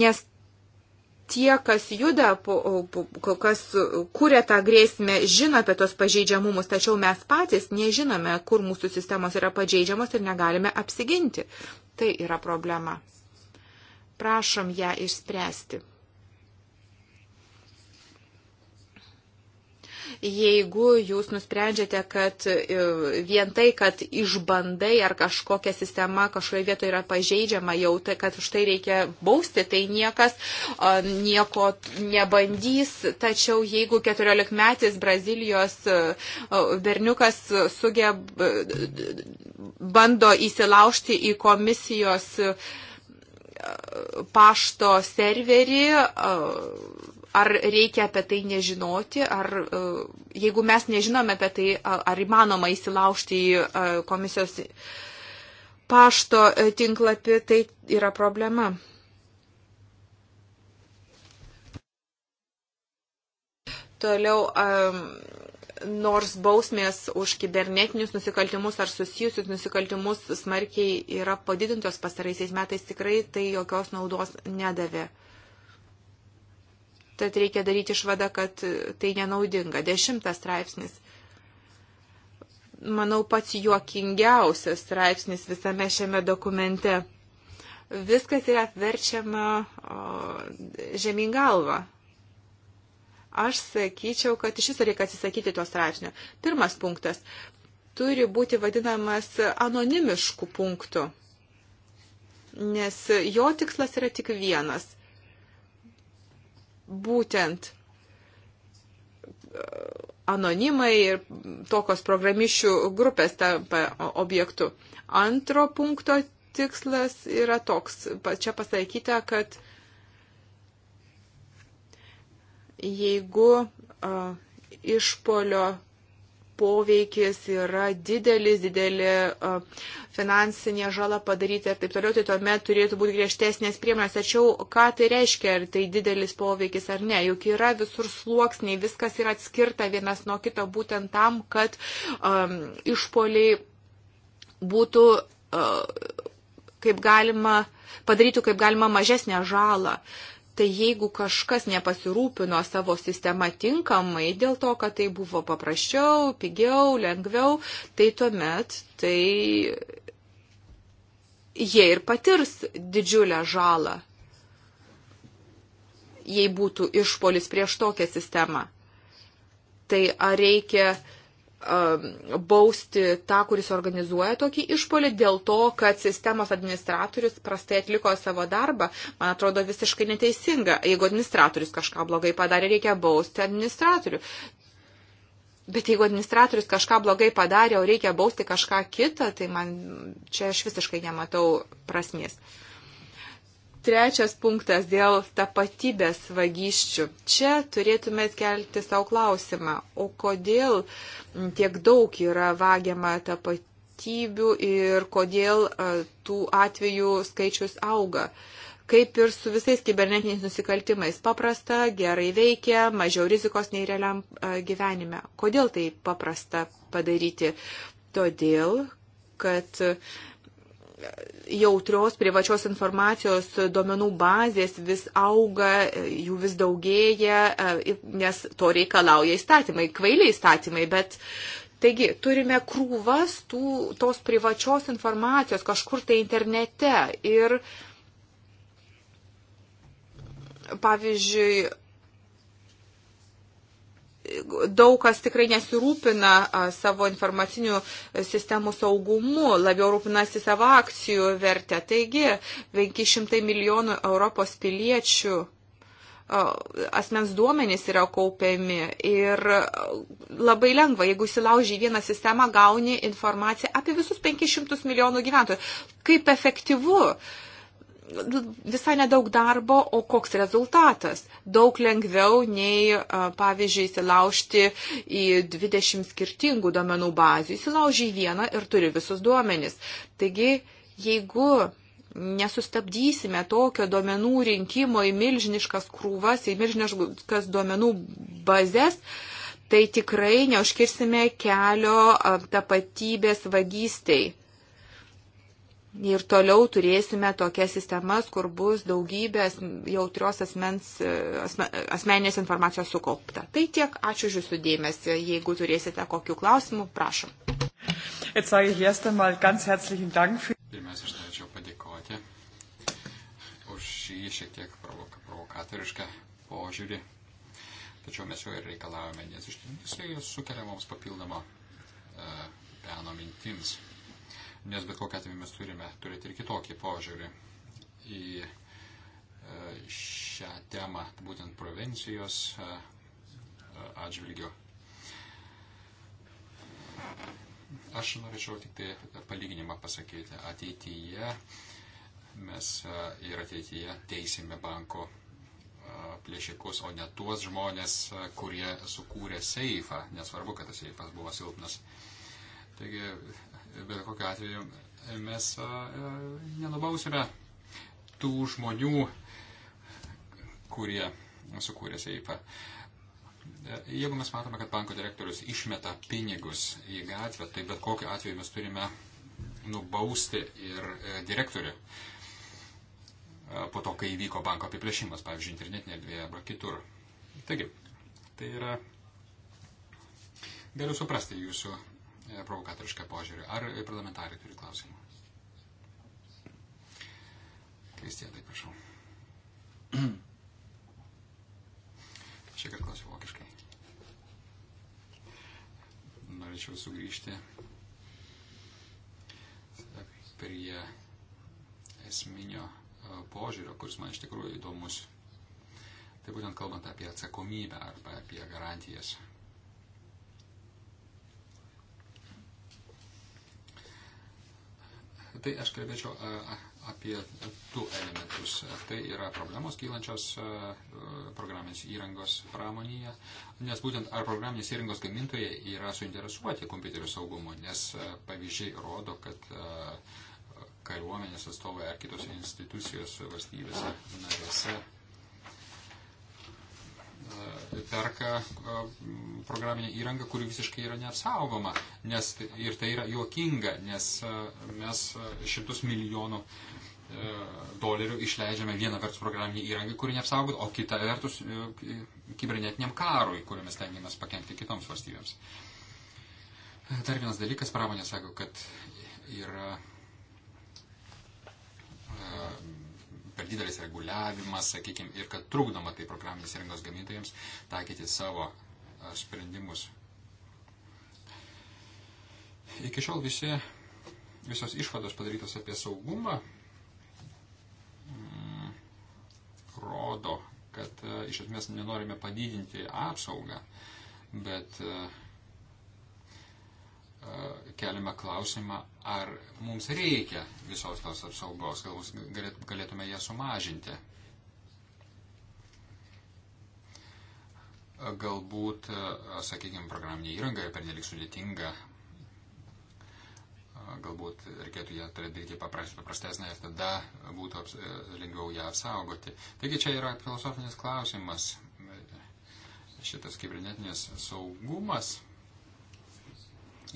Nes tie, kas juda, kas kuria tą grėsmę, žino apie tos pažeidžiamumus, tačiau mes patys nežinome, kur mūsų sistemos yra pažeidžiamos ir negalime apsiginti. Tai yra problema. Prašom ją išspręsti. jeigu jūs nusprendžiate, kad e, vien tai, kad išbandai ar kažkokia sistema kažkoje vietoje yra pažeidžiama, jau tai, kad už tai reikia bausti, tai niekas nieko nebandys. Tačiau jeigu 14 metis Brazilijos e, berniukas sugeb, e, bando įsilaužti į komisijos pašto serverį, Ar reikia apie tai nežinoti, ar e, jeigu mes nežinome apie tai, ar įmanoma įsilaužti į e, komisijos pašto e, tinklapį, tai yra problema. Toliau nors bausmės už kibernetinius nusikaltimus ar susijusius nusikaltimus smarkiai yra padidintos pastaraisiais metais, tikrai tai jokios naudos nedavė tad reikia daryti išvadą, kad tai nenaudinga. Dešimtas straipsnis. Manau, pats juokingiausias straipsnis visame šiame dokumente. Viskas yra verčiama žemyn galvą. Aš sakyčiau, kad iš viso reikia atsisakyti to straipsnio. Pirmas punktas turi būti vadinamas anonimišku punktu, nes jo tikslas yra tik vienas būtent e, anonimai ir tokios programišių grupės tampa objektu. Antro punkto tikslas yra toks. Čia pasakyta, kad jeigu e, išpolio poveikis yra didelis, didelė finansinė žala padaryta ir taip toliau, tai tuomet turėtų būti griežtesnės priemonės. Tačiau ką tai reiškia, ar tai didelis poveikis ar ne, juk yra visur sluoksniai, viskas yra atskirta vienas nuo kito būtent tam, kad um, išpoliai būtų uh, kaip galima, padarytų kaip galima mažesnę žalą. Uh, Tai jeigu kažkas nepasirūpino savo sistemą tinkamai dėl to, kad tai buvo paprasčiau, pigiau, lengviau, tai tuomet tai jie ir patirs didžiulę žalą, jei būtų išpolis prieš tokią sistemą. Tai ar reikia uh, Um, bausti tą, kuris organizuoja tokį išpolį dėl to, kad sistemos administratorius prastai atliko savo darbą, man atrodo visiškai neteisinga. Jeigu administratorius kažką blogai padarė, reikia bausti administratorių. Bet jeigu administratorius kažką blogai padarė, o reikia bausti kažką kitą, tai man čia aš visiškai nematau prasmės. Uh, Trečias punktas dėl tapatybės vagysčių. Čia turėtume kelti savo klausimą, o kodėl tiek daug yra vagiama tapatybių ir kodėl e, tų atvejų skaičius auga. Kaip ir su visais kibernetiniais nusikaltimais - paprasta, gerai veikia, mažiau rizikos nei realiam e, gyvenime. Kodėl tai paprasta padaryti? Todėl, kad uh, jautrios privačios informacijos duomenų bazės vis auga, jų vis daugėja, e, nes to reikalauja įstatymai, kvailiai įstatymai, bet Taigi, turime krūvas tų, tos privačios informacijos kažkur tai internete. Ir, pavyzdžiui, daug kas tikrai nesirūpina savo informacinių sistemų saugumu, labiau rūpinasi savo akcijų vertę. Taigi 500 milijonų Europos piliečių asmens duomenys yra kaupiami ir labai lengva, jeigu įsilaužiai vieną sistemą, gauni informaciją apie visus 500 milijonų gyventojų. Kaip efektyvu uh, Nu, visai nedaug darbo, o koks rezultatas? Daug lengviau nei, pavyzdžiui, įsilaužti į 20 skirtingų duomenų bazių. Įsilauži į vieną ir turi visus duomenis. Taigi, jeigu nesustabdysime tokio duomenų rinkimo į milžiniškas krūvas, į milžiniškas duomenų bazės, tai tikrai neužkirsime kelio tapatybės vagystei. Ir toliau turėsime tokias sistemas, kur bus daugybė jautrios asmens, e, asme, asmeninės informacijos sukaupta. Tai tiek, ačiū už jūsų dėmesį. Jeigu turėsite kokių klausimų, prašom. Pirmiausia, aš norėčiau padėkoti už šį šiek tiek provoka, provokatorišką požiūrį. Tačiau mes jo ir reikalavome, nes iš tikrųjų jis sukelia mums papildomą uh, peno mintims nes bet kokią atveju mes turime turėti ir kitokį požiūrį į e, šią temą, būtent prevencijos e, atžvilgiu. Aš norėčiau tik tai palyginimą pasakyti. Ateityje mes e, ir ateityje teisime banko plėšikus, o ne tuos žmonės, kurie sukūrė seifą, nesvarbu, kad tas seifas buvo silpnas. Taigi bet kokiu atveju e, mes e, e, nenubausime tų žmonių, kurie sukūrė seifą. Jeigu mes matome, kad banko direktorius išmeta pinigus į gatvę, tai bet kokiu atveju mes turime nubausti ir direktorių po to, kai įvyko banko apiplėšimas, pavyzdžiui, internetinėje erdvėje arba kitur. Taigi, tai yra. Galiu suprasti jūsų E, provokatorišką požiūrį. Ar parlamentarai turi klausimų? Kristėtai, prašau. Šiek tiek klausiu vokiškai. Norėčiau sugrįžti prie esminio e, požiūrio, kuris man iš tikrųjų įdomus. Tai būtent kalbant apie atsakomybę arba apie garantijas Tai aš kalbėčiau apie du elementus. Tai yra problemos kylančios programinės įrangos pramonėje, nes būtent ar programinės įrangos gamintojai yra suinteresuoti kompiuterio saugumu, nes pavyzdžiai rodo, kad kariuomenės atstovai ar kitos institucijos valstybėse narėse perka programinę įrangą, kuri visiškai yra neapsaugoma. Nes, ir tai yra juokinga, nes mes šimtus milijonų e, dolerių išleidžiame vieną vertus programinį įrangą, kuri neapsaugot, o kitą vertus e, kibernetiniam karui, kuriuo mes tengiamės pakengti kitoms valstybėms. Dar vienas dalykas, pramonė sako, kad yra per didelis reguliavimas, sakykime, ir kad trukdoma tai programinės įrangos gamintojams taikyti savo sprendimus. Iki šiol visi, visos išvados padarytos apie saugumą mm, rodo, kad iš esmės nenorime padidinti apsaugą, bet uh, E, keliame klausimą, ar mums reikia visos tos apsaugos, gal galėtume ją sumažinti. E, galbūt, e, sakykime, programinė įranga yra pernelik sudėtinga, galbūt reikėtų ją daryti paprastesnę ir tada būtų lengviau ją apsaugoti. Taigi čia yra filosofinis klausimas. Šitas kibernetinis saugumas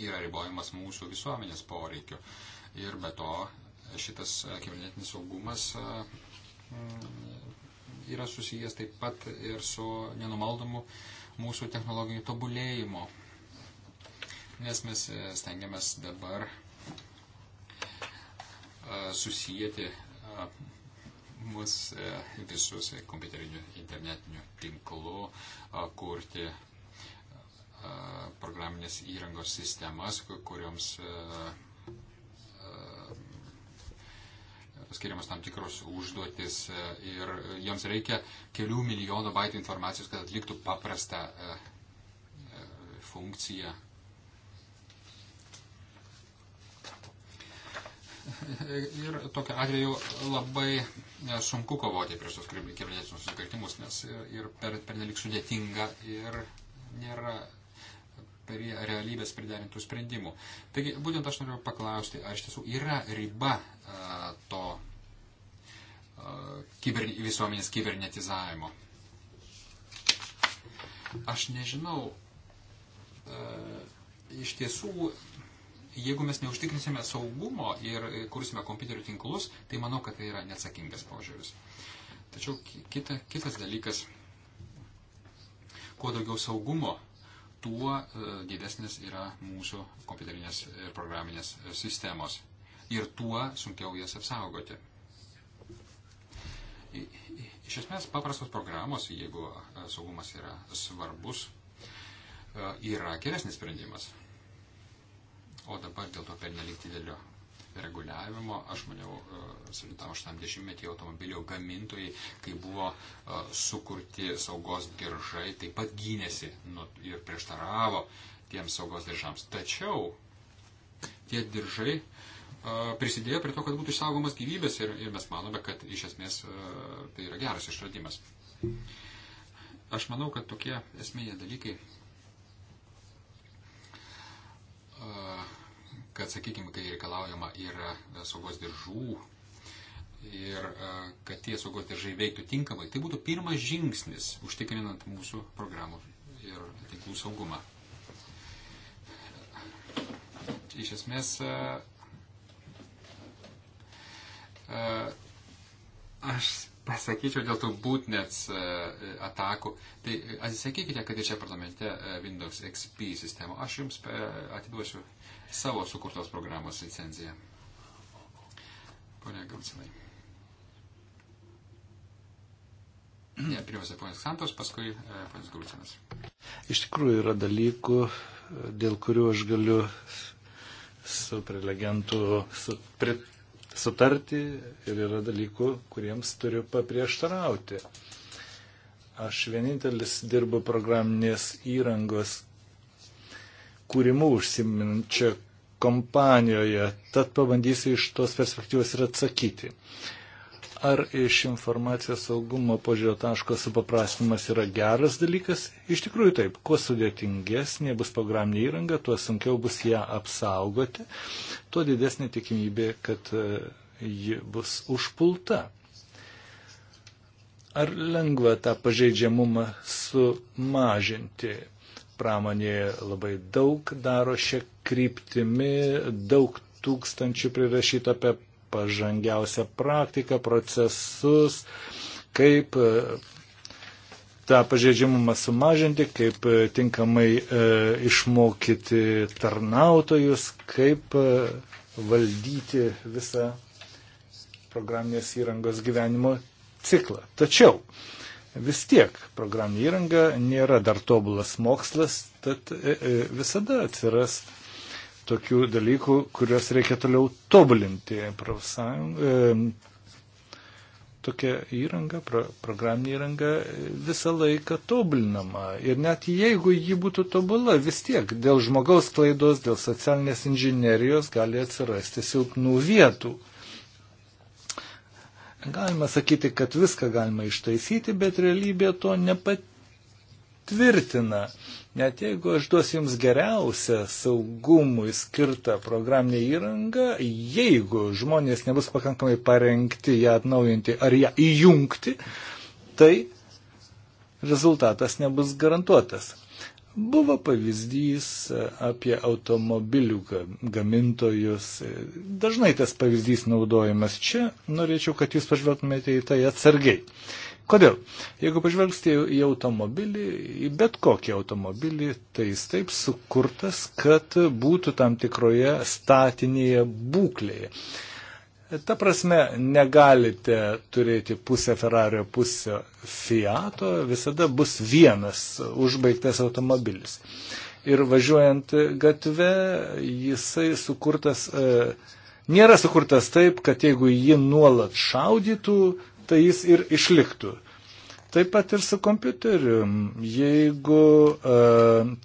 yra ribojamas mūsų visuomenės poreikių. Ir be to šitas kibernetinis saugumas mm, yra susijęs taip pat ir su nenumaldomu mūsų technologijų tobulėjimu. Nes mes e, stengiamės dabar susijęti mus e, visus kompiuterinių internetinių tinklų, kurti programinės įrangos sistemas, kuriuoms skiriamas tam tikros užduotis ir joms reikia kelių milijonų baitų informacijos, kad atliktų paprastą funkciją. Ir tokiu atveju labai sunku kovoti prieš tos kibernetinius nusikaltimus, nes ir per, per nelik sudėtinga ir nėra prie realybės priderintų sprendimų. Taigi, būtent aš noriu paklausti, ar iš tiesų yra riba a, to a, kiber, visuomenės kibernetizavimo. Aš nežinau, a, iš tiesų, jeigu mes neužtikrinsime saugumo ir kursime kompiuterių tinklus, tai manau, kad tai yra neatsakingas požiūris. Tačiau kita, kitas dalykas, kuo daugiau saugumo tuo e, didesnis yra mūsų kompiuterinės ir programinės e, sistemos. Ir tuo sunkiau jas apsaugoti. Iš esmės paprastos programos, jeigu e, saugumas yra svarbus, yra geresnis sprendimas. O dabar dėl to pernelik didelio reguliavimo, aš maniau, 70-metį e, automobilių gamintojai, kai buvo e, sukurti saugos diržai, taip pat gynėsi nu, ir prieštaravo tiems saugos diržams. Tačiau tie diržai e, prisidėjo prie to, kad būtų išsaugomas gyvybės ir, ir mes manome, kad iš esmės tai yra geras išradimas. Aš manau, kad tokie esminiai dalykai kad, sakykime, kai reikalaujama yra e, saugos diržų ir e, kad tie saugos diržai veiktų tinkamai, tai būtų pirmas žingsnis užtikrinant mūsų programų ir tinklų saugumą. Iš esmės, e, aš pasakyčiau dėl tų būtnets atakų. Tai atsisakykite, kad ir čia parlamente Windows XP sistemo. Aš jums atiduosiu savo sukurtos programos licenciją. Pone Gaucinai. Ne, pirmiausia, ponas Santos, paskui e, ponas Gaucinas. Iš tikrųjų yra dalykų, dėl kurių aš galiu su prelegentu su, pri, sutarti ir yra dalykų, kuriems turiu paprieštarauti. Aš vienintelis dirbu programinės įrangos kūrimu užsiminčia kompanijoje. Tad pabandysiu iš tos perspektyvos ir atsakyti. Ar iš informacijos saugumo požiūrio taško supaprastinimas yra geras dalykas? Iš tikrųjų taip, kuo sudėtingesnė bus programinė įranga, tuo sunkiau bus ją apsaugoti, tuo didesnė tikimybė, kad e, ji bus užpulta. Ar lengva tą pažeidžiamumą sumažinti? pramonė labai daug daro šią kryptimį, daug tūkstančių prirašyta apie pažangiausią praktiką, procesus, kaip e, tą pažeidžiamumą sumažinti, kaip e, tinkamai e, išmokyti tarnautojus, kaip e, valdyti visą programinės įrangos gyvenimo ciklą. Tačiau Vis tiek programinė įranga nėra dar tobulas mokslas, tad e, e, visada atsiras tokių dalykų, kuriuos reikia toliau tobulinti. E, tokia įranga, pro, programinė įranga visą laiką tobulinama. Ir net jeigu ji būtų tobula, vis tiek dėl žmogaus klaidos, dėl socialinės inžinerijos gali atsirasti silpnų vietų. Galima sakyti, kad viską galima ištaisyti, bet realybė to nepatvirtina. Net jeigu aš duosiu Jums geriausią saugumui skirtą programinę įrangą, jeigu žmonės nebus pakankamai parengti ją atnaujinti ar ją įjungti, tai rezultatas nebus garantuotas. Buvo pavyzdys e, apie automobilių gamintojus. E, dažnai tas pavyzdys naudojamas čia. Norėčiau, kad jūs pažvelgtumėte į tai atsargiai. Kodėl? Jeigu pažvelgsite į automobilį, į bet kokį automobilį, tai jis taip sukurtas, kad būtų tam tikroje statinėje būklėje. Ta prasme, negalite turėti pusę Ferrario, pusę Fiato, visada bus vienas užbaigtas automobilis. Ir važiuojant gatve, jisai sukurtas, e, nėra sukurtas taip, kad jeigu jį nuolat šaudytų, tai jis ir išliktų. Taip pat ir su kompiuteriu. Jeigu e,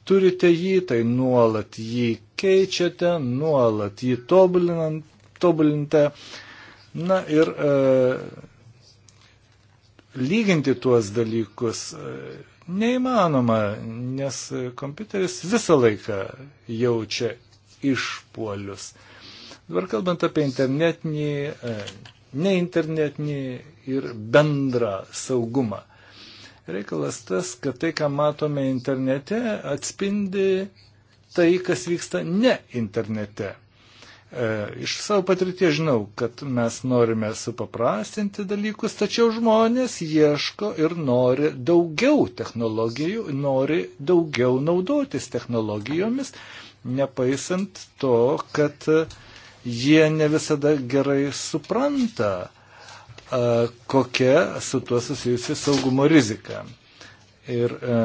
turite jį, tai nuolat jį keičiate, nuolat jį tobulinant, tobulinta. Na ir e, lyginti tuos dalykus e, neįmanoma, nes kompiuteris visą laiką jaučia išpuolius. Dabar kalbant apie internetinį, e, neinternetinį ir bendrą saugumą. Reikalas tas, kad tai, ką matome internete, atspindi tai, kas vyksta ne internete. E, iš savo patirties žinau, kad mes norime supaprastinti dalykus, tačiau žmonės ieško ir nori daugiau technologijų, nori daugiau naudotis technologijomis, nepaisant to, kad jie ne visada gerai supranta, e, kokia su tuo susijusi saugumo rizika. Ir e,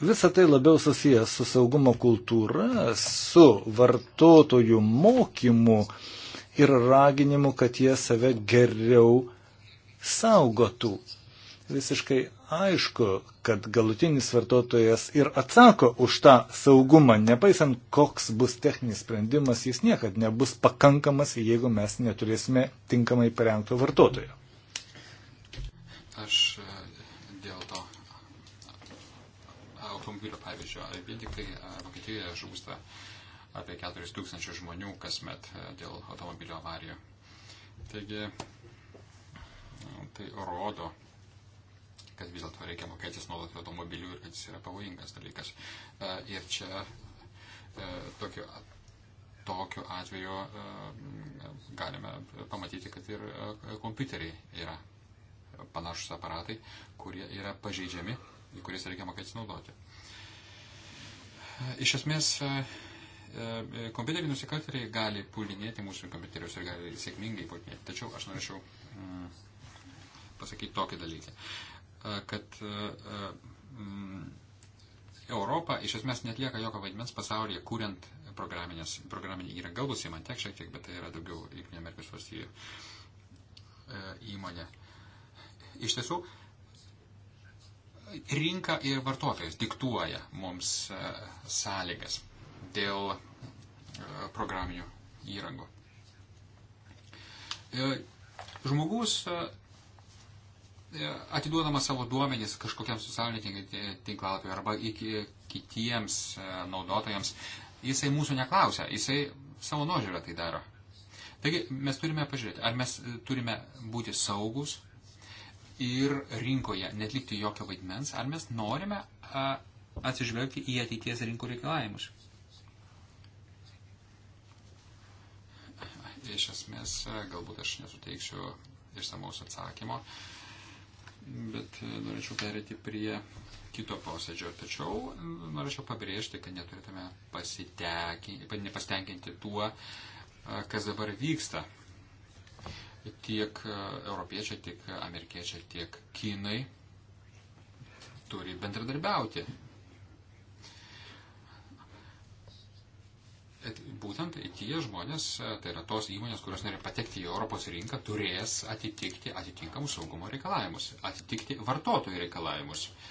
Visą tai labiau susijęs su saugumo kultūra, su vartotojų mokymu ir raginimu, kad jie save geriau saugotų. Visiškai aišku, kad galutinis vartotojas ir atsako už tą saugumą, nepaisant koks bus techninis sprendimas, jis niekad nebus pakankamas, jeigu mes neturėsime tinkamai parengto vartotojo. Aš vien tik tai Vokietijoje žūsta apie 4 tūkstančių žmonių kasmet dėl automobilio avarijų. Taigi, tai rodo, kad vis dėlto reikia mokėtis naudoti automobilių ir kad jis yra pavojingas dalykas. Ir čia tokiu, tokiu atveju galime pamatyti, kad ir kompiuteriai yra panašus aparatai, kurie yra pažeidžiami, kuriais reikia mokėtis naudoti. Iš esmės, e, e, kompiuteriai nusikaltėliai gali pulinėti mūsų kompiuterius ir gali sėkmingai pulinėti. Tačiau aš norėčiau mm, pasakyti tokį dalyką, e, kad mm, Europa iš esmės netlieka jokio vaidmens pasaulyje, kuriant programinį įrangą. Galbūt įman tiek šiek tiek, bet tai yra daugiau Junktinė Amerikos valstybių įmonė. Iš tiesų, rinka ir vartotojas diktuoja mums e, sąlygas dėl e, programinių įrangų. E, žmogus atiduodamas savo duomenys kažkokiam socialiniam tinklalapiui arba iki kitiems naudotojams, jisai mūsų neklausia, jisai savo nuožiūrą tai daro. Taigi mes turime pažiūrėti, ar mes turime būti saugus ir rinkoje netlikti jokio vaidmens, ar mes norime atsižvelgti į ateities rinkų reikalavimus. Iš esmės, galbūt aš nesuteiksiu išsamaus atsakymo, bet norėčiau perėti prie kito posėdžio. Tačiau norėčiau pabrėžti, kad neturėtume nepasitenkinti tuo, kas dabar vyksta tiek e, europiečiai, tiek amerikiečiai, tiek kinai turi bendradarbiauti. Et būtent tie žmonės, e, tai yra tos įmonės, kurios nori patekti į Europos rinką, turės atitikti atitinkamus saugumo reikalavimus, atitikti vartotojų reikalavimus. Uh,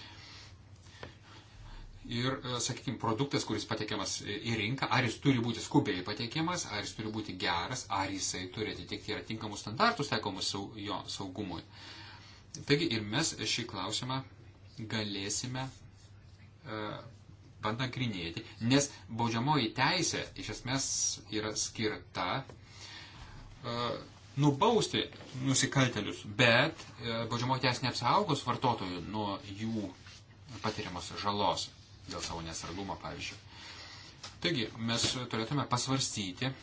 ir, e, sakykime, produktas, kuris patiekiamas į rinką, ar jis turi būti skubiai patiekiamas, ar jis turi būti geras, ar jisai turi atitikti ir atinkamus standartus taikomus jo saugumui. Taigi ir mes šį klausimą galėsime bandant e, grinėti, nes baudžiamoji teisė iš esmės yra skirta e, nubausti nusikaltelius, bet baudžiamoji teisė neapsaugos vartotojų nuo jų patiriamos žalos dėl savo nesargumo, pavyzdžiui. Taigi, mes turėtume pasvarstyti e,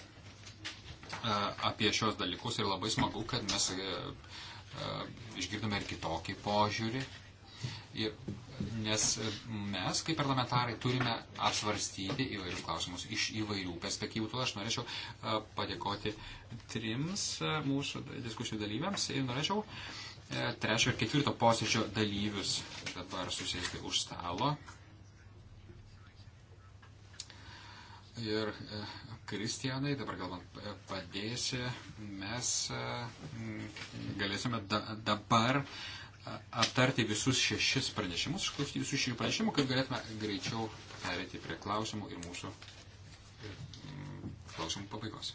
apie šios dalykus ir labai smagu, kad mes e, e, išgirdome ir kitokį požiūrį. Ir, nes mes, kaip parlamentarai, turime apsvarstyti įvairius klausimus iš įvairių perspektyvų. Tuo aš norėčiau padėkoti trims mūsų diskusijų dalyviams ir norėčiau trečio ir ketvirto posėdžio dalyvius dabar susėsti už stalo. ir e, Kristijanai, dabar galvant, e, padėsi, mes e, galėsime da, dabar aptarti visus šešis pranešimus, išklausyti visus šių pranešimų, kad galėtume greičiau perėti prie klausimų ir mūsų klausimų pabaigos.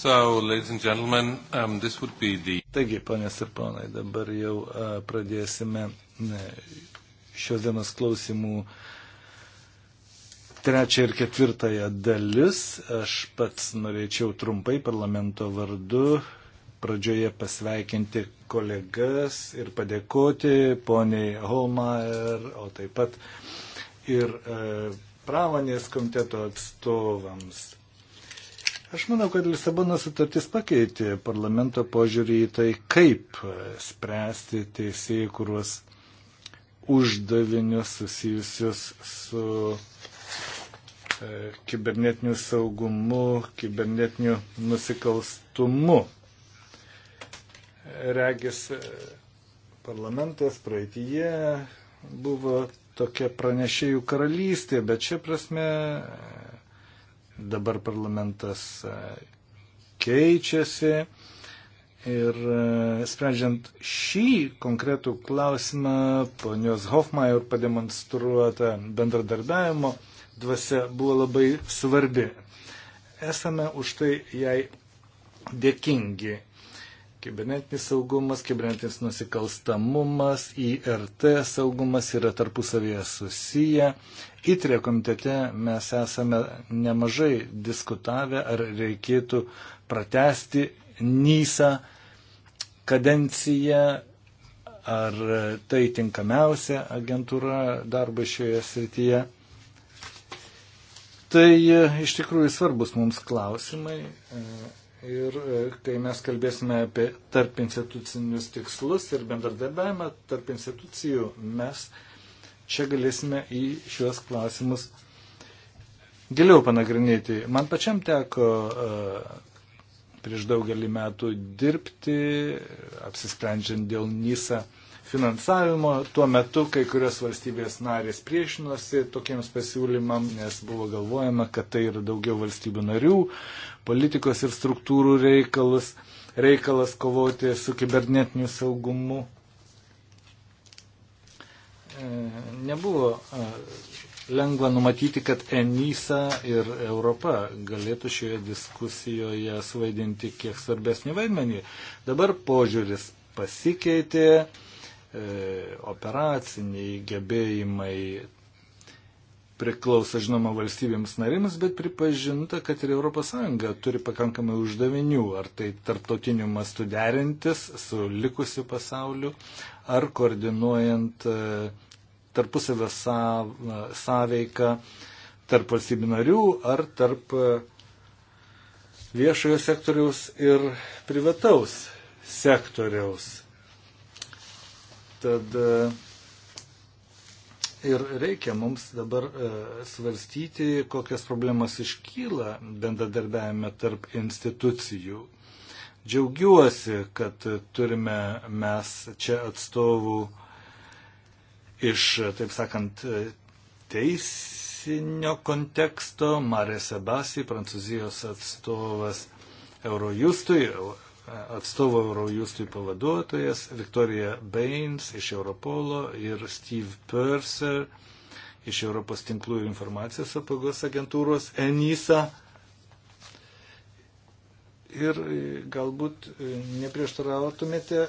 So, um, the... Taigi, ponės ir ponai, dabar jau a, pradėsime ne, šios dienos klausimų trečią ir ketvirtąją dalis. Aš pats norėčiau trumpai parlamento vardu pradžioje pasveikinti kolegas ir padėkoti poniai Holmeier, o taip pat ir e, pramonės komiteto atstovams. Aš manau, kad Lisabono sutartis pakeitė parlamento požiūrį į tai, kaip spręsti teisėjai, kuriuos uždavinius susijusius su e, kibernetiniu saugumu, kibernetiniu nusikalstumu. Regis e, parlamentas praeitįje buvo tokia pranešėjų karalystė, bet šia prasme e, Dabar parlamentas e, keičiasi ir e, sprendžiant šį konkretų klausimą, ponios Hofmaier pademonstruota bendradarbiavimo dvasia buvo labai svarbi. Esame už tai jai dėkingi Kibernetinis saugumas, kibernetinis nusikalstamumas, IRT saugumas yra tarpusavėje susiję. ITRE komitete mes esame nemažai diskutavę, ar reikėtų pratesti NYSA kadenciją, ar tai tinkamiausia agentūra darba šioje srityje. Tai e, iš tikrųjų svarbus mums klausimai. E, Ir e, kai mes kalbėsime apie tarp institucinius tikslus ir bendradarbiavimą tarp institucijų, mes čia galėsime į šiuos klausimus giliau panagrinėti. Man pačiam teko e, prieš daugelį metų dirbti, apsisprendžiant dėl NISA finansavimo. Tuo metu kai kurios valstybės narės priešinosi tokiems pasiūlymams, nes buvo galvojama, kad tai yra daugiau valstybių narių, politikos ir struktūrų reikalas, reikalas kovoti su kibernetiniu saugumu. E, nebuvo e, lengva numatyti, kad Enisa ir Europa galėtų šioje diskusijoje suvaidinti kiek svarbesnį vaidmenį. Dabar požiūris pasikeitė, E, operaciniai gebėjimai priklauso, žinoma, valstybėms narims, bet pripažinta, kad ir ES turi pakankamai uždavinių, ar tai tarptautiniu mastu derintis su likusiu pasauliu, ar koordinuojant e, tarpusavę e, sąveiką tarp valstybių narių, ar tarp viešojo sektoriaus ir privataus sektoriaus. Tad e, ir reikia mums dabar e, svarstyti, kokias problemas iškyla bendradarbiavime tarp institucijų. Džiaugiuosi, kad turime mes čia atstovų iš, taip sakant, teisinio konteksto. Marė Sebasi, prancūzijos atstovas Eurojustui, atstovo Eurojustui pavaduotojas, Viktorija Baines iš Europolo ir Steve Purser iš Europos tinklų ir informacijos apagos agentūros ENISA. Ir galbūt e, neprieštarautumėte,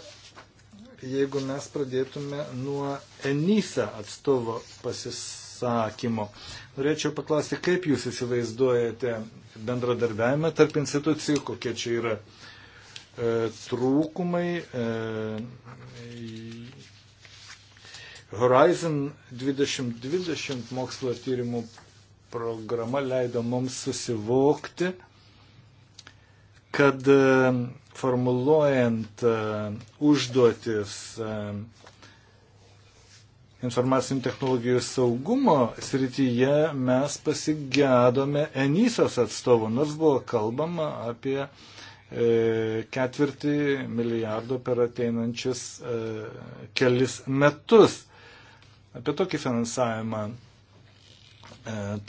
jeigu mes pradėtume nuo ENISA atstovo pasisakymo. Norėčiau paklausti, kaip jūs įsivaizduojate bendradarbiavimą tarp institucijų, kokie čia yra uh, E, trūkumai. E, Horizon 2020 mokslo tyrimų programa leido mums susivokti, kad e, formuluojant užduotis informacinių technologijų saugumo srityje mes pasigėdome Enysos atstovų, nors buvo kalbama apie uh, E, ketvirtį milijardo per ateinančius e, kelis metus. Apie tokį finansavimą e,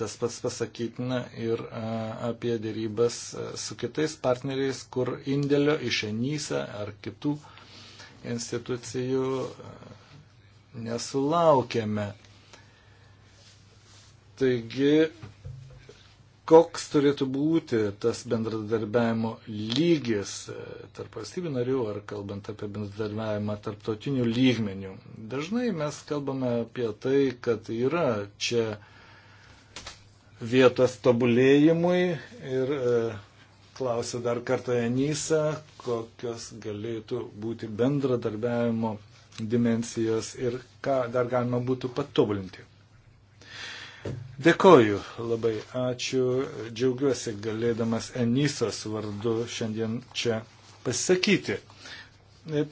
tas pats pasakytina ir apie dėrybas su kitais partneriais, kur indėlio iš Enyse ar kitų institucijų nesulaukėme. Taigi koks turėtų būti tas bendradarbiavimo lygis e, tarp valstybių narių ar kalbant apie bendradarbiavimą tarptautinių lygmenių. Dažnai mes kalbame apie tai, kad yra čia vietos tobulėjimui ir e, klausiu dar kartą Enysą, kokios galėtų būti bendradarbiavimo dimensijos ir ką dar galima būtų patobulinti. Dėkoju, labai ačiū, džiaugiuosi galėdamas Enisos vardu šiandien čia pasisakyti.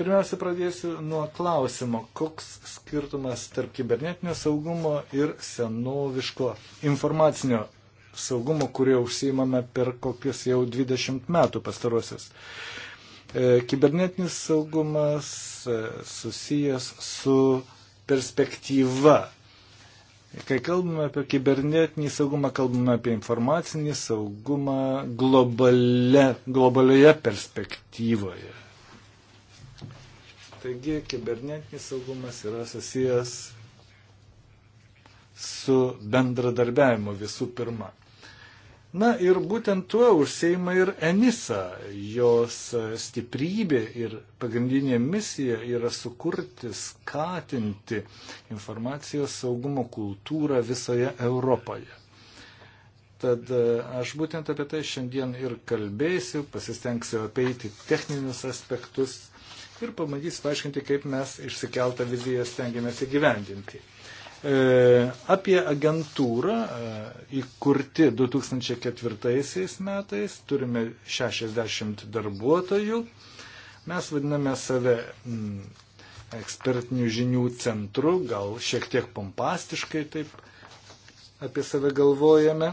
Pirmiausia, pradėsiu nuo klausimo, koks skirtumas tarp kibernetinio saugumo ir senoviško informacinio saugumo, kurio užsiimame per kokius jau 20 metų pastarosius. E, kibernetinis saugumas e, susijęs su perspektyva Kai kalbame apie kibernetinį saugumą, kalbame apie informacinį saugumą globale, globalioje perspektyvoje. Taigi kibernetinis saugumas yra susijęs su bendradarbiavimu visų pirma. Na ir būtent tuo užseima ir Enisa. Jos stiprybė ir pagrindinė misija yra sukurti, skatinti informacijos saugumo kultūrą visoje Europoje. Tad e, aš būtent apie tai šiandien ir kalbėsiu, pasistengsiu apeiti techninius aspektus ir pamatysiu paaiškinti, kaip mes išsikeltą viziją stengiamės įgyvendinti. E, apie agentūrą e, įkurti 2004 metais turime 60 darbuotojų. Mes vadiname save mm, ekspertinių žinių centru, gal šiek tiek pompastiškai taip apie save galvojame.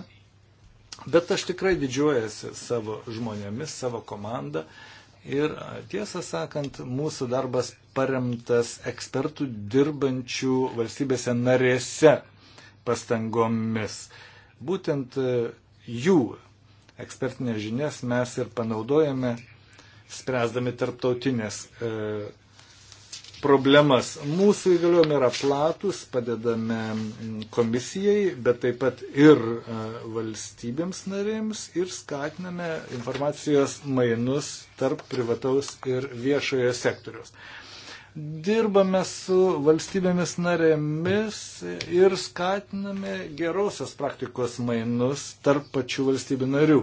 Bet aš tikrai didžiuojasi savo žmonėmis, savo komandą. Ir tiesą sakant, mūsų darbas paremtas ekspertų dirbančių valstybėse narėse pastangomis. Būtent e, jų ekspertinės žinias mes ir panaudojame, spręsdami tarptautinės e, problemas. Mūsų įgaliojimai yra platus, padedame mm, komisijai, bet taip pat ir e, valstybėms narėms ir skatiname informacijos mainus tarp privataus ir viešojo sektoriaus. Dirbame su valstybėmis narėmis ir skatiname gerosios praktikos mainus tarp pačių valstybių narių.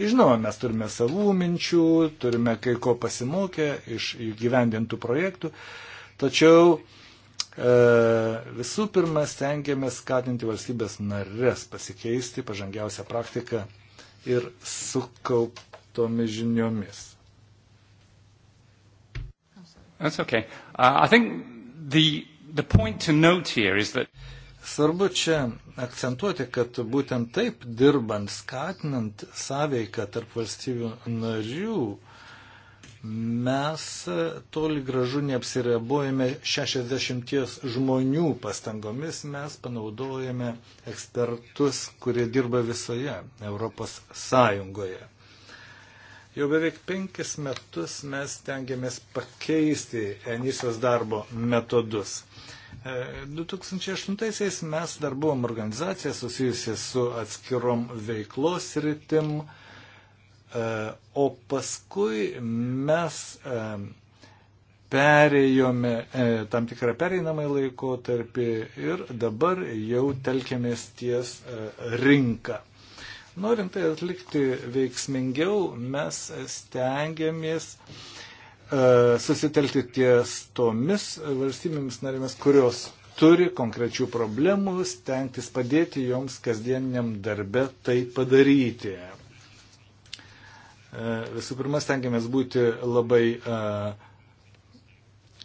Žinoma, mes turime savų minčių, turime kai ko pasimokę iš įgyvendintų projektų. Uh, Tačiau e, visų pirma stengiamės skatinti valstybės narės pasikeisti pažangiausią praktiką ir sukauptomis žiniomis. That's okay. Uh, I think the, the point to note here is that Svarbu čia akcentuoti, kad būtent taip dirbant, skatinant sąveiką tarp valstybių narių, uh, Mes e, toli gražu neapsiribojame 60 žmonių pastangomis, mes panaudojame ekspertus, kurie dirba visoje Europos Sąjungoje. Jau beveik penkis metus mes tengiamės pakeisti Enisos darbo metodus. 2008 e, mes dar buvom organizacija susijusi su atskirom veiklos rytim, E, o paskui mes e, perėjome e, tam tikrą pereinamą laikotarpį ir dabar jau telkėmės ties rinką. Norint tai atlikti veiksmingiau, mes stengiamės susitelkti ties tomis valstybėmis narėmis, kurios turi konkrečių problemų, stengtis padėti joms kasdieniniam darbe tai padaryti. E, visų pirma, stengiamės būti labai e,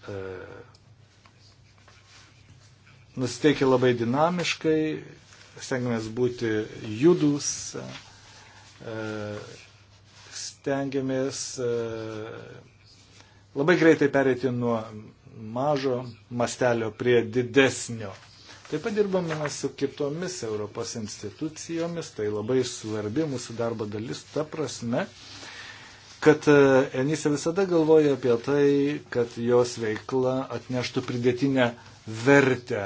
e, nusiteikę labai dinamiškai, stengiamės būti judus, stengiamės labai greitai pereiti nuo mažo mastelio prie didesnio. Taip pat dirbame su kitomis Europos institucijomis, tai labai svarbi mūsų darbo dalis ta prasme, kad e, Enisa visada galvoja apie tai, kad jos veikla atneštų pridėtinę vertę.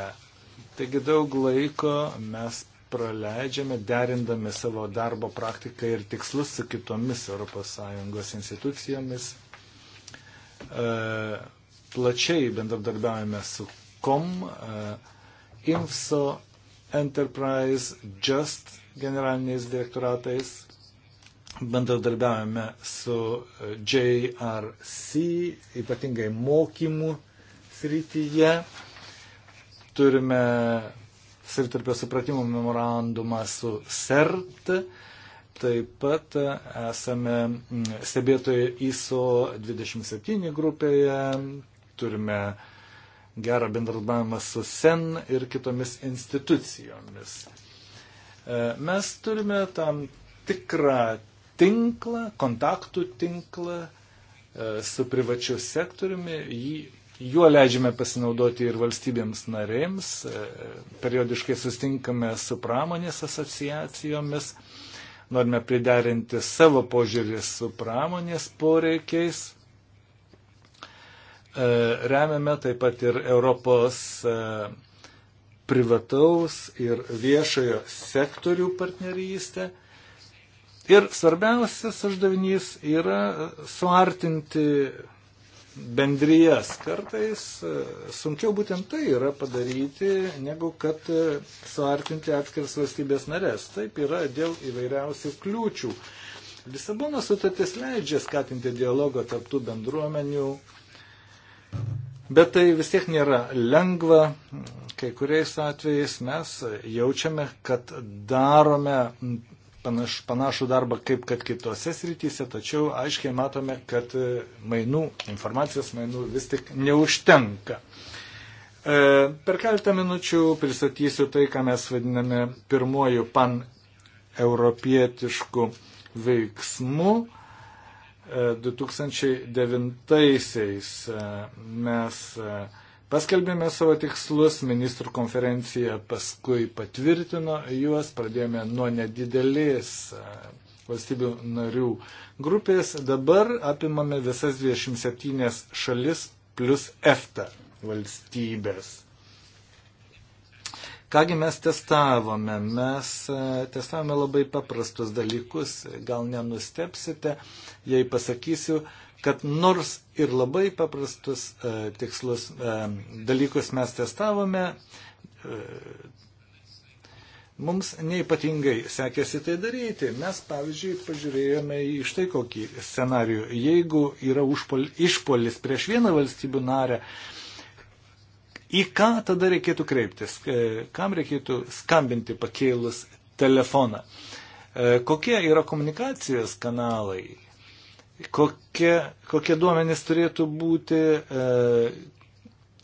Taigi daug laiko mes praleidžiame derindami savo darbo praktiką ir tikslus su kitomis ES institucijomis. E, plačiai bendradarbiaujame su COM, e, INFSO, Enterprise, Just generaliniais direktoratais bendradarbiavame su JRC, ypatingai mokymų srityje. Turime savitarpio supratimo memorandumą su CERT. Taip pat esame stebėtojai ISO 27 grupėje, turime gerą bendradarbiavimą su SEN ir kitomis institucijomis. Mes turime tam tikrą tinklą, kontaktų tinklą e, su privačiu sektoriumi. Jį, juo leidžiame pasinaudoti ir valstybėms narėms. E, periodiškai sustinkame su pramonės asociacijomis. Norime priderinti savo požiūrį su pramonės poreikiais. E, remiame taip pat ir Europos privataus ir viešojo sektorių partnerystę. Ir svarbiausias uždavinys yra suartinti bendrijas. Kartais e, sunkiau būtent tai yra padaryti, negu kad e, suartinti atskiras valstybės narės. Taip yra dėl įvairiausių kliūčių. Lisabono sutartis leidžia skatinti dialogą tarptų bendruomenių, bet tai vis tiek nėra lengva. Kai kuriais atvejais mes jaučiame, kad darome panaš, panašų darbą kaip kad kitose srityse, tačiau aiškiai matome, kad e, mainų, informacijos mainų vis tik neužtenka. E, per keletą minučių pristatysiu tai, ką mes vadiname pirmoju pan-europietišku veiksmu. 2009 e, mes Paskelbėme savo tikslus, ministrų konferencija paskui patvirtino juos, pradėjome nuo nedidelės e, valstybių narių grupės, dabar apimame visas 27 šalis plus EFTA valstybės. Kągi mes testavome? Mes e, testavome labai paprastus dalykus, gal nenustepsite, jei pasakysiu, kad nors ir labai paprastus e, tikslus e, dalykus mes testavome, e, mums neipatingai sekėsi tai daryti. Mes, pavyzdžiui, pažiūrėjome į štai kokį scenarių. Jeigu yra užpol, išpolis prieš vieną valstybių narę, į ką tada reikėtų kreiptis? E, kam reikėtų skambinti pakėlus telefoną? E, kokie yra komunikacijos kanalai? kokie, kokie duomenys turėtų būti e,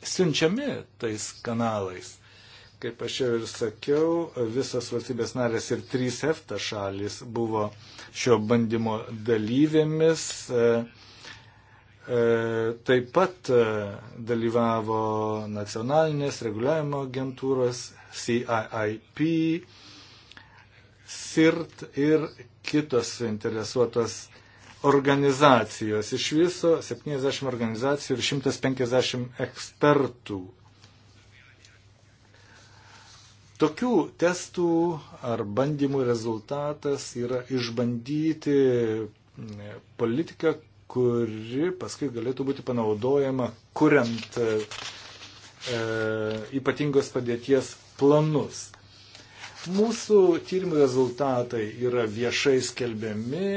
siunčiami tais kanalais. Kaip aš jau ir sakiau, visas valstybės narės ir 3F šalis buvo šio bandymo dalyvėmis. E, e Taip pat e, dalyvavo nacionalinės reguliavimo agentūros CIIP, SIRT ir kitos suinteresuotos organizacijos. Iš viso 70 organizacijų ir 150 ekspertų. Tokių testų ar bandymų rezultatas yra išbandyti politiką, kuri paskui galėtų būti panaudojama, kuriant e, ypatingos padėties planus. Mūsų tyrimų rezultatai yra viešai skelbiami,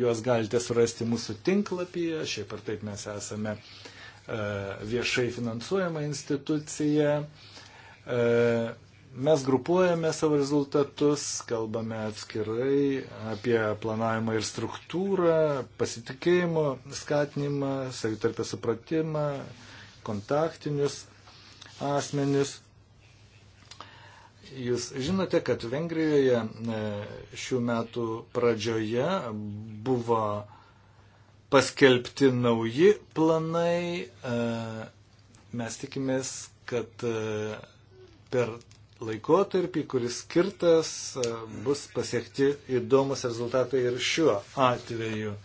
juos galite surasti mūsų tinklapyje, šiaip ar taip mes esame e, viešai finansuojama institucija. E, mes grupuojame savo rezultatus, kalbame atskirai apie planavimą ir struktūrą, pasitikėjimo skatinimą, savitarpę supratimą, kontaktinius asmenis Jūs žinote, kad Vengrijoje e, šių metų pradžioje buvo paskelbti nauji planai. E, mes tikimės, kad e, per laikotarpį, kuris skirtas, bus pasiekti įdomus rezultatai ir šiuo atveju.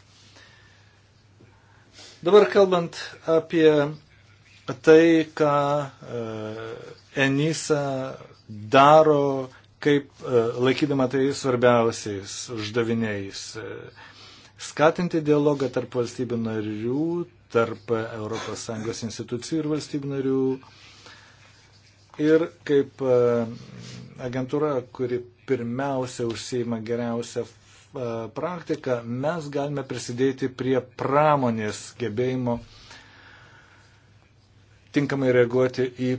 Dabar kalbant apie tai, ką Enisa daro, kaip e, laikydama tai svarbiausiais uždaviniais. E, skatinti dialogą tarp valstybių narių, tarp ES institucijų ir valstybių narių. Ir kaip e, agentūra, kuri pirmiausia užsieima geriausią praktiką, mes galime prisidėti prie pramonės gebėjimo tinkamai reaguoti į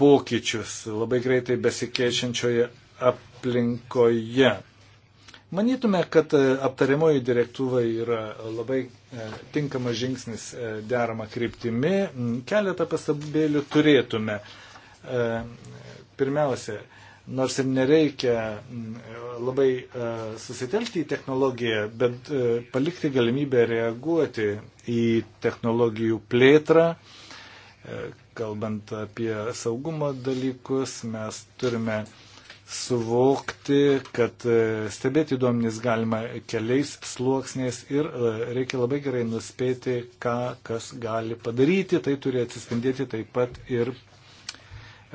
pokyčius labai greitai besikeičiančioje aplinkoje. Manytume, kad e, aptariamoji direktyva yra labai e, tinkamas žingsnis e, derama kryptimi. Mm, keletą pasabėlių turėtume. Pirmiausia, nors ir nereikia mm, labai susitelkti į technologiją, bet palikti galimybę reaguoti į technologijų plėtrą, kalbant apie saugumo dalykus, mes turime suvokti, kad e, stebėti duomenys galima keliais sluoksniais ir e, reikia labai gerai nuspėti, ką kas gali padaryti. Tai turi atsispindėti taip pat ir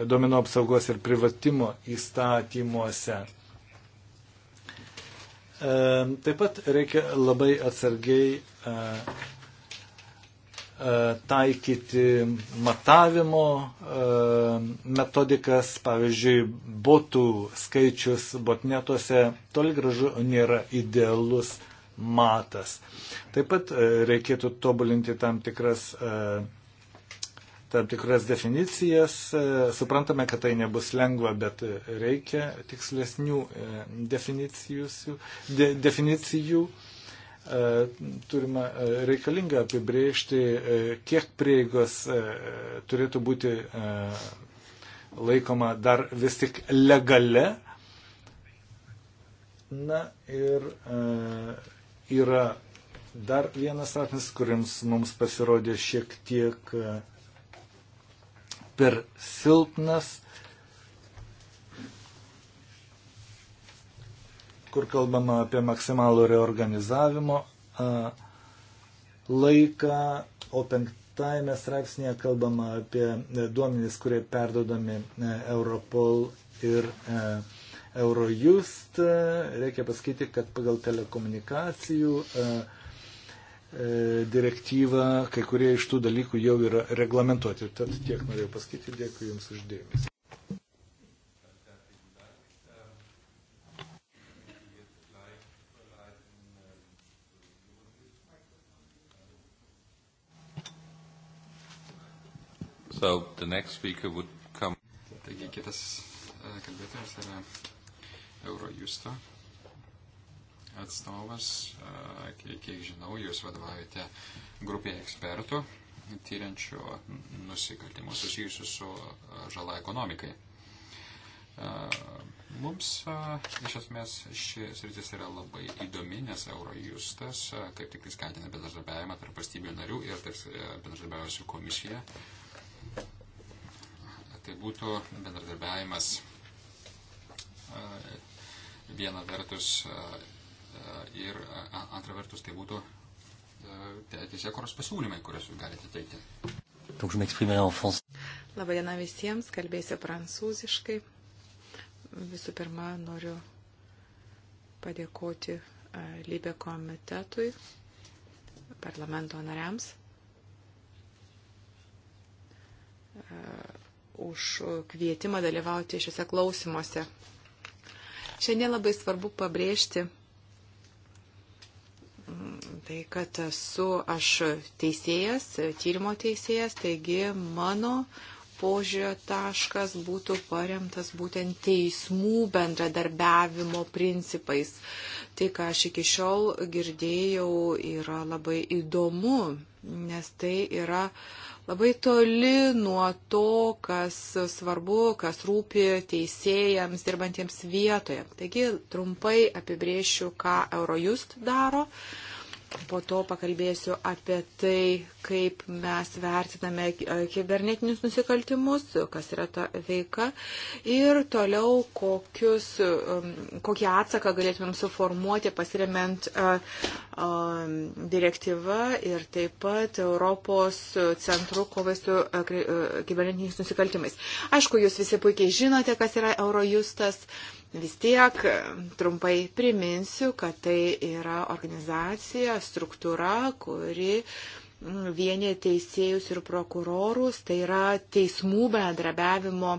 duomenų apsaugos ir privatimo įstatymuose. E, taip pat reikia labai atsargiai E, taikyti matavimo e, metodikas, pavyzdžiui, botų skaičius botnetuose toli gražu nėra idealus matas. Taip pat e, reikėtų tobulinti tam tikras, tam tikras definicijas. Suprantame, kad tai nebus lengva, bet reikia tikslesnių definicijų. De, definicijų E, turime e, reikalinga apibrėžti, e, kiek prieigos turėtų būti laikoma dar vis tik legale. Na ir yra dar vienas straipsnis, kuriems mums pasirodė šiek tiek per silpnas kur kalbama apie maksimalų reorganizavimo laiką, o penktajame straipsnėje kalbama apie e, duomenys, kurie perdodami e, Europol ir e, Eurojust. Reikia pasakyti, kad pagal telekomunikacijų direktyvą kai kurie iš tų dalykų jau yra reglamentuoti. Tad tiek norėjau pasakyti. Dėkui Jums uždėmesį. So the next speaker would come. Taigi kitas e, kalbėtojas yra Eurojusto atstovas. E, kiek, kiek žinau, jūs vadovaujate grupėje ekspertų tyriančių nusikaltimus susijusius su e, žala ekonomikai. Mums iš esmės ši sritis yra labai įdomi, nes Eurojustas kaip tik tai skatina bendradarbiavimą tarp valstybių narių ir bendradarbiavimą su komisija tai būtų bendradarbiavimas viena vertus ir antra vertus tai būtų teisėkoros pasiūlymai, kuriuos jūs galite teikti. Labadiena visiems, kalbėsiu prancūziškai. Visų pirma, noriu padėkoti Lybė komitetui, parlamento nariams už kvietimą dalyvauti šiuose klausimuose. Šiandien labai svarbu pabrėžti mm, tai, kad esu aš teisėjas, tyrimo teisėjas, taigi mano požiūrio taškas būtų paremtas būtent teismų bendradarbiavimo principais. Tai, ką aš iki šiol girdėjau, yra labai įdomu, nes tai yra uh, labai toli nuo to, kas svarbu, kas rūpi teisėjams dirbantiems vietoje. Taigi trumpai apibrėšiu, ką Eurojust daro. Uh, Po to pakalbėsiu apie tai, kaip mes vertiname kibernetinius nusikaltimus, kas yra ta veika. Ir toliau, kokius, um, kokį atsaką galėtumėm suformuoti pasiremiant uh, um, direktyvą ir taip pat Europos centrų kovai su uh, uh, kibernetiniais nusikaltimais. Aišku, jūs visi puikiai žinote, kas yra Eurojustas. Vis tiek trumpai priminsiu, kad tai yra organizacija, struktūra, kuri mm, vienė teisėjus ir prokurorus, tai yra teismų bendrabiavimo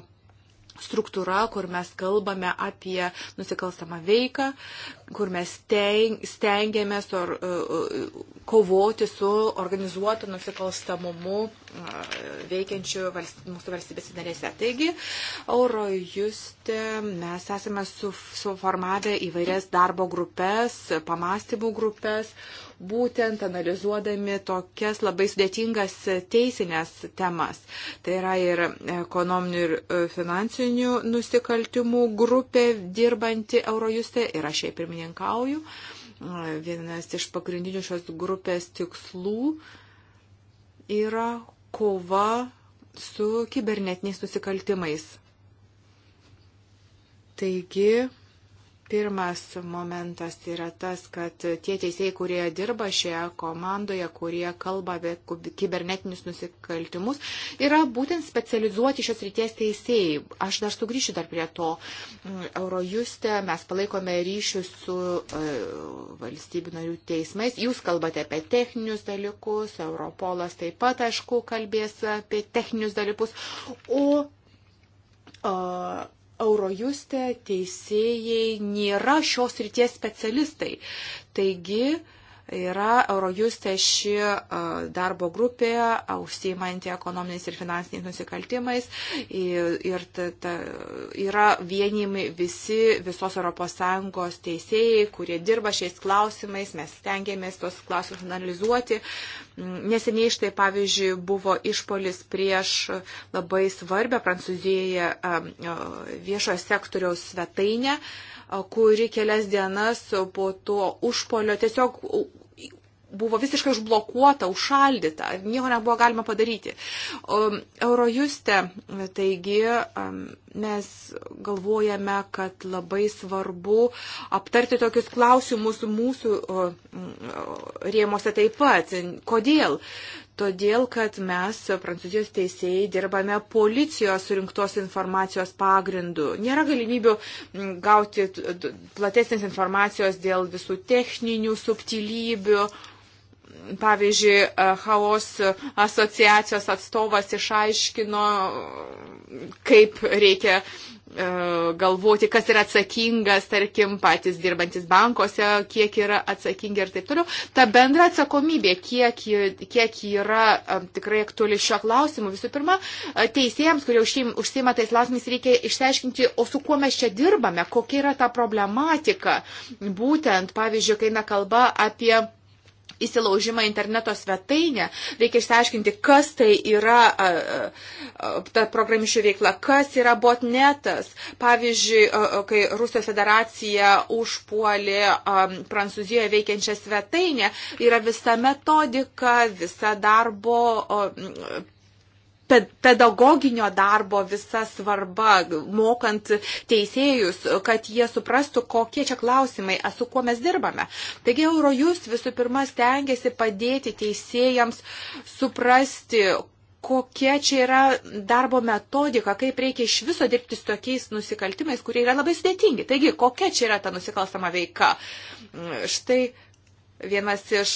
struktūra, kur mes kalbame apie nusikalstamą veiką, kur mes stengiamės or, e, e, kovoti su organizuotu nusikalstamumu e, veikiančiu valst, mūsų valstybės narėse. Taigi, Eurojuste mes esame suformavę įvairias darbo grupės, pamastymų grupės, būtent analizuodami tokias labai sudėtingas teisinės temas. Tai yra ir ekonominių ir e, finansinių nusikaltimų grupė dirbanti Eurojuste ir aš jai pirmininkauju. E, vienas iš pagrindinių šios grupės tikslų yra kova su kibernetiniais nusikaltimais. Taigi, Pirmas momentas tai yra tas, kad tie teisėjai, kurie dirba šioje komandoje, kurie kalba apie kibernetinius nusikaltimus, yra būtent specializuoti šios ryties teisėjai. Aš dar sugrįšiu dar prie to. Mm, Eurojuste mes palaikome ryšius su e, valstybių narių teismais. Jūs kalbate apie techninius dalykus, Europolas taip pat, aišku, kalbės apie techninius dalykus. O, o e, Eurojuste teisėjai nėra šios ryties specialistai. Taigi, Yra Eurojuste ši darbo grupė, užsiimanti ekonominiais ir finansiniais nusikaltimais ir ta, ta, yra vienimi visi visos ES teisėjai, kurie dirba šiais klausimais, mes stengiamės tos klausimus analizuoti. Neseniai štai, pavyzdžiui, buvo išpolis prieš labai svarbę Prancūzijoje viešojo sektoriaus svetainę kuri kelias dienas po to užpolio tiesiog buvo visiškai užblokuota, užšaldyta, nieko nebuvo galima padaryti. Um, Eurojuste, taigi, um, Mes galvojame, kad labai svarbu aptarti tokius klausimus mūsų mm, rėmose taip pat. Kodėl? Todėl, kad mes, prancūzijos teisėjai, dirbame policijos surinktos informacijos pagrindu. Nėra galimybių mm, gauti platesnės informacijos dėl visų techninių subtilybių, Pavyzdžiui, e, chaos asociacijos atstovas išaiškino, kaip reikia e, galvoti, kas yra atsakingas, tarkim, patys dirbantis bankuose, kiek yra atsakingi ir taip toliau. Ta bendra atsakomybė, kiek, kiek yra e, tikrai aktuali šio klausimu. Visų pirma, teisėjams, kurie užsima tais klausimais, reikia išsiaiškinti, o su kuo mes čia dirbame, kokia yra ta problematika. Būtent, pavyzdžiui, kai eina kalba apie įsilaužimą interneto svetainę, reikia išsiaiškinti, kas tai yra a, a, ta programišių veikla, kas yra botnetas. Pavyzdžiui, a, kai Rusijos federacija užpuolė a, Prancūzijoje veikiančią svetainę, yra visa metodika, visa darbo a, pedagoginio darbo visa svarba, mokant teisėjus, kad jie suprastų, kokie čia klausimai, su kuo mes dirbame. Taigi Eurojus visų pirma stengiasi padėti teisėjams suprasti, kokia čia yra darbo metodika, kaip reikia iš viso dirbti su tokiais nusikaltimais, kurie yra labai sudėtingi. Taigi, kokia čia yra ta nusikalstama veika? Štai vienas iš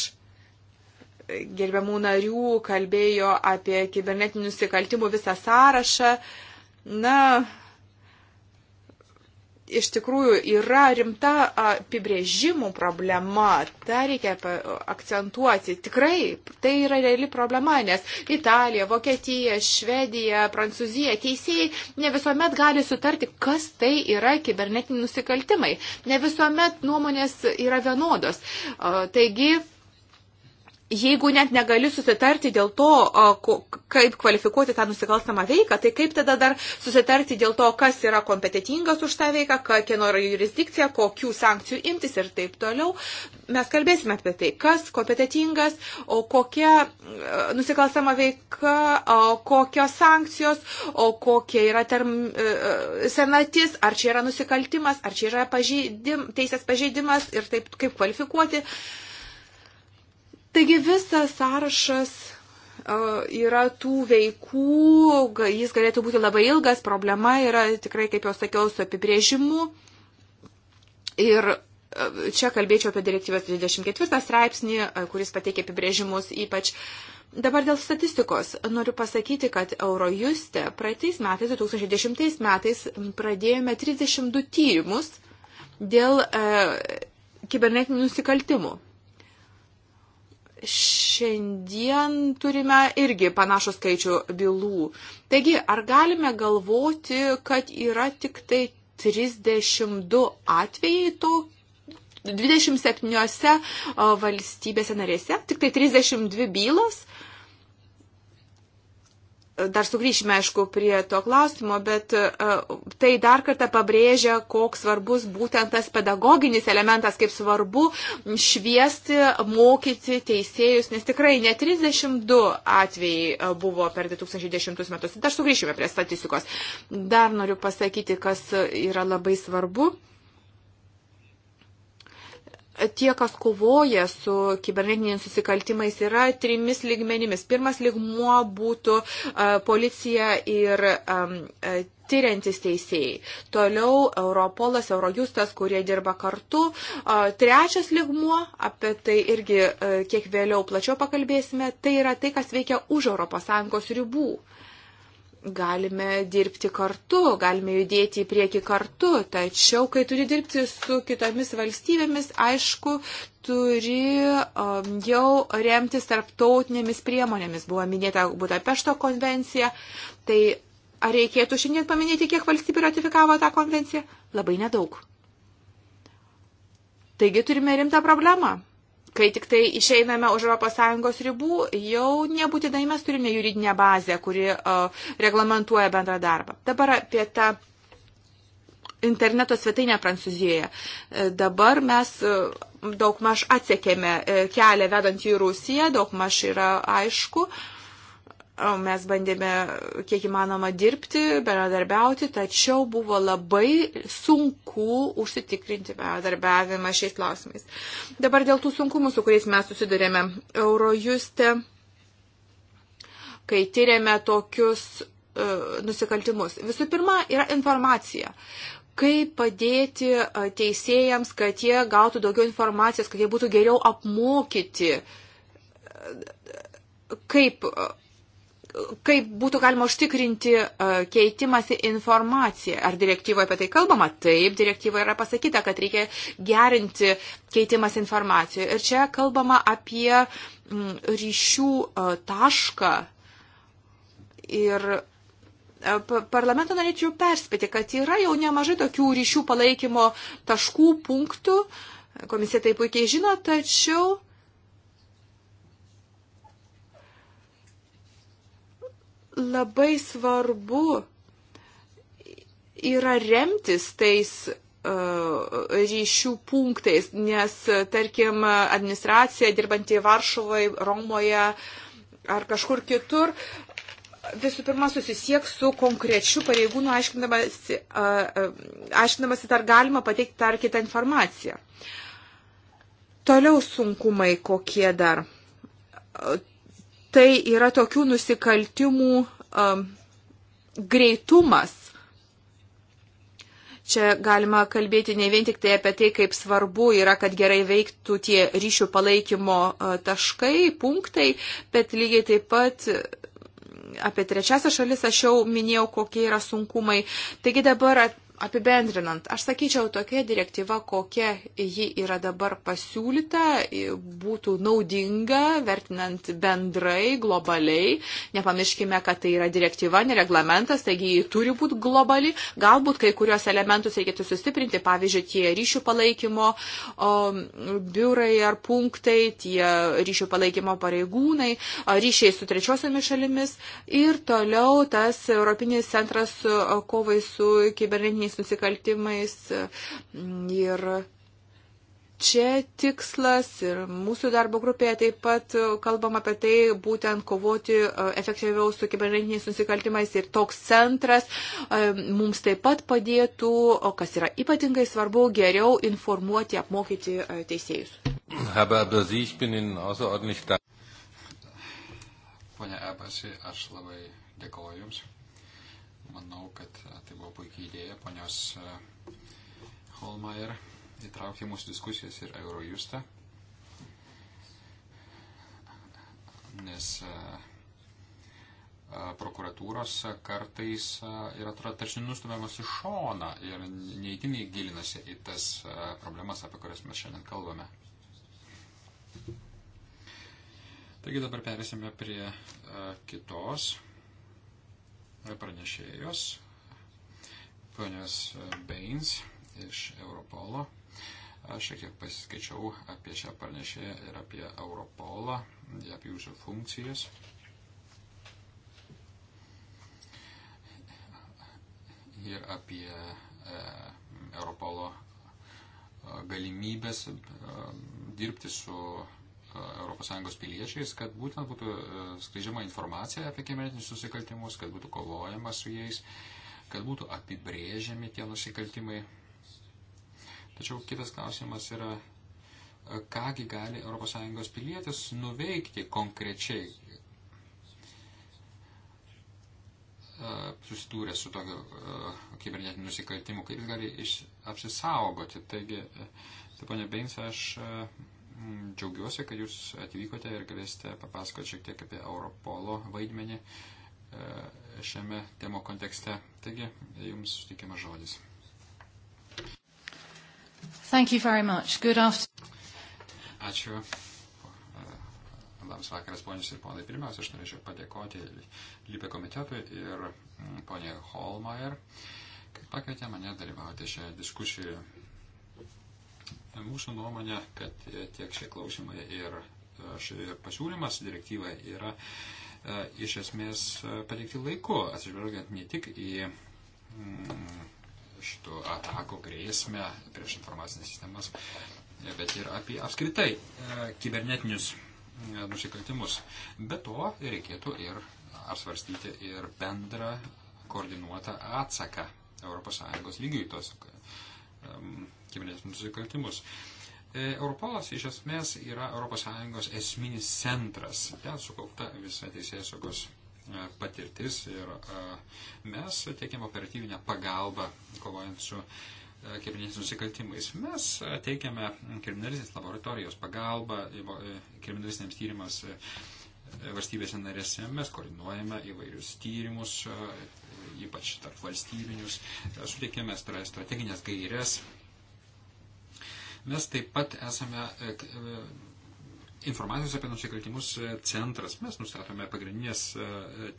gerbiamų narių kalbėjo apie kibernetinių nusikaltimų visą sąrašą. Na, iš tikrųjų yra rimta apibrėžimų problema, tą reikia akcentuoti. Tikrai tai yra reali problema, nes Italija, Vokietija, Švedija, Prancūzija, teisėjai ne visuomet gali sutarti, kas tai yra kibernetiniai nusikaltimai. Ne visuomet nuomonės yra vienodos. Taigi, jeigu net negali susitarti dėl to, kaip kvalifikuoti tą nusikalstamą veiką, tai kaip tada dar susitarti dėl to, kas yra kompetitingas už tą veiką, kieno yra jurisdikcija, kokių sankcijų imtis ir taip toliau. Mes kalbėsime apie tai, kas kompetitingas, o kokia nusikalstama veika, o kokios sankcijos, o kokia yra term, e, e, senatis, ar čia yra nusikaltimas, ar čia yra pažeidim, teisės pažeidimas ir taip kaip kvalifikuoti. Uh, Taigi visas sąrašas e, yra tų veikų, jis galėtų būti labai ilgas, problema yra tikrai, kaip jau sakiau, su apibrėžimu. Ir e, čia kalbėčiau apie direktyvos 24 straipsnį, e, kuris pateikia apibrėžimus ypač. Dabar dėl statistikos. Noriu pasakyti, kad Eurojuste praeitais metais, 2010 metais, pradėjome 32 tyrimus dėl e, kibernetinių nusikaltimų šiandien turime irgi panašų skaičių bylų. Taigi, ar galime galvoti, kad yra tik tai 32 atvejai to 27 valstybėse narėse, tik tai 32 bylos? Dar sugrįšime, aišku, prie to klausimo, bet e, tai dar kartą pabrėžia, koks svarbus būtent tas pedagoginis elementas, kaip svarbu šviesti, mokyti teisėjus, nes tikrai ne 32 atvejai e, buvo per 2010 metus. Dar sugrįšime prie statistikos. Dar noriu pasakyti, kas yra labai svarbu tie, kas kovoja su kibernetiniais susikaltimais, yra trimis lygmenimis. Pirmas lygmuo būtų uh, policija ir um, e, tyriantis teisėjai. Toliau Europolas, Eurojustas, kurie dirba kartu. Uh, trečias lygmuo, apie tai irgi uh, kiek vėliau plačiau pakalbėsime, tai yra tai, kas veikia už ES ribų. Uh, galime dirbti kartu, galime judėti į priekį kartu, tačiau kai turi dirbti su kitomis valstybėmis, aišku, turi um, jau remtis tarptautinėmis priemonėmis. Buvo minėta Budapešto konvencija, tai ar reikėtų šiandien paminėti, kiek valstybių ratifikavo tą konvenciją? Labai nedaug. Taigi turime rimtą problemą kai tik tai išeiname už ES ribų, jau nebūtinai mes turime juridinę bazę, kuri reglamentuoja bendrą darbą. Dabar apie tą interneto svetainę Prancūzijoje. E, dabar mes e, daugmaž atsiekėme e, kelią vedant į Rusiją, daugmaž yra aišku. Uh, Mes bandėme kiek įmanoma dirbti, bendradarbiauti, tačiau buvo labai sunku užsitikrinti bendradarbiavimą šiais klausimais. Dabar dėl tų sunkumų, su kuriais mes susidurėme Eurojuste, kai tyrėme tokius uh, nusikaltimus. Visų pirma, yra informacija kaip padėti e, teisėjams, kad jie gautų daugiau informacijos, kad jie būtų geriau apmokyti, e, kaip kaip būtų galima užtikrinti e, keitimąsi informaciją. Ar direktyvoje apie tai kalbama? Taip, direktyvoje yra pasakyta, kad reikia gerinti keitimas informaciją. Ir čia kalbama apie mm, ryšių e, tašką. Ir e, parlamento norėčiau perspėti, kad yra jau nemažai tokių ryšių palaikymo taškų, punktų. Komisija tai puikiai žino, tačiau labai svarbu yra remtis tais e, ryšių punktais, nes, tarkim, administracija dirbantį Varšuvoje, Romoje ar kažkur kitur visų pirma susisieks su konkrečiu pareigūnu, aiškinamasi, aiškinamasi, ar galima pateikti tą ar kitą informaciją. Toliau sunkumai kokie dar tai yra tokių nusikaltimų um, greitumas. Čia galima kalbėti ne vien tik tai apie tai, kaip svarbu yra, kad gerai veiktų tie ryšių palaikymo uh, taškai, punktai, bet lygiai taip pat uh, apie trečiasią šalis aš jau minėjau, kokie yra sunkumai. Taigi dabar apibendrinant, aš sakyčiau, tokia direktyva, kokia ji yra dabar pasiūlyta, būtų naudinga, vertinant bendrai, globaliai. Nepamirškime, kad tai yra direktyva, nereglamentas, taigi ji turi būti globali. Galbūt kai kuriuos elementus reikėtų sustiprinti, pavyzdžiui, tie ryšių palaikymo o, biurai ar punktai, tie ryšių palaikymo pareigūnai, ryšiai su trečiosiomis šalimis ir toliau tas Europinis centras kovai su kibernetiniais kibernetiniais nusikaltimais. Ir čia tikslas ir mūsų darbo grupėje taip pat kalbam apie tai būtent kovoti e, efektyviau su kibernetiniais nusikaltimais ir toks centras e, mums taip pat padėtų, o kas yra ypatingai svarbu, geriau informuoti, apmokyti e, teisėjus. Pone Ebasi, aš labai dėkoju Jums. Manau, kad buvo puikiai idėja ponios e, Holmeier įtraukti mūsų diskusijas ir Eurojustą, nes e, e, prokuratūros kartais yra tarsi nustumiamas į šoną ir neįtimiai gilinasi į tas problemas, apie kurias mes šiandien kalbame. Taigi dabar perėsime prie kitos pranešėjos, ponios Bains iš Europolo. Aš šiek tiek pasiskaičiau apie šią pranešėją ir apie Europolą, apie jūsų funkcijas. Ir apie e, Europolo e, galimybės e, dirbti su ES piliečiais, kad būtent būtų e, skleidžiama informacija apie kibernetinį susikaltimus, kad būtų kovojama su jais. E, kad būtų apibrėžiami tie nusikaltimai. Tačiau kitas klausimas yra, kągi gali ES pilietis nuveikti konkrečiai e, susidūrė su tokiu e, kibernetiniu nusikaltimu, kaip jis gali iš, apsisaugoti. Taigi, e, tai ponia Beins, aš džiaugiuosi, kad jūs atvykote ir galėsite papasakoti šiek tiek apie Europolo vaidmenį E, šiame temo kontekste. Taigi, jums sutikimas žodis. Ačiū. E, labas vakaras, ponius ir ponai. Pirmiausia, aš norėčiau padėkoti Lybė komitetui ir ponė Holmeier, kad pakvietė mane dalyvauti šioje diskusijoje. Mūsų nuomonė, kad tiek šie klausimai ir, e, ir pasiūlymas direktyvai yra uh, E, iš esmės e, pateikti laiku, atsižvelgiant ne tik į mm, šitų atakų grėsmę prieš informacinės sistemas, bet ir apie apskritai e, kibernetinius nusikaltimus. Be to reikėtų ir apsvarstyti ir bendrą koordinuotą atsaką ES lygiai tos kibernetinius nusikaltimus. E, Europolas iš esmės yra ES esminis centras. Ten sukaupta visa teisės saugos e, patirtis ir e, mes teikiam operatyvinę pagalbą kovojant su kibernetiniais nusikaltimais. Mes teikiame kriminalistinės laboratorijos pagalbą kriminalistiniams tyrimams valstybėse narėse. Mes koordinuojame įvairius tyrimus, ypač tarp valstybinius, suteikiame strateginės gairias Mes taip pat esame e, e, informacijos apie nusikaltimus e, centras. Mes nustatome pagrindinės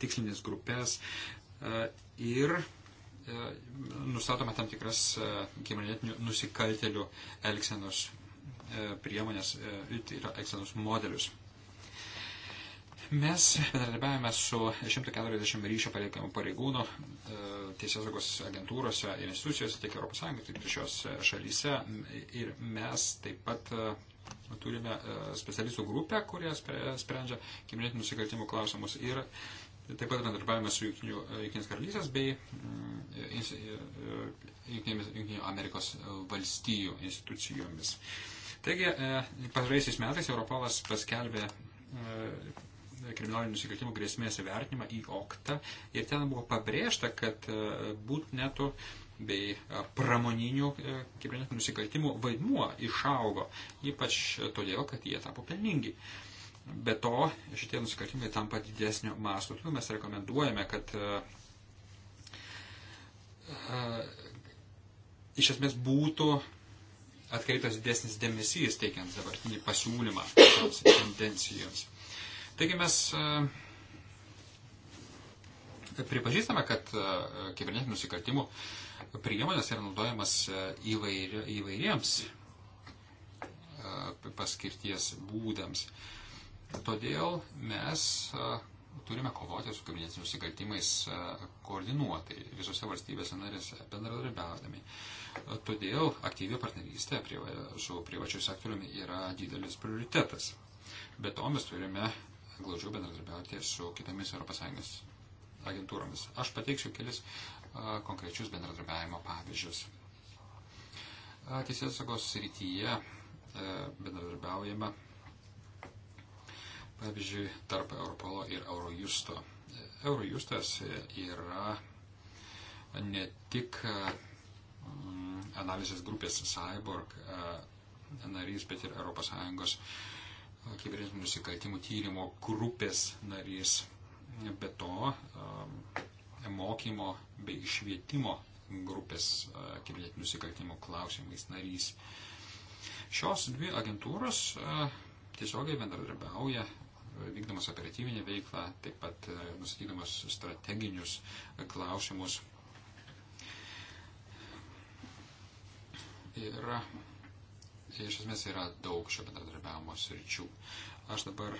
tikslinės grupės ir nustatome tam tikras kibernetinio nusikaltelių elgsenos priemonės, tai yra elgsenos modelius. Mes bendradarbiavame su 140 ryšio pareigūnų teisėsaugos e, agentūrose ir institucijose tiek ES, tiek ir šios šalyse. Ir mes taip pat e, turime e, specialistų grupę, kurie sprendžia kibernetinių nusikaltimų klausimus. Ir taip pat bendradarbiavame su Junktinės karalystės bei mm, Junktinių Amerikos valstijų institucijomis. Taigi, pažaisiais metais Europolas paskelbė kriminalinių nusikaltimų grėsmės įvertinimą į OKTA ir ten buvo pabrėžta, kad e, būtnetų bei e, pramoninių e, kibernetinių nusikaltimų vaidmuo išaugo, ypač todėl, kad jie tapo pelningi. Be to, šitie nusikaltimai tampa didesnio masto. Todėl mes rekomenduojame, kad iš esmės būtų atkreiptas didesnis dėmesys teikiant dabartinį pasiūlymą toms tendencijoms. Taigi mes e, pripažįstame, kad e, kibernetinių nusikaltimų priemonės yra naudojamas e, įvairi, įvairiems paskirties būdams. Todėl mes turime kovoti su kabinetiniais nusikaltimais koordinuotai visose valstybėse narėse, bendradarbiaudami. Todėl aktyvi partnerystė prie, su privačiu sektoriumi yra didelis prioritetas. Be to mes turime glaudžiau bendradarbiauti su kitomis ES agentūromis. Aš pateiksiu kelis konkrečius bendradarbiavimo pavyzdžius. Teisės sagos srityje bendradarbiaujama, pavyzdžiui, tarp Europolo ir Eurojusto. Eurojustas yra ne tik analizės grupės Cyborg narys, bet ir ES kibernetinių nusikaltimų tyrimo grupės narys. Be to, um, mokymo bei išvietimo grupės uh, kibernetinių nusikaltimų klausimais narys. Šios dvi agentūros uh, tiesiogiai bendradarbiauja, uh, vykdamas operatyvinę veiklą, taip pat nustatydamas strateginius klausimus. Ir iš esmės yra daug šio bendradarbiavimo sričių. Aš dabar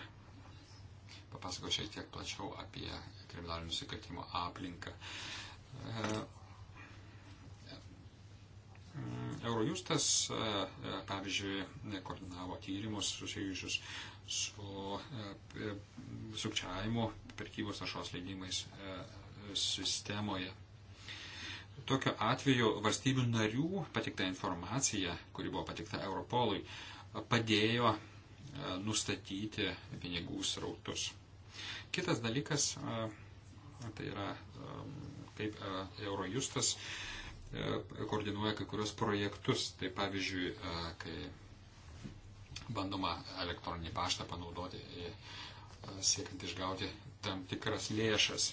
papasakosiu šiek tiek plačiau apie kriminalinių nusikaltimų aplinką. E, Eurojustas, e, pavyzdžiui, koordinavo tyrimus susijusius su e, sukčiavimu prekybos našos leidimais sistemoje. Tokiu atveju valstybių narių patikta informacija, kuri buvo patikta Europolui, padėjo e, nustatyti pinigų srautus. Kitas dalykas, e, tai yra e, kaip Eurojustas koordinuoja kai kurios projektus. Tai pavyzdžiui, kai bandoma elektroninį paštą panaudoti siekiant išgauti tam tikras lėšas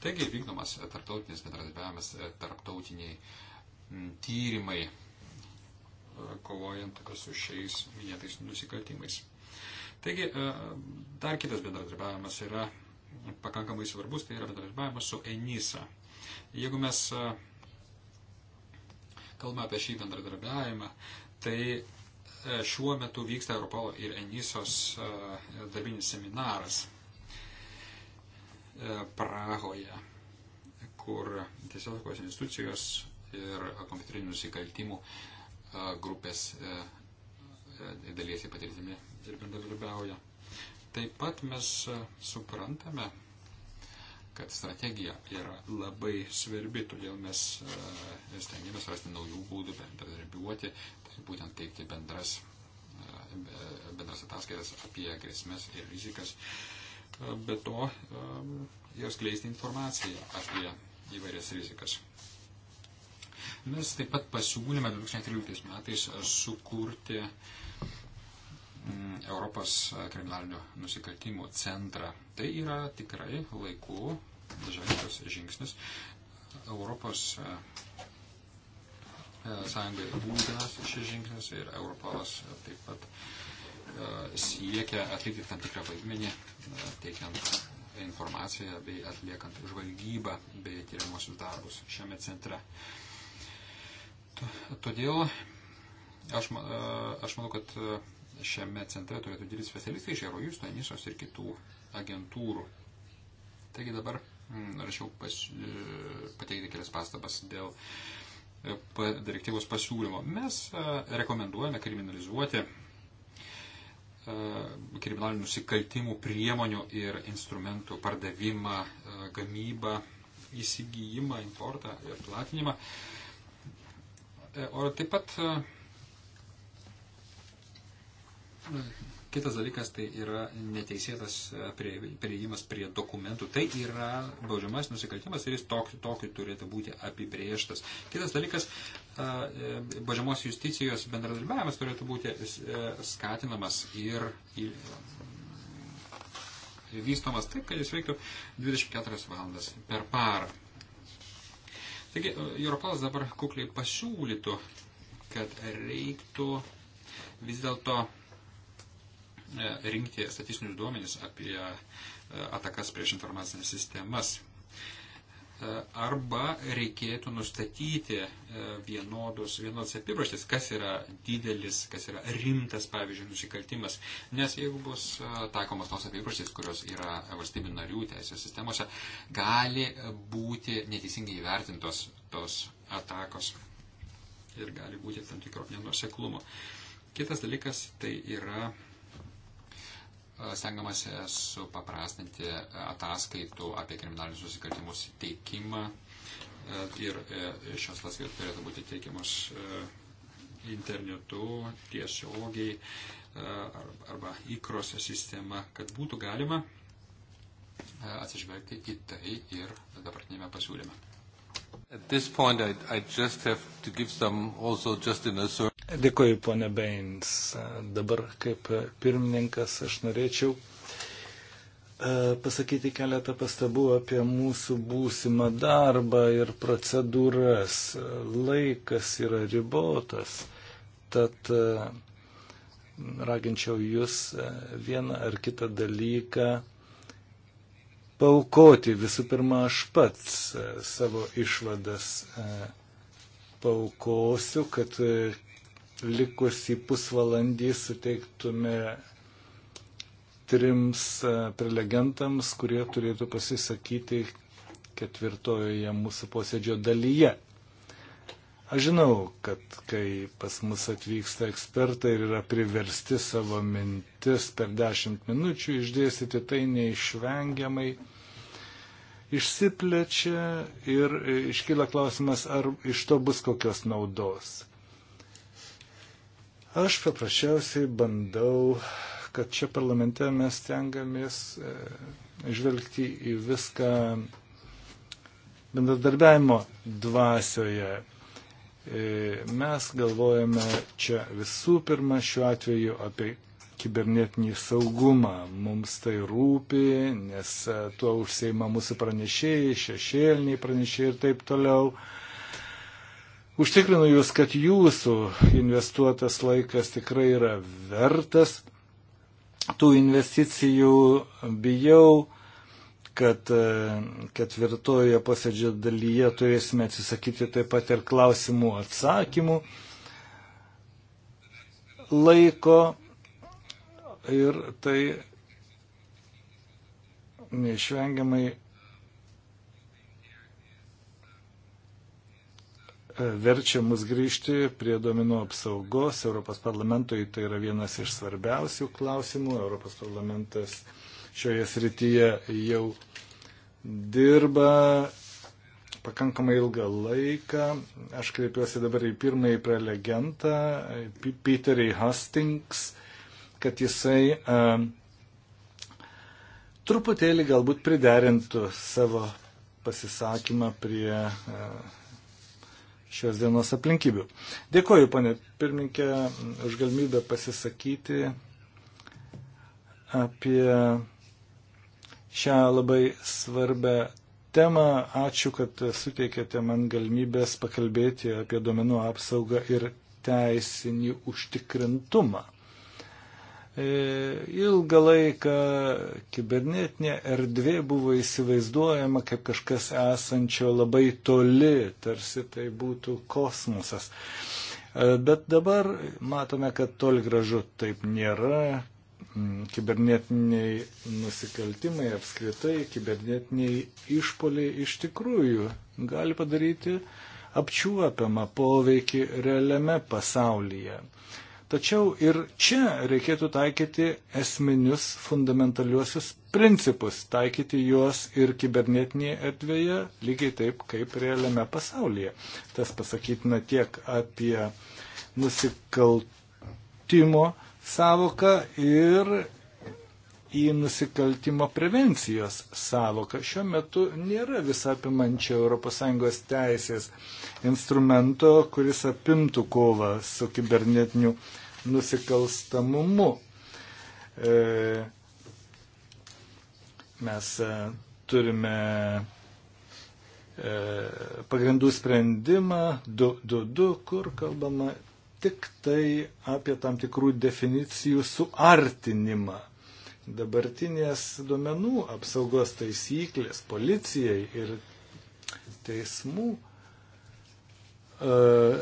Taigi vykdomas e, tarptautinis bendradarbiavimas, e, tarptautiniai tyrimai e, kovojant su šiais minėtais nusikaltimais. Taigi, dar kitas bendradarbiavimas yra pakankamai svarbus, tai yra bendradarbiavimas su ENISA. Jeigu mes kalbame apie šį bendradarbiavimą, tai šiuo metu vyksta Europolo ir ENISOS darbinis seminaras E, Prahoje, kur tiesiogos institucijos ir kompiuterinių nusikaltimų e, grupės e, dalies patirtimi ir bendradarbiauja. Taip pat mes suprantame, kad strategija yra labai svarbi, todėl mes stengiamės rasti naujų būdų bendradarbiuoti, tai būtent teikti bendras, bendras ataskaitas apie grėsmės ir rizikas. Uh, be to jos kleisti informaciją apie įvairias rizikas. Mes taip pat pasiūlėme 2013 metais sukurti mm, Europos kriminalinio nusikaltimų centrą. Tai yra tikrai laiku žengtas žingsnis. Europos e, e, sąjungai būtinas šis žingsnis ir Europolas taip pat uh, E, siekia atlikti tam tikrą vaidmenį, e, teikiant informaciją bei atliekant žvalgybą bei tyriamosius darbus šiame centre. Todėl aš, e, aš manau, kad šiame centre turėtų dirbti specialistai iš Eurojus, Tanisos ir kitų agentūrų. Taigi dabar mm, norėčiau pas, pateikti kelias pastabas dėl direktyvos pasiūlymo. Mes rekomenduojame kriminalizuoti E, kriminalinių nusikaltimų priemonių ir instrumentų pardavimą, e, gamybą, įsigijimą, importą ir platinimą. E, o taip pat Kitas dalykas tai yra neteisėtas prieimas prie dokumentų. Tai yra baudžiamas nusikaltimas ir jis tokiu, tokiu turėtų būti apibrieštas. Kitas dalykas, e, baudžiamos justicijos bendradarbiavimas turėtų būti e, skatinamas ir vystomas taip, kad jis veiktų 24 valandas per parą. Taigi, e, Europolas dabar kukliai pasiūlytų, kad reiktų vis dėlto E, rinkti statistinius duomenys apie e, atakas prieš informacinės sistemas. E, arba reikėtų nustatyti vienodus, vienodas apibraštis, kas yra didelis, kas yra rimtas, pavyzdžiui, nusikaltimas. Nes jeigu bus taikomas tos apibraštis, kurios yra valstybių narių teisės sistemose, gali būti neteisingai įvertintos tos atakos ir gali būti tam tikro nenuseklumo. Kitas dalykas tai yra stengiamasi supaprastinti ataskaitų apie kriminalinius nusikaltimus teikimą e, ir e, šios ataskaitos turėtų būti teikiamos e, internetu tiesiogiai arba įkros sistema, kad būtų galima atsižvelgti į tai ir dabartinėme pasiūlyme. At this point, I, I just have to give some also just in a certain Dėkuoju, ponė Beins. Dabar kaip pirmininkas aš norėčiau e, pasakyti keletą pastabų apie mūsų būsimą darbą ir procedūras. Laikas yra ribotas, tad e, raginčiau jūs e, vieną ar kitą dalyką paukoti. Visų pirma, aš pats savo išvadas paukosiu, kad likusį pusvalandį suteiktume trims e, prelegentams, kurie turėtų pasisakyti ketvirtojoje mūsų posėdžio dalyje. Aš žinau, kad kai pas mus atvyksta ekspertai ir yra priversti savo mintis per dešimt minučių išdėstyti, tai neišvengiamai išsiplečia ir iškyla klausimas, ar iš to bus kokios naudos. Aš paprasčiausiai bandau, kad čia parlamente mes tengiamės e, žvelgti į viską bendradarbiavimo dvasioje. E, mes galvojame čia visų pirma šiuo atveju apie kibernetinį saugumą. Mums tai rūpi, nes tuo užseima mūsų pranešėjai, šešėliniai pranešėjai ir taip toliau. Užtikrinu Jūs, kad Jūsų investuotas laikas tikrai yra vertas tų investicijų. Bijau, kad e, ketvirtojo posėdžio dalyje turėsime atsisakyti taip pat ir klausimų atsakymų laiko ir tai neišvengiamai verčia mus grįžti prie duomenų apsaugos. Europos parlamentui tai yra vienas iš svarbiausių klausimų. Europos parlamentas šioje srityje jau dirba pakankamai ilgą laiką. Aš kreipiuosi dabar į pirmąjį prelegentą, Peterį Hastings, kad jisai a, truputėlį galbūt priderintų savo pasisakymą prie a, šios dienos aplinkybių. Dėkoju, panė pirminkė, už galimybę pasisakyti apie šią labai svarbę temą. Ačiū, kad suteikėte man galimybės pakalbėti apie duomenų apsaugą ir teisinį užtikrintumą. E, ilgą laiką kibernetinė erdvė buvo įsivaizduojama kaip kažkas esančio labai toli, tarsi tai būtų kosmosas. E, bet dabar matome, kad toli gražu taip nėra. Mm, kibernetiniai nusikaltimai apskritai, kibernetiniai išpoliai iš tikrųjų gali padaryti apčiuopiamą poveikį realiame pasaulyje. Tačiau ir čia reikėtų taikyti esminius fundamentaliuosius principus, taikyti juos ir kibernetinėje erdvėje, lygiai taip kaip realiame pasaulyje. Tas pasakytina tiek apie nusikaltimo savoką ir į nusikaltimo prevencijos savoką. Šiuo metu nėra visapimančio ES teisės instrumento, kuris apimtų kovą su kibernetiniu nusikalstamumu. E, mes e, turime e, pagrindų sprendimą 2.2.2, kur kalbama tik tai apie tam tikrų definicijų suartinimą. Dabartinės duomenų apsaugos taisyklės policijai ir teismų E,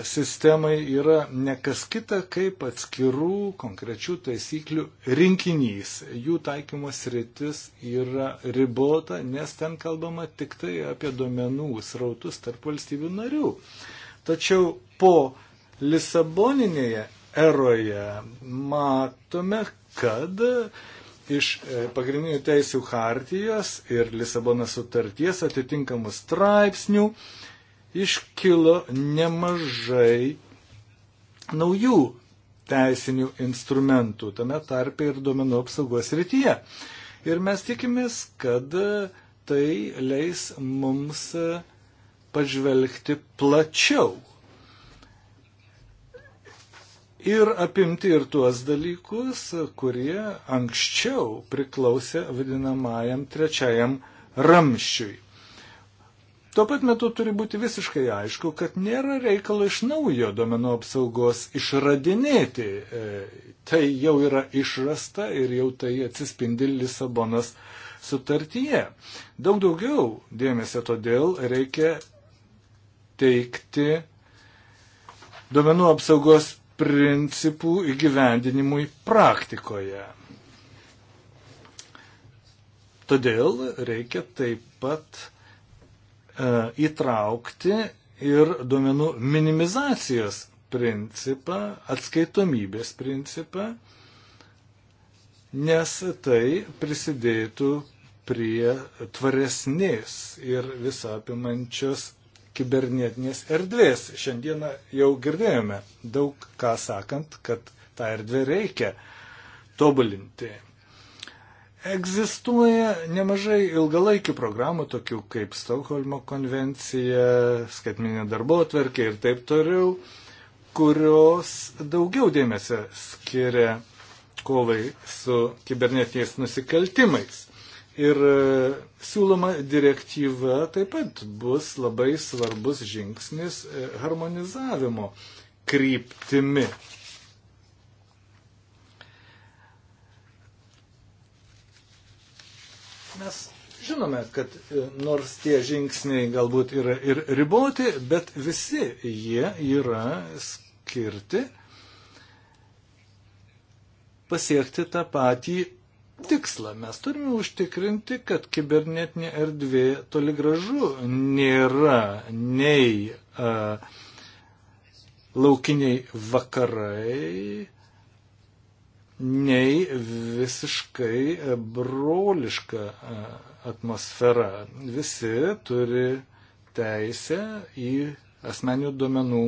sistemai yra nekas kita kaip atskirų konkrečių taisyklių rinkinys. Jų taikymos rytis yra ribota, nes ten kalbama tik tai apie duomenų srautus tarp valstybių narių. Tačiau po Lisaboninėje eroje matome, kad iš e, pagrindinių teisų hartijos ir Lisabono sutarties atitinkamų straipsnių iškilo nemažai naujų teisinių instrumentų, tame tarpe ir duomenų apsaugos rytyje. Ir mes tikimės, kad tai leis mums pažvelgti plačiau ir apimti ir tuos dalykus, kurie anksčiau priklausė vadinamajam trečiajam ramščiui. Tuo pat metu turi būti visiškai aišku, kad nėra reikalo iš naujo domenų apsaugos išradinėti. E, tai jau yra išrasta ir jau tai atsispindi Lisabonos sutartyje. Daug daugiau dėmesio todėl reikia teikti duomenų apsaugos principų įgyvendinimui praktikoje. Todėl reikia taip pat E, įtraukti ir duomenų minimizacijos principą, atskaitomybės principą, nes tai prisidėtų prie tvaresnės ir visapimančios kibernetinės erdvės. Šiandieną jau girdėjome daug ką sakant, kad tą erdvę reikia tobulinti. Egzistuoja nemažai ilgalaikių programų, tokių kaip Stokholmo konvencija, skaitminė darbo atverkė ir taip toliau, kurios daugiau dėmesio skiria kovai su kibernetiniais nusikaltimais. Ir e, siūloma direktyva taip pat bus labai svarbus žingsnis e, harmonizavimo kryptimi. Mes žinome, kad e, nors tie žingsniai galbūt yra ir riboti, bet visi jie yra skirti pasiekti tą patį tikslą. Mes turime užtikrinti, kad kibernetinė erdvė toli gražu nėra nei a, e, laukiniai vakarai, nei visiškai e, broliška e, atmosfera. Visi turi teisę į asmenių duomenų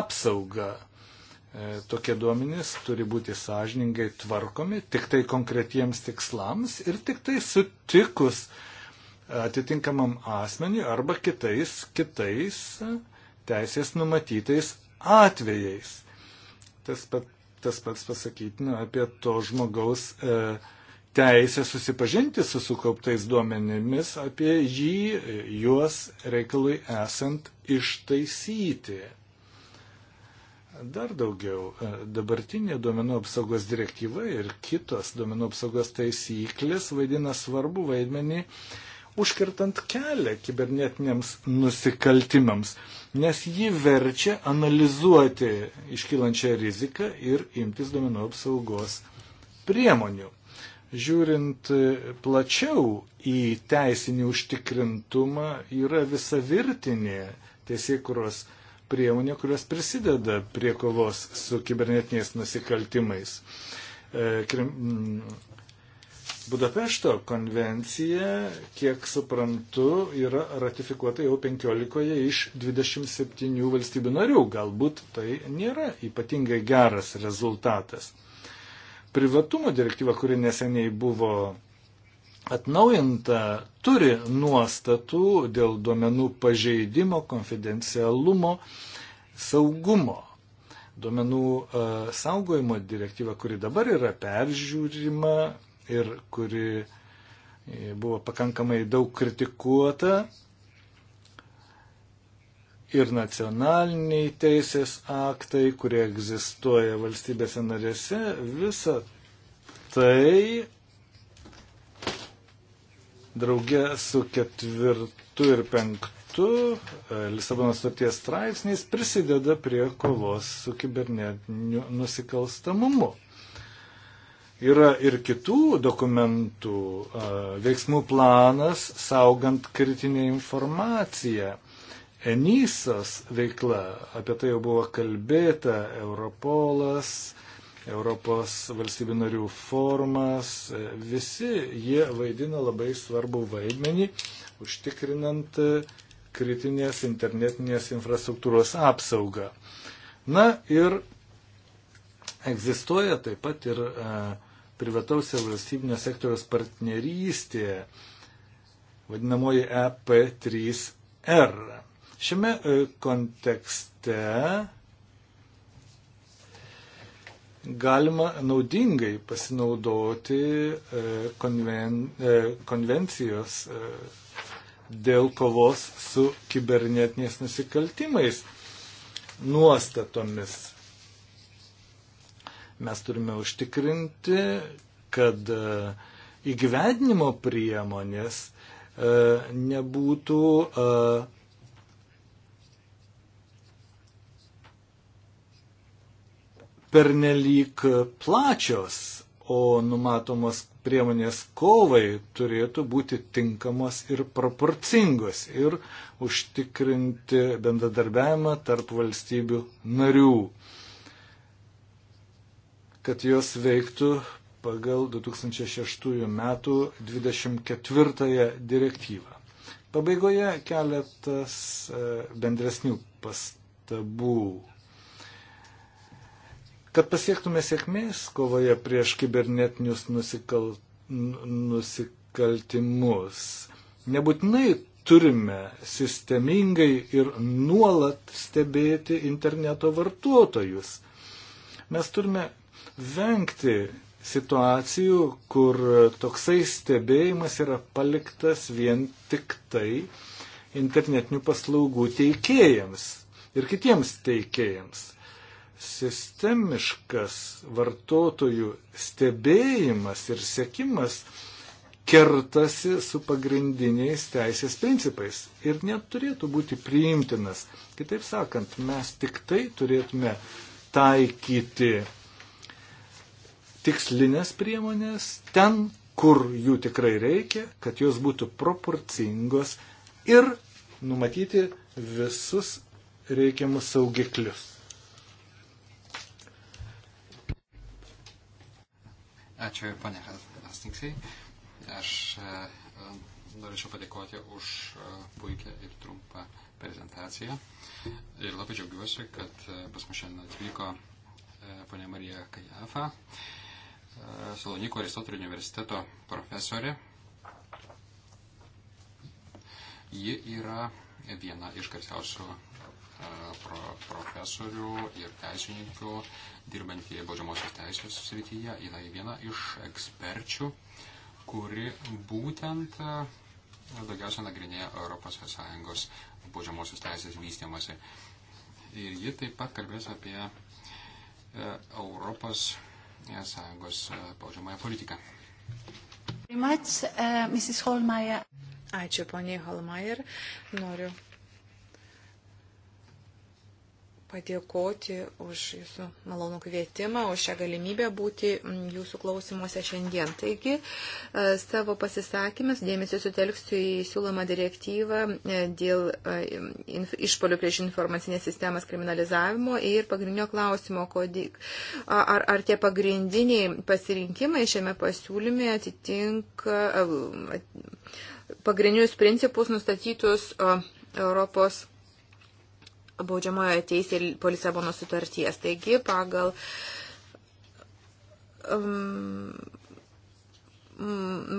apsaugą. E, tokie duomenys turi būti sąžiningai tvarkomi tik tai konkretiems tikslams ir tik tai sutikus atitinkamam asmeniui arba kitais, kitais teisės numatytais atvejais. Tas pat tas pats pasakytina apie to žmogaus e, teisę susipažinti su sukauptais duomenimis, apie jį e, juos reikalui esant ištaisyti. Dar daugiau, e, dabartinė duomenų apsaugos direktyva ir kitos duomenų apsaugos taisyklės vaidina svarbu vaidmenį užkirtant kelią kibernetiniams nusikaltimams nes ji verčia analizuoti iškylančią riziką ir imtis duomenų apsaugos priemonių. Žiūrint plačiau į teisinį užtikrintumą, yra visa virtinė teisėkuros priemonė, kurios prisideda prie kovos su kibernetiniais nusikaltimais. E, Budapešto konvencija, kiek suprantu, yra ratifikuota jau 15 iš 27 valstybių narių. Galbūt tai nėra ypatingai geras rezultatas. Privatumo direktyva, kuri neseniai buvo atnaujinta, turi nuostatų dėl duomenų pažeidimo, konfidencialumo, saugumo. Duomenų e, saugojimo direktyva, kuri dabar yra peržiūrima, ir kuri e, buvo pakankamai daug kritikuota. Ir nacionaliniai teisės aktai, kurie egzistuoja valstybėse narėse, visa tai draugė su ketvirtu ir penktu e, Lisabono sutarties straipsniais prisideda prie kovos su kibernetiniu nusikalstamumu. Yra ir kitų dokumentų, veiksmų planas saugant kritinę informaciją. Enysos veikla, apie tai jau buvo kalbėta, Europolas, Europos valstybių narių formas, e, visi jie vaidina labai svarbų vaidmenį, užtikrinant e, kritinės internetinės infrastruktūros apsaugą. Na ir egzistuoja taip pat ir e, privataus ir valstybinio sektoriaus partnerystė, vadinamoji EP3R. Šiame e, kontekste galima naudingai pasinaudoti e, konven, e, konvencijos dėl kovos su kibernetiniais nusikaltimais nuostatomis. Mes turime užtikrinti, kad e, įgyvendinimo priemonės e, nebūtų e, pernelyg plačios, o numatomos priemonės kovai turėtų būti tinkamos ir proporcingos ir užtikrinti bendradarbiavimą tarp valstybių narių kad jos veiktų pagal 2006 metų 24 direktyvą. Pabaigoje keletas e, bendresnių pastabų. Kad pasiektume sėkmės kovoje prieš kibernetinius nusikal... nusikaltimus, nebūtinai turime sistemingai ir nuolat stebėti interneto vartotojus. Mes turime vengti situacijų, kur toksai stebėjimas yra paliktas vien tik tai internetinių paslaugų teikėjams ir kitiems teikėjams. Sistemiškas vartotojų stebėjimas ir sėkimas kertasi su pagrindiniais teisės principais ir neturėtų būti priimtinas. Kitaip sakant, mes tik tai turėtume taikyti tikslinės priemonės ten, kur jų tikrai reikia, kad jos būtų proporcingos ir numatyti visus reikiamus saugiklius. Ačiū, ponė Hastinksai. Aš e, norėčiau padėkoti už e, puikią ir trumpą prezentaciją. Ir labai džiaugiuosi, kad e, pas mus šiandien atvyko ponė Marija Kajafa. Saloniko Aristotelio universiteto profesorė. Ji yra viena iš garsiausių e, pro, profesorių ir teisininkų dirbantį baudžiamosios teisės srityje. Ji viena iš eksperčių, kuri būtent e, daugiausia nagrinėja ES baudžiamosios teisės vystimasi. Ir ji taip pat kalbės apie e, Europos sąjungos paužiamąją e, politiką. E, Ačiū, poniai Holmeier. Noriu padėkoti už jūsų malonų kvietimą, už šią galimybę būti mm, jūsų klausimuose šiandien. Taigi, e, savo pasisakymus dėmesį sutelksiu į siūlomą direktyvą e, dėl e, išpolių prieš informacinės sistemas kriminalizavimo ir pagrindinio klausimo, kodik, ar, ar tie pagrindiniai pasirinkimai šiame pasiūlyme atitinka pagrindinius principus nustatytus Europos baudžiamojo teisė po Lisabono sutarties. Taigi, pagal um,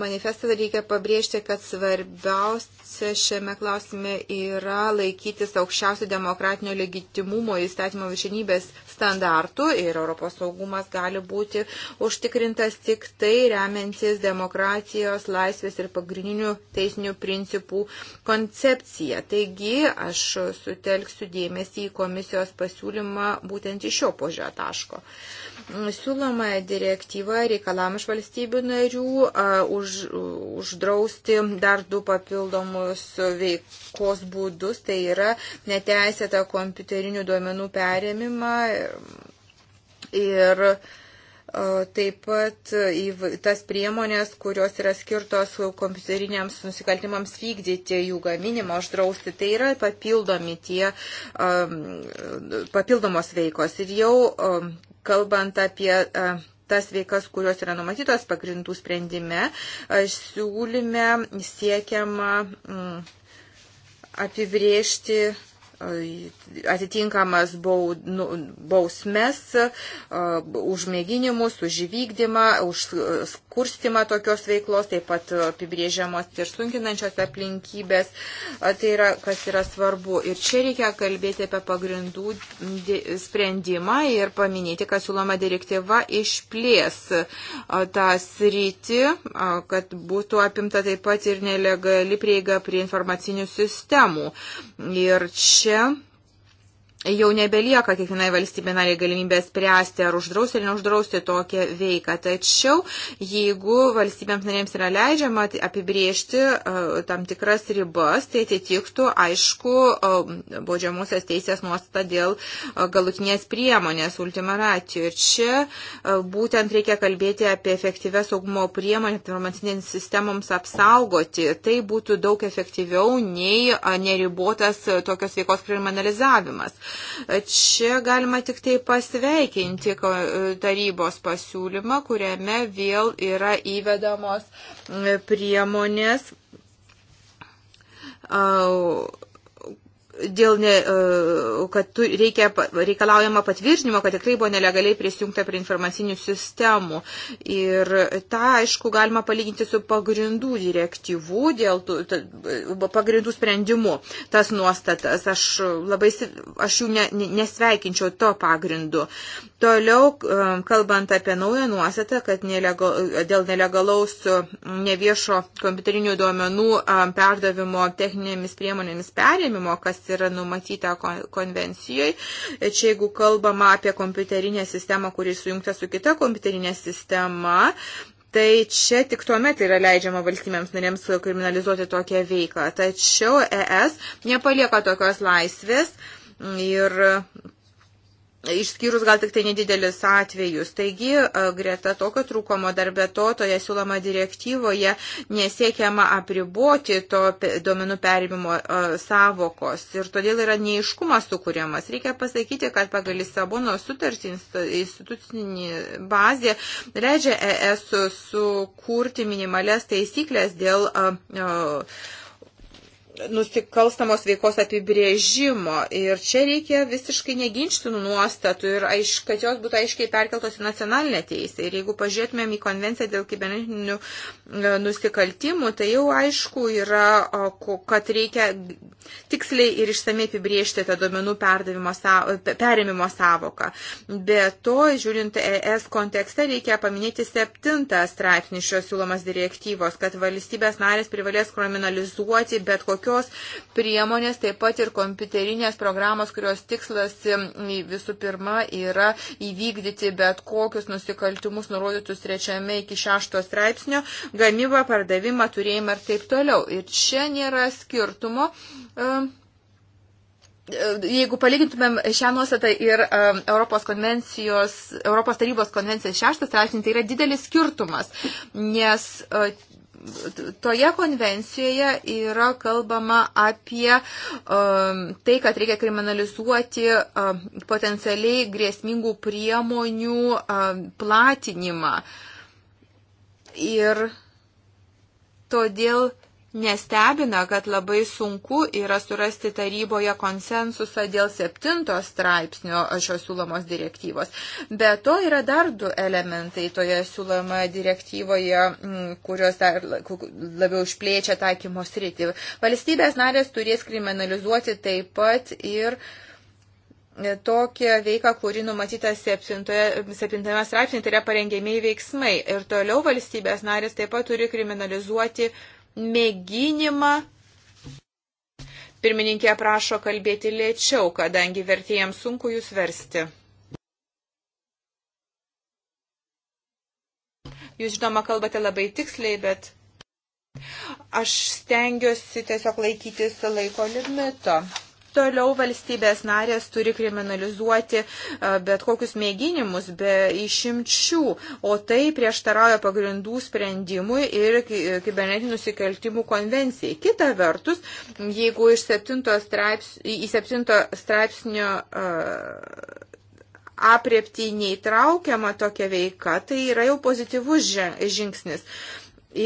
manifestą reikia pabrėžti, kad svarbiausia šiame klausime yra laikytis aukščiausio demokratinio legitimumo įstatymo viršinybės standartų ir Europos saugumas gali būti užtikrintas tik tai remiantis demokratijos, laisvės ir pagrindinių teisinių principų koncepcija. Taigi aš sutelksiu dėmesį į komisijos pasiūlymą būtent iš šio požio taško. Siūloma direktyva reikalam iš valstybių narių už, uždrausti dar du papildomus veikos būdus, tai yra neteisėta kompiuterinių duomenų perėmimą Ir taip pat į tas priemonės, kurios yra skirtos kompiuteriniams nusikaltimams vykdyti jų gaminimą, uždrausti, tai yra papildomi tie papildomos veikos. Ir jau kalbant apie tas veikas, kurios yra numatytos pagrindų sprendime, siūlyme siekiama apibriežti atitinkamas nu, bausmes e, už mėginimus, už įvykdymą, už skurstimą tokios veiklos, taip pat apibrėžiamos ir sunkinančios aplinkybės. E, tai yra, kas yra svarbu. Ir čia reikia kalbėti apie pagrindų sprendimą ir paminėti, kad siūloma direktyva išplės e, tą sritį, kad būtų apimta taip pat ir nelegali prieiga prie informacinių sistemų. Ir čia čia jau nebelieka kiekvienai valstybė nariai galimybė spręsti ar uždrausti ar neuždrausti tokią veiką. Tačiau jeigu valstybėms narėms yra leidžiama apibriežti e, tam tikras ribas, tai atitiktų aišku e, baudžiamusios teisės nuostata dėl e, galutinės priemonės ultimaracijų. Ir čia būtent reikia kalbėti apie efektyvę saugumo priemonę informacinėms sistemoms apsaugoti. Tai būtų daug efektyviau nei neribotas tokios veikos kriminalizavimas. Čia galima tik tai pasveikinti tarybos pasiūlymą, kuriame vėl yra įvedamos e, priemonės. Uh, dėl ne, e, kad tu, reikia, reikalaujama patvirtinimo, kad tikrai buvo nelegaliai prisijungta prie informacinių sistemų. Ir tą, aišku, galima palyginti su pagrindų direktyvų, dėl tų, t, pagrindų sprendimų tas nuostatas. Aš labai, aš jų ne, nesveikinčiau to pagrindu. Toliau, e, kalbant apie naują nuostatą, kad nelegal, dėl nelegalaus neviešo kompiuterinių duomenų e, perdavimo techninėmis priemonėmis perėmimo, kas yra numatyta konvencijoje. Čia jeigu kalbama apie kompiuterinę sistemą, kuris sujungta su kita kompiuterinė sistema, Tai čia tik tuo metu yra leidžiama valstybėms narėms kriminalizuoti tokią veiklą. Tačiau ES nepalieka tokios laisvės ir Išskyrus gal tik tai nedidelis atvejus. Taigi, e, greta tokio trūkomo darbė to, toje siūloma direktyvoje nesiekiama apriboti to duomenų perimimo e, savokos ir todėl yra neiškumas sukūriamas. Reikia pasakyti, kad pagal Lisabono sutartį institucinį bazę leidžia ES sukurti minimales taisyklės dėl. Uh, uh, nusikalstamos veikos apibrėžimo. Ir čia reikia visiškai neginčtinų nuostatų ir aiš, kad jos būtų aiškiai perkeltos į nacionalinę teisę. Ir jeigu pažiūrėtumėm į konvenciją dėl kibernetinių e, nusikaltimų, tai jau aišku yra, kad reikia tiksliai ir išsamei apibriežti tą duomenų perėmimo savoką. Be to, žiūrint ES kontekste, reikia paminėti septintą straipsnį šios siūlomas direktyvos, kad valstybės narės privalės kriminalizuoti bet kokiu tokios priemonės, taip pat ir kompiuterinės programos, kurios tikslas visų pirma yra įvykdyti bet kokius nusikaltimus nurodytus trečiame iki šešto straipsnio, gamybą, pardavimą, turėjimą ir taip toliau. Ir čia nėra skirtumo. Um, jeigu palygintumėm šią nuostatą ir e, Europos, Europos tarybos konvencijos šeštą straipsnį, tai yra didelis skirtumas, nes e, toje konvencijoje yra kalbama apie um, tai, kad reikia kriminalizuoti um, potencialiai grėsmingų priemonių um, platinimą. Ir todėl Nestebina, kad labai sunku yra surasti taryboje konsensusą dėl septinto straipsnio šios siūlomos direktyvos. Be to yra dar du elementai toje siūlomoje direktyvoje, mm, kurios dar labiau išplėčia taikymo sritį. Valstybės narės turės kriminalizuoti taip pat ir tokią veiką, kuri numatyta septintame straipsnėje, tai yra parengiamiai veiksmai. Ir toliau valstybės narės taip pat turi kriminalizuoti uh, mėginimą. Pirmininkė prašo kalbėti lėčiau, kadangi vertėjams sunku jūs versti. Jūs žinoma kalbate labai tiksliai, bet aš stengiuosi tiesiog laikytis laiko limito. Toliau valstybės narės turi kriminalizuoti e, bet kokius mėginimus be išimčių, o tai prieštarauja pagrindų sprendimui ir kibernetinių nusikaltimų konvencijai. Kita vertus, jeigu iš 7 straips, į 7 straipsnio e, apriepti neįtraukiama tokia veika, tai yra jau pozityvus žingsnis.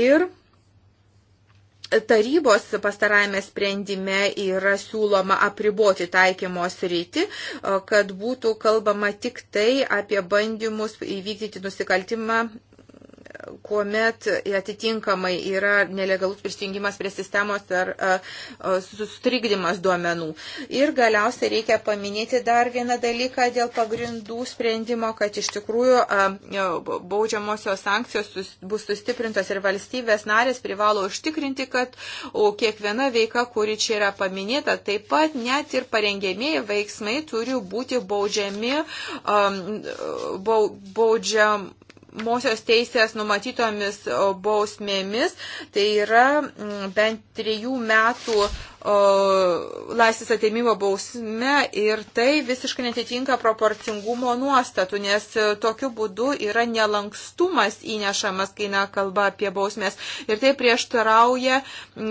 Ir tarybos pastarajame sprendime yra siūloma apriboti taikymos rytį, kad būtų kalbama tik tai apie bandymus įvykdyti nusikaltimą kuomet atitinkamai yra nelegalus prisijungimas prie sistemos ar sustrikdymas duomenų. Ir galiausiai reikia paminėti dar vieną dalyką dėl pagrindų sprendimo, kad iš tikrųjų baudžiamosios sankcijos bus sustiprintos ir valstybės narės privalo užtikrinti, kad kiekviena veika, kuri čia yra paminėta, taip pat net ir parengėmėjai veiksmai turi būti baudžiami, baudžiam baudžiamosios teisės numatytomis bausmėmis, tai yra mm, bent trijų metų laisvės ateimimo bausme ir tai visiškai netitinka proporcingumo nuostatų, nes e, tokiu būdu yra nelankstumas įnešamas, kai nekalba apie bausmės. Ir tai prieštarauja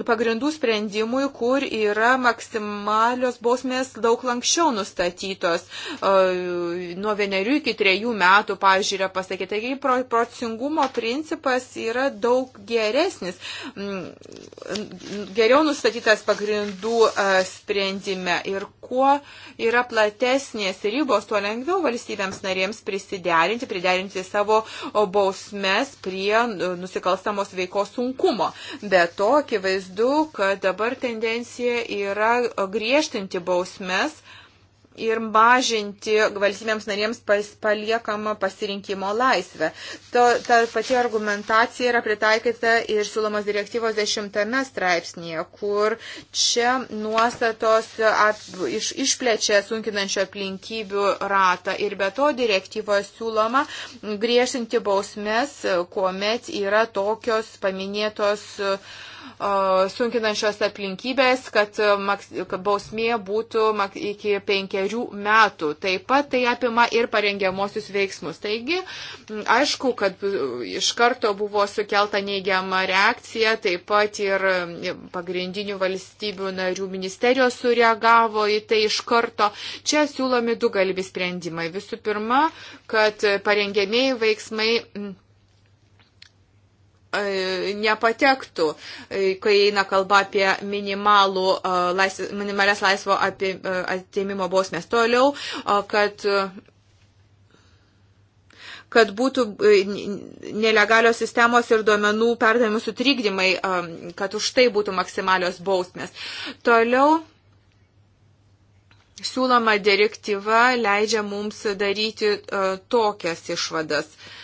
pagrindų sprendimui, kur yra maksimalios bausmės daug lankščiau nustatytos. Nuo vienerių iki trejų metų, pavyzdžiui, yra pasakyti, taigi proporcingumo principas yra daug geresnis. Geriau nustatytas pagrindų pagrindų e, sprendime ir kuo yra platesnės ribos, tuo lengviau valstybėms narėms prisiderinti, priderinti savo bausmes prie e, nusikalstamos veikos sunkumo. Be to, akivaizdu, kad dabar tendencija yra griežtinti bausmes ir mažinti valstybėms narėms pas, paliekamą pasirinkimo laisvę. To, ta pati argumentacija yra pritaikyta ir siūlomos direktyvos dešimtame straipsnėje, kur čia nuostatos ap, iš, išplečia sunkinančio aplinkybių ratą ir be to direktyvoje siūloma griežtinti bausmes, kuomet yra tokios paminėtos uh, sunkinančios aplinkybės, kad bausmė būtų iki penkerių metų. Taip pat tai apima ir parengiamosius veiksmus. Taigi, aišku, kad iš karto buvo sukelta neigiama reakcija, taip pat ir pagrindinių valstybių narių ministerijos sureagavo į tai iš karto. Čia siūlomi du galimi sprendimai. Visų pirma, kad parengiamieji veiksmai E, nepatektų, e, kai eina kalba apie minimalų, e, minimalės laisvo apie atėmimo bausmės. Toliau, kad kad būtų nelegalios sistemos ir duomenų perdavimų sutrikdymai, kad už tai būtų maksimalios bausmės. Toliau siūloma direktyva leidžia mums daryti tokias išvadas. Uh,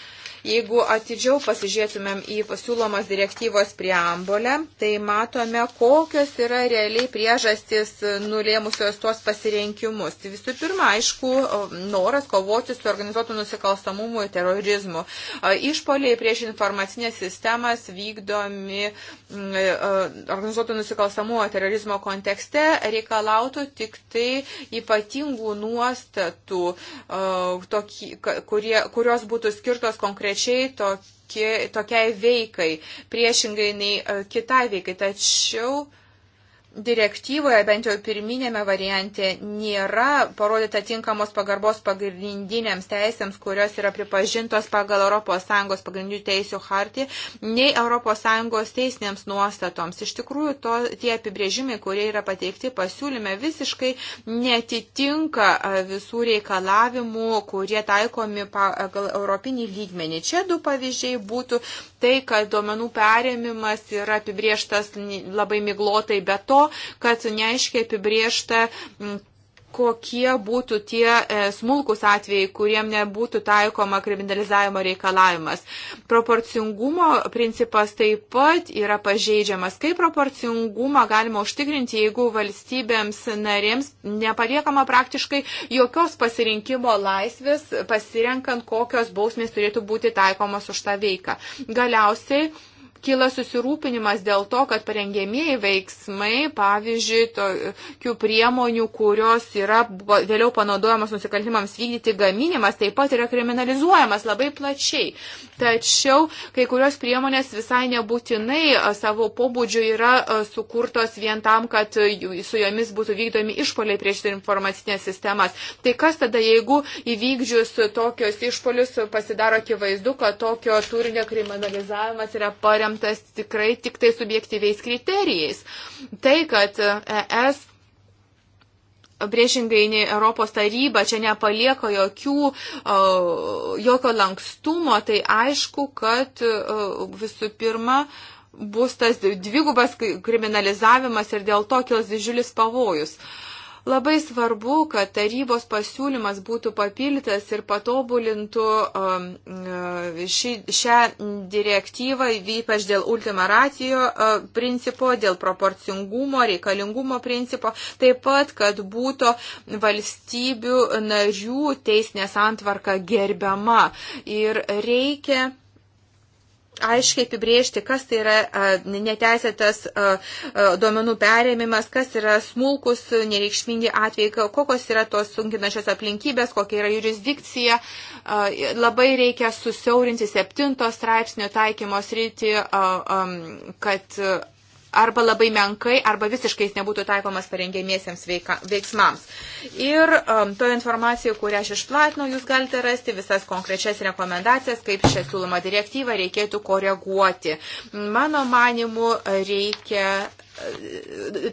Jeigu atidžiau pasižiūrėtumėm į pasiūlomos direktyvos preambulę, tai matome, kokios yra realiai priežastys nulėmusios tuos pasirinkimus. Tai visų pirma, aišku, noras kovoti su organizuotu nusikalstamumu ir terorizmu. Išpoliai prieš informacinės sistemas vykdomi mm, e, e, organizuotų nusikalstamumo terorizmo kontekste reikalautų tik tai ypatingų nuostatų, tokie, kurie, kurios būtų skirtos konkrečiai konkrečiai tokie, tokiai veikai, priešingai nei e, kitai veikai. Tačiau direktyvoje, bent jau pirminėme variante, nėra parodyta tinkamos pagarbos pagrindinėms teisėms, kurios yra pripažintos pagal ES pagrindinių teisų hartį, nei ES teisinėms nuostatoms. Iš tikrųjų, to, tie apibrėžimai, kurie yra pateikti pasiūlyme, visiškai netitinka visų reikalavimų, kurie taikomi pagal europinį lygmenį. Čia du pavyzdžiai būtų tai, kad duomenų perėmimas yra apibrieštas labai miglotai, be to, kad neaiškiai apibriešta kokie būtų tie e, smulkus atvejai, kuriem nebūtų taikoma kriminalizavimo reikalavimas. Proporcingumo principas taip pat yra pažeidžiamas. Kaip proporcingumą galima užtikrinti, jeigu valstybėms narėms nepaliekama praktiškai jokios pasirinkimo laisvės, pasirenkant, kokios bausmės turėtų būti taikomos už tą veiką. Galiausiai kyla susirūpinimas dėl to, kad parengėmieji veiksmai, pavyzdžiui, tokių priemonių, kurios yra vėliau panaudojamos nusikaltimams vykdyti gaminimas, taip pat yra kriminalizuojamas labai plačiai. Tačiau kai kurios priemonės visai nebūtinai savo pobūdžiu yra sukurtos vien tam, kad su jomis būtų vykdomi išpoliai prieš informacinės sistemas. Tai kas tada, jeigu įvykdžius tokius išpolius pasidaro akivaizdu, kad tokio turinio kriminalizavimas yra paremtas paremtas tikrai tik tai subjektyviais kriterijais. Tai, kad e, ES priešingai nei Europos taryba čia nepalieka jokių, jokio lankstumo, tai aišku, kad visų pirma bus tas dvigubas kriminalizavimas ir dėl to kils didžiulis pavojus. Uh, Labai svarbu, kad tarybos pasiūlymas būtų papildytas ir patobulintų um, uh, ši, šią direktyvą, ypač dėl ultimaratijo uh, principo, dėl proporcingumo, reikalingumo principo, taip pat, kad būtų valstybių narių teisinė santvarka gerbiama. Ir reikia aiškiai apibriežti, kas tai yra neteisėtas duomenų perėmimas, kas yra smulkus, nereikšmingi atvejai, kokios yra tos sunkinačios aplinkybės, kokia yra jurisdikcija. Labai reikia susiaurinti septinto straipsnio taikymos rytį, kad arba labai menkai, arba visiškai jis nebūtų taikomas parengėmiesiems veiksmams. Ir um, to informaciją, kurią aš išplatinau, jūs galite rasti visas konkrečias rekomendacijas, kaip šią siūlomą direktyvą reikėtų koreguoti. Mano manimu, reikia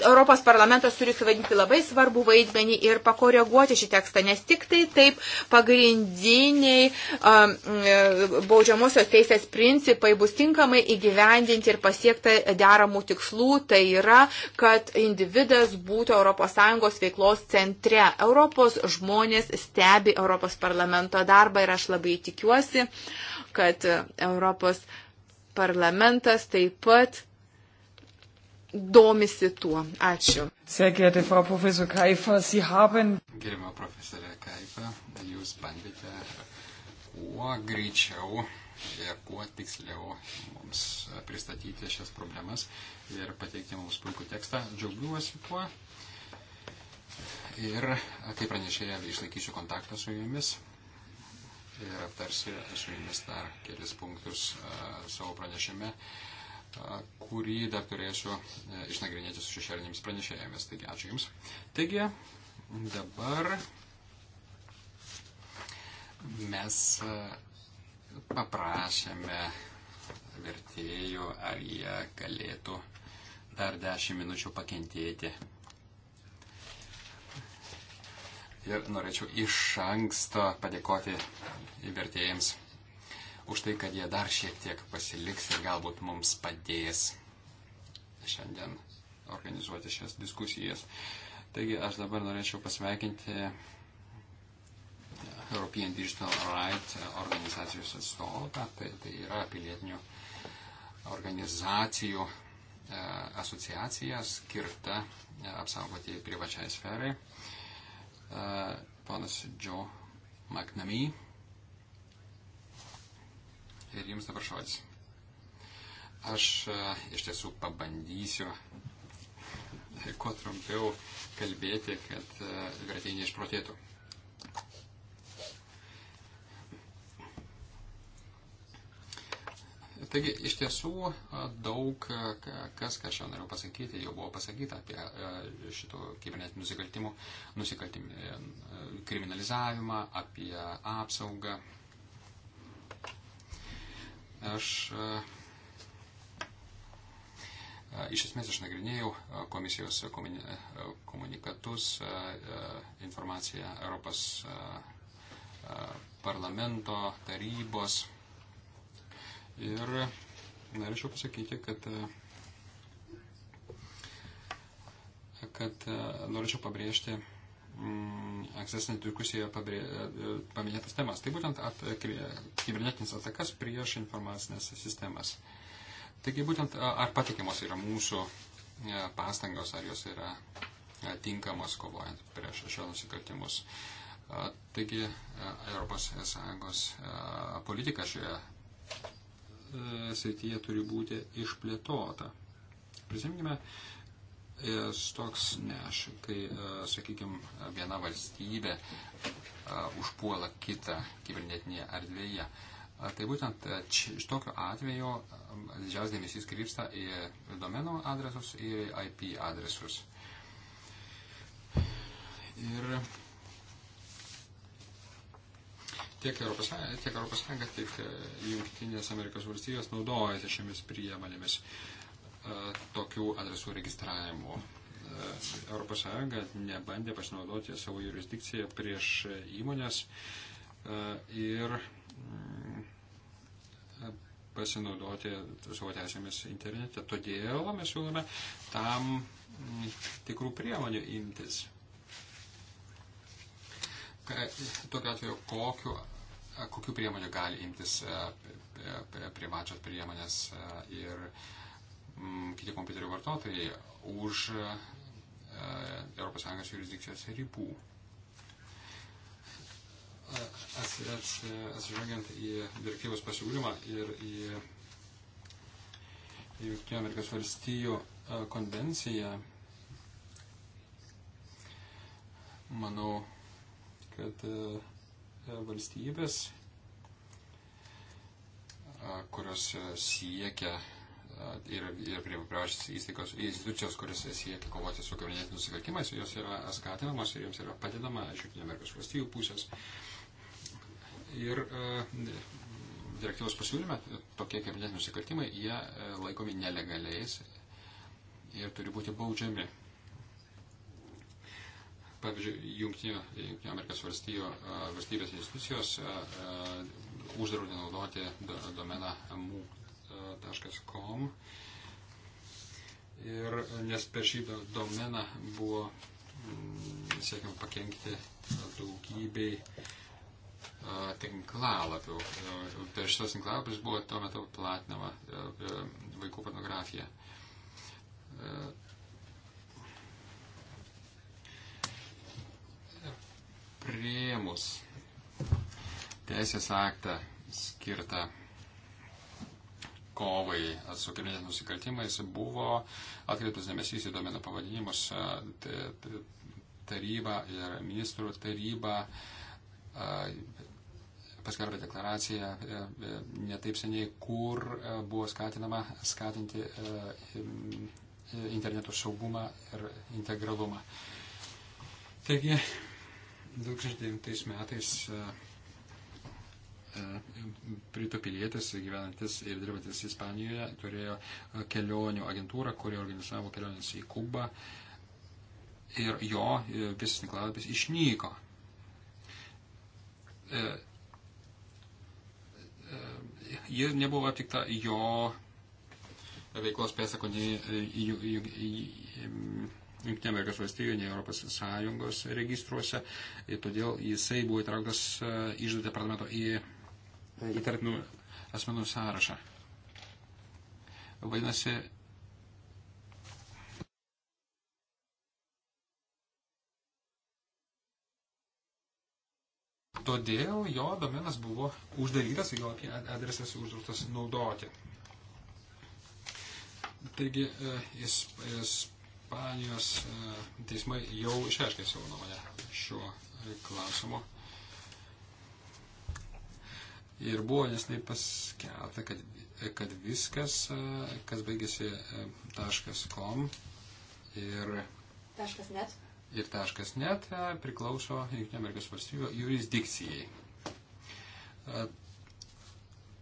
Europos parlamentas turi suvaidinti labai svarbų vaidmenį ir pakoreguoti šį tekstą, nes tik tai taip pagrindiniai um, e, baudžiamosios teisės principai bus tinkamai įgyvendinti ir pasiekta deramų tikslų, tai yra, kad individas būtų ES veiklos centre. Europos žmonės stebi Europos parlamento darbą ir aš labai tikiuosi, kad Europos parlamentas taip pat domisi tuo. Ačiū. Sėkėte, Frau Profesor Kaifa, Sie haben. Gerimo profesorė Kaifa, jūs bandėte kuo greičiau ir e, kuo tiksliau mums pristatyti šias problemas ir pateikti mums puikų tekstą. Džiaugiuosi tuo. Ir kaip pranešėja, išlaikysiu kontaktą su jumis ir aptarsiu su jumis dar kelis punktus a, e, savo pranešime. A, kurį dar turėsiu e, išnagrinėti su šešėlinėmis pranešėjomis. Taigi, ačiū Jums. Taigi, dabar mes e, paprašėme vertėjų, ar jie galėtų dar dešimt minučių pakentėti. Ir norėčiau iš anksto padėkoti vertėjams už tai, kad jie dar šiek tiek pasiliks ir galbūt mums padės šiandien organizuoti šias diskusijas. Taigi aš dabar norėčiau pasveikinti European Digital Rights organizacijos atstovą, tai, tai yra pilietinių organizacijų e, asociacija skirta e, apsaugoti privačiai sferai. E, ponas Joe McNamee ir jums dabar žodis. Aš e, iš tiesų pabandysiu e, kuo trumpiau kalbėti, kad e, vertėjai neišprotėtų. Taigi, iš tiesų daug kas, ką aš jau norėjau pasakyti, jau buvo pasakyta apie šito kibernetinių nusikaltimų, nusikaltimų kriminalizavimą, apie apsaugą, Aš e, e, Iš esmės išnagrinėjau e, komisijos komunikatus, informaciją Europos parlamento, tarybos. Ir norėčiau pasakyti, kad, kad norėčiau pabrėžti Mm, ankstesnėje diskusijoje pabrė, e, paminėtas temas. Tai būtent at, kibernetinis atakas prieš informacinės sistemas. Taigi būtent ar patikimos yra mūsų e, pastangos, ar jos yra e, tinkamos kovojant prieš šios nusikaltimus. Taigi ES politika šioje srityje turi būti išplėtota. Prisiminkime toks neš, kai, e, sakykime, viena valstybė e, užpuola kitą kibernetinėje erdvėje. E, tai būtent iš tokio atveju didžiausias dėmesys krypsta į domeno adresus ir IP adresus. Ir tiek Europos, tiek Europos Sąjunga, tiek Junktinės Amerikos valstijos naudojasi šiomis priemonėmis. Uh, E, tokių adresų registravimo. ES nebandė pasinaudoti savo jurisdikciją prieš įmonės e, ir mm, pasinaudoti savo teisėmis internete. Todėl mes siūlome tam mm, tikrų priemonių imtis. Tokiu atveju, kokiu, kokiu priemonių gali imtis e, privačios priemonės ir uh, Mm, kiti kompiuterio vartotojai už ES jurisdikcijos ribų. E, atsižvelgiant į direktyvos pasiūlymą ir į Junktinių Amerikos valstijų e, konvenciją, manau, kad e, valstybės, kurios siekia ir, ir prievartos įstaigos, institucijos, kuris siekia kovoti su kabinetiniais nusikaltimais, jos yra skatinamos ir joms yra padedama iš Junktinio Amerikos valstybių pusės. Ir uh, direktyvos pasiūlyme tokie kabinetiniai nusikaltimai, jie uh, laikomi nelegaliais ir turi būti baudžiami. Pavyzdžiui, Junktinio, Junktinio Amerikos valstybių, uh, e, valstybės institucijos uh, uh, uždraudė naudoti domeną MU. Uh, www.ecom. Ir nes per šį domeną buvo siekiama pakengti daugybei tinklalapių. Per šitos tinklalapius buvo tuo metu platinama vaikų pornografija. Priemus teisės aktą skirtą kovai su kibernetiniais nusikaltimais buvo atkreiptas dėmesys į domenų pavadinimus taryba ir ministrų taryba paskelbė deklaraciją e, e, netaip seniai, kur e, buvo skatinama skatinti interneto saugumą ir integralumą. Taigi, 2009 metais E, britų pilietis, gyvenantis ir dirbantis Ispanijoje, turėjo e, kelionių agentūrą, kuri organizavo keliones į Kubą ir jo e, visas tinklalapis išnyko. Ir nebuvo aptikta jo veiklos pėsako nei Junktinė Amerikos valstybių, nei Europos Sąjungos registruose. Ir todėl jisai buvo įtrauktas išduoti parlamento į E, įtartinų asmenų sąrašą. Vadinasi, todėl jo domenas buvo uždarytas, jo adresas uždraustas naudoti. Taigi, e, Ispanijos e, teismai jau išreiškė savo nuomonę šiuo klausimu ir buvo nesnai paskelbta, kad, kad viskas, e, kas baigėsi e, taškas kom ir taškas net, ir taškas net e, priklauso Junktinė Amerikos valstybių jurisdikcijai.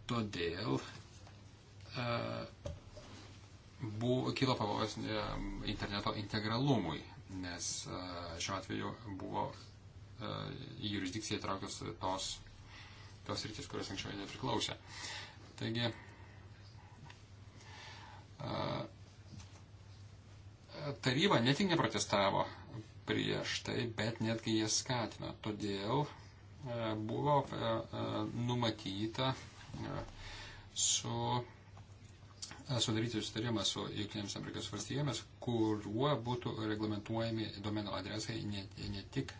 Todėl buvo, kilo pavojus interneto integralumui, nes šiuo atveju buvo į jurisdikciją įtrauktos tos tos rytis, kurios anksčiau nepriklausė. Taigi, taryba ne tik neprotestavo prieš tai, bet netgi jie skatino. Todėl buvo numatyta su sudaryti sustarimą su Junktinėmis Amerikos valstybėmis, kuriuo būtų reglamentuojami domenų adresai ne, ne tik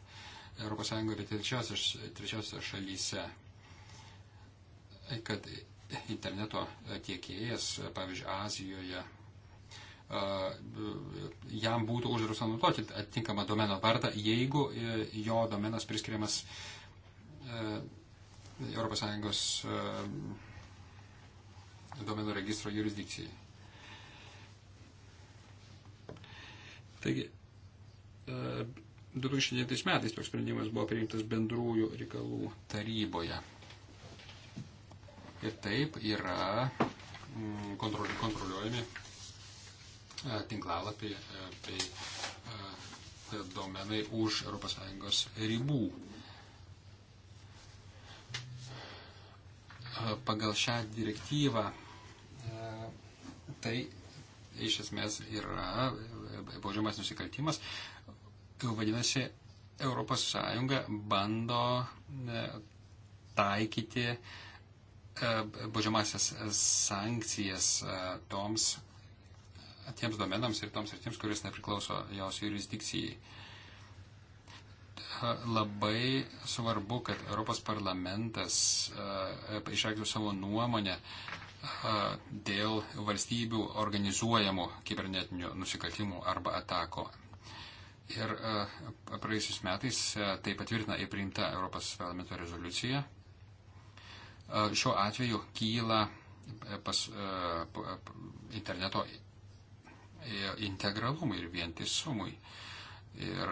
ES, bet ir trečiosios šalyse kad interneto tiekėjas, pavyzdžiui, Azijoje, jam būtų uždrausta naudoti atitinkamą domeno vardą, jeigu e, jo domenas priskiriamas ES e, domenų registro jurisdikcijai. Taigi, 2009 e, metais toks sprendimas buvo priimtas bendrųjų reikalų taryboje ir taip yra mm, kontroli, kontroliuojami e, tinklalapiai e, bei e, domenai už ES ribų. Pagal šią direktyvą tai iš esmės yra baudžiamas nusikaltimas. Vadinasi, ES bando taikyti uh, E, baudžiamasias sankcijas e, toms, tiems domenams ir toms ir tiems, kuris nepriklauso jos jurisdikcijai. E, labai svarbu, kad Europos parlamentas išreikštų savo nuomonę dėl valstybių organizuojamų kibernetinių nusikaltimų arba atako. Ir praėjusius metais tai patvirtina įprimta Europos parlamento rezoliucija E, šiuo atveju kyla e, pas, e, interneto integralumui ir vientisumui. Ir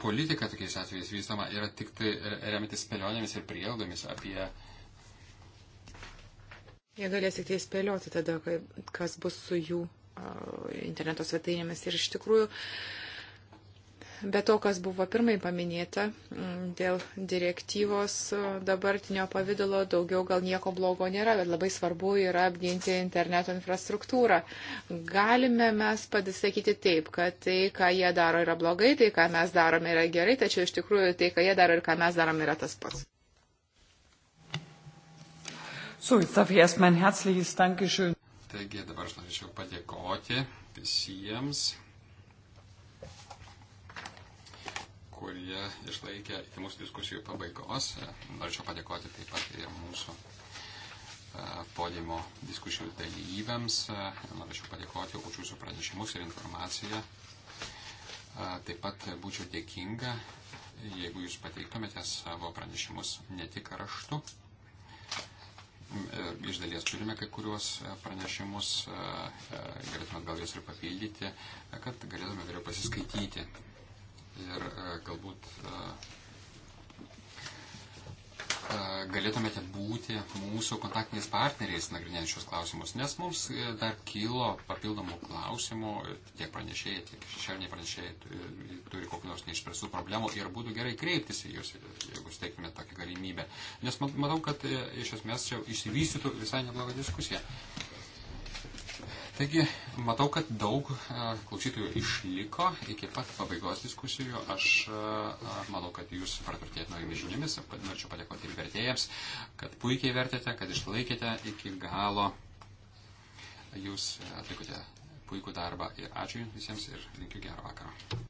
politika tokiais atvejais vystama yra tik tai remiantis spėlionėmis ir prielaidomis apie. Jie galės tik tai spėlioti tada, kas bus su jų interneto svetainėmis. Ir iš tikrųjų, be to, kas buvo pirmai paminėta, dėl direktyvos dabartinio pavydalo daugiau gal nieko blogo nėra, bet labai svarbu yra apginti interneto infrastruktūrą. Galime mes pasakyti taip, kad tai, ką jie daro, yra blogai, tai, ką mes darome, yra gerai, tačiau iš tikrųjų tai, ką jie daro ir ką mes darome, yra tas pats. So, jetzt darf ich erstmal ein herzliches Dankeschön. Taigi dabar aš norėčiau padėkoti visiems, kurie išlaikė iki mūsų diskusijų pabaigos. Norėčiau padėkoti taip pat ir mūsų e, podimo diskusijų dalyviams. E, norėčiau padėkoti už jūsų pranešimus ir informaciją. E, taip pat būčiau dėkinga, jeigu jūs pateiktumėte savo pranešimus ne tik raštu, Mm, e, iš dalies turime kai kuriuos e, pranešimus, e, galėtume gal juos ir papildyti, kad galėtume geriau pasiskaityti ir galbūt E, galėtumėte būti mūsų kontaktiniais partneriais nagrinėjant šios klausimus, nes mums e, dar kilo papildomų klausimų, tiek pranešėjai, tiek šešėliniai pranešėjai e, turi kokių nors neišspręstų problemų ir būtų gerai kreiptis į jūs, jeigu suteiktumėte tokią galimybę. Nes matau, kad iš esmės čia išsivystytų visai nebloga diskusija. Taigi, matau, kad daug e, klausytojų išliko iki pat pabaigos diskusijų. Aš e, e, manau, kad jūs praturtėt naujomis žiniomis. Norėčiau padėkoti ir vertėjams, kad puikiai vertėte, kad išlaikėte iki galo. Jūs atlikote puikų darbą ir ačiū visiems ir linkiu gerą vakarą.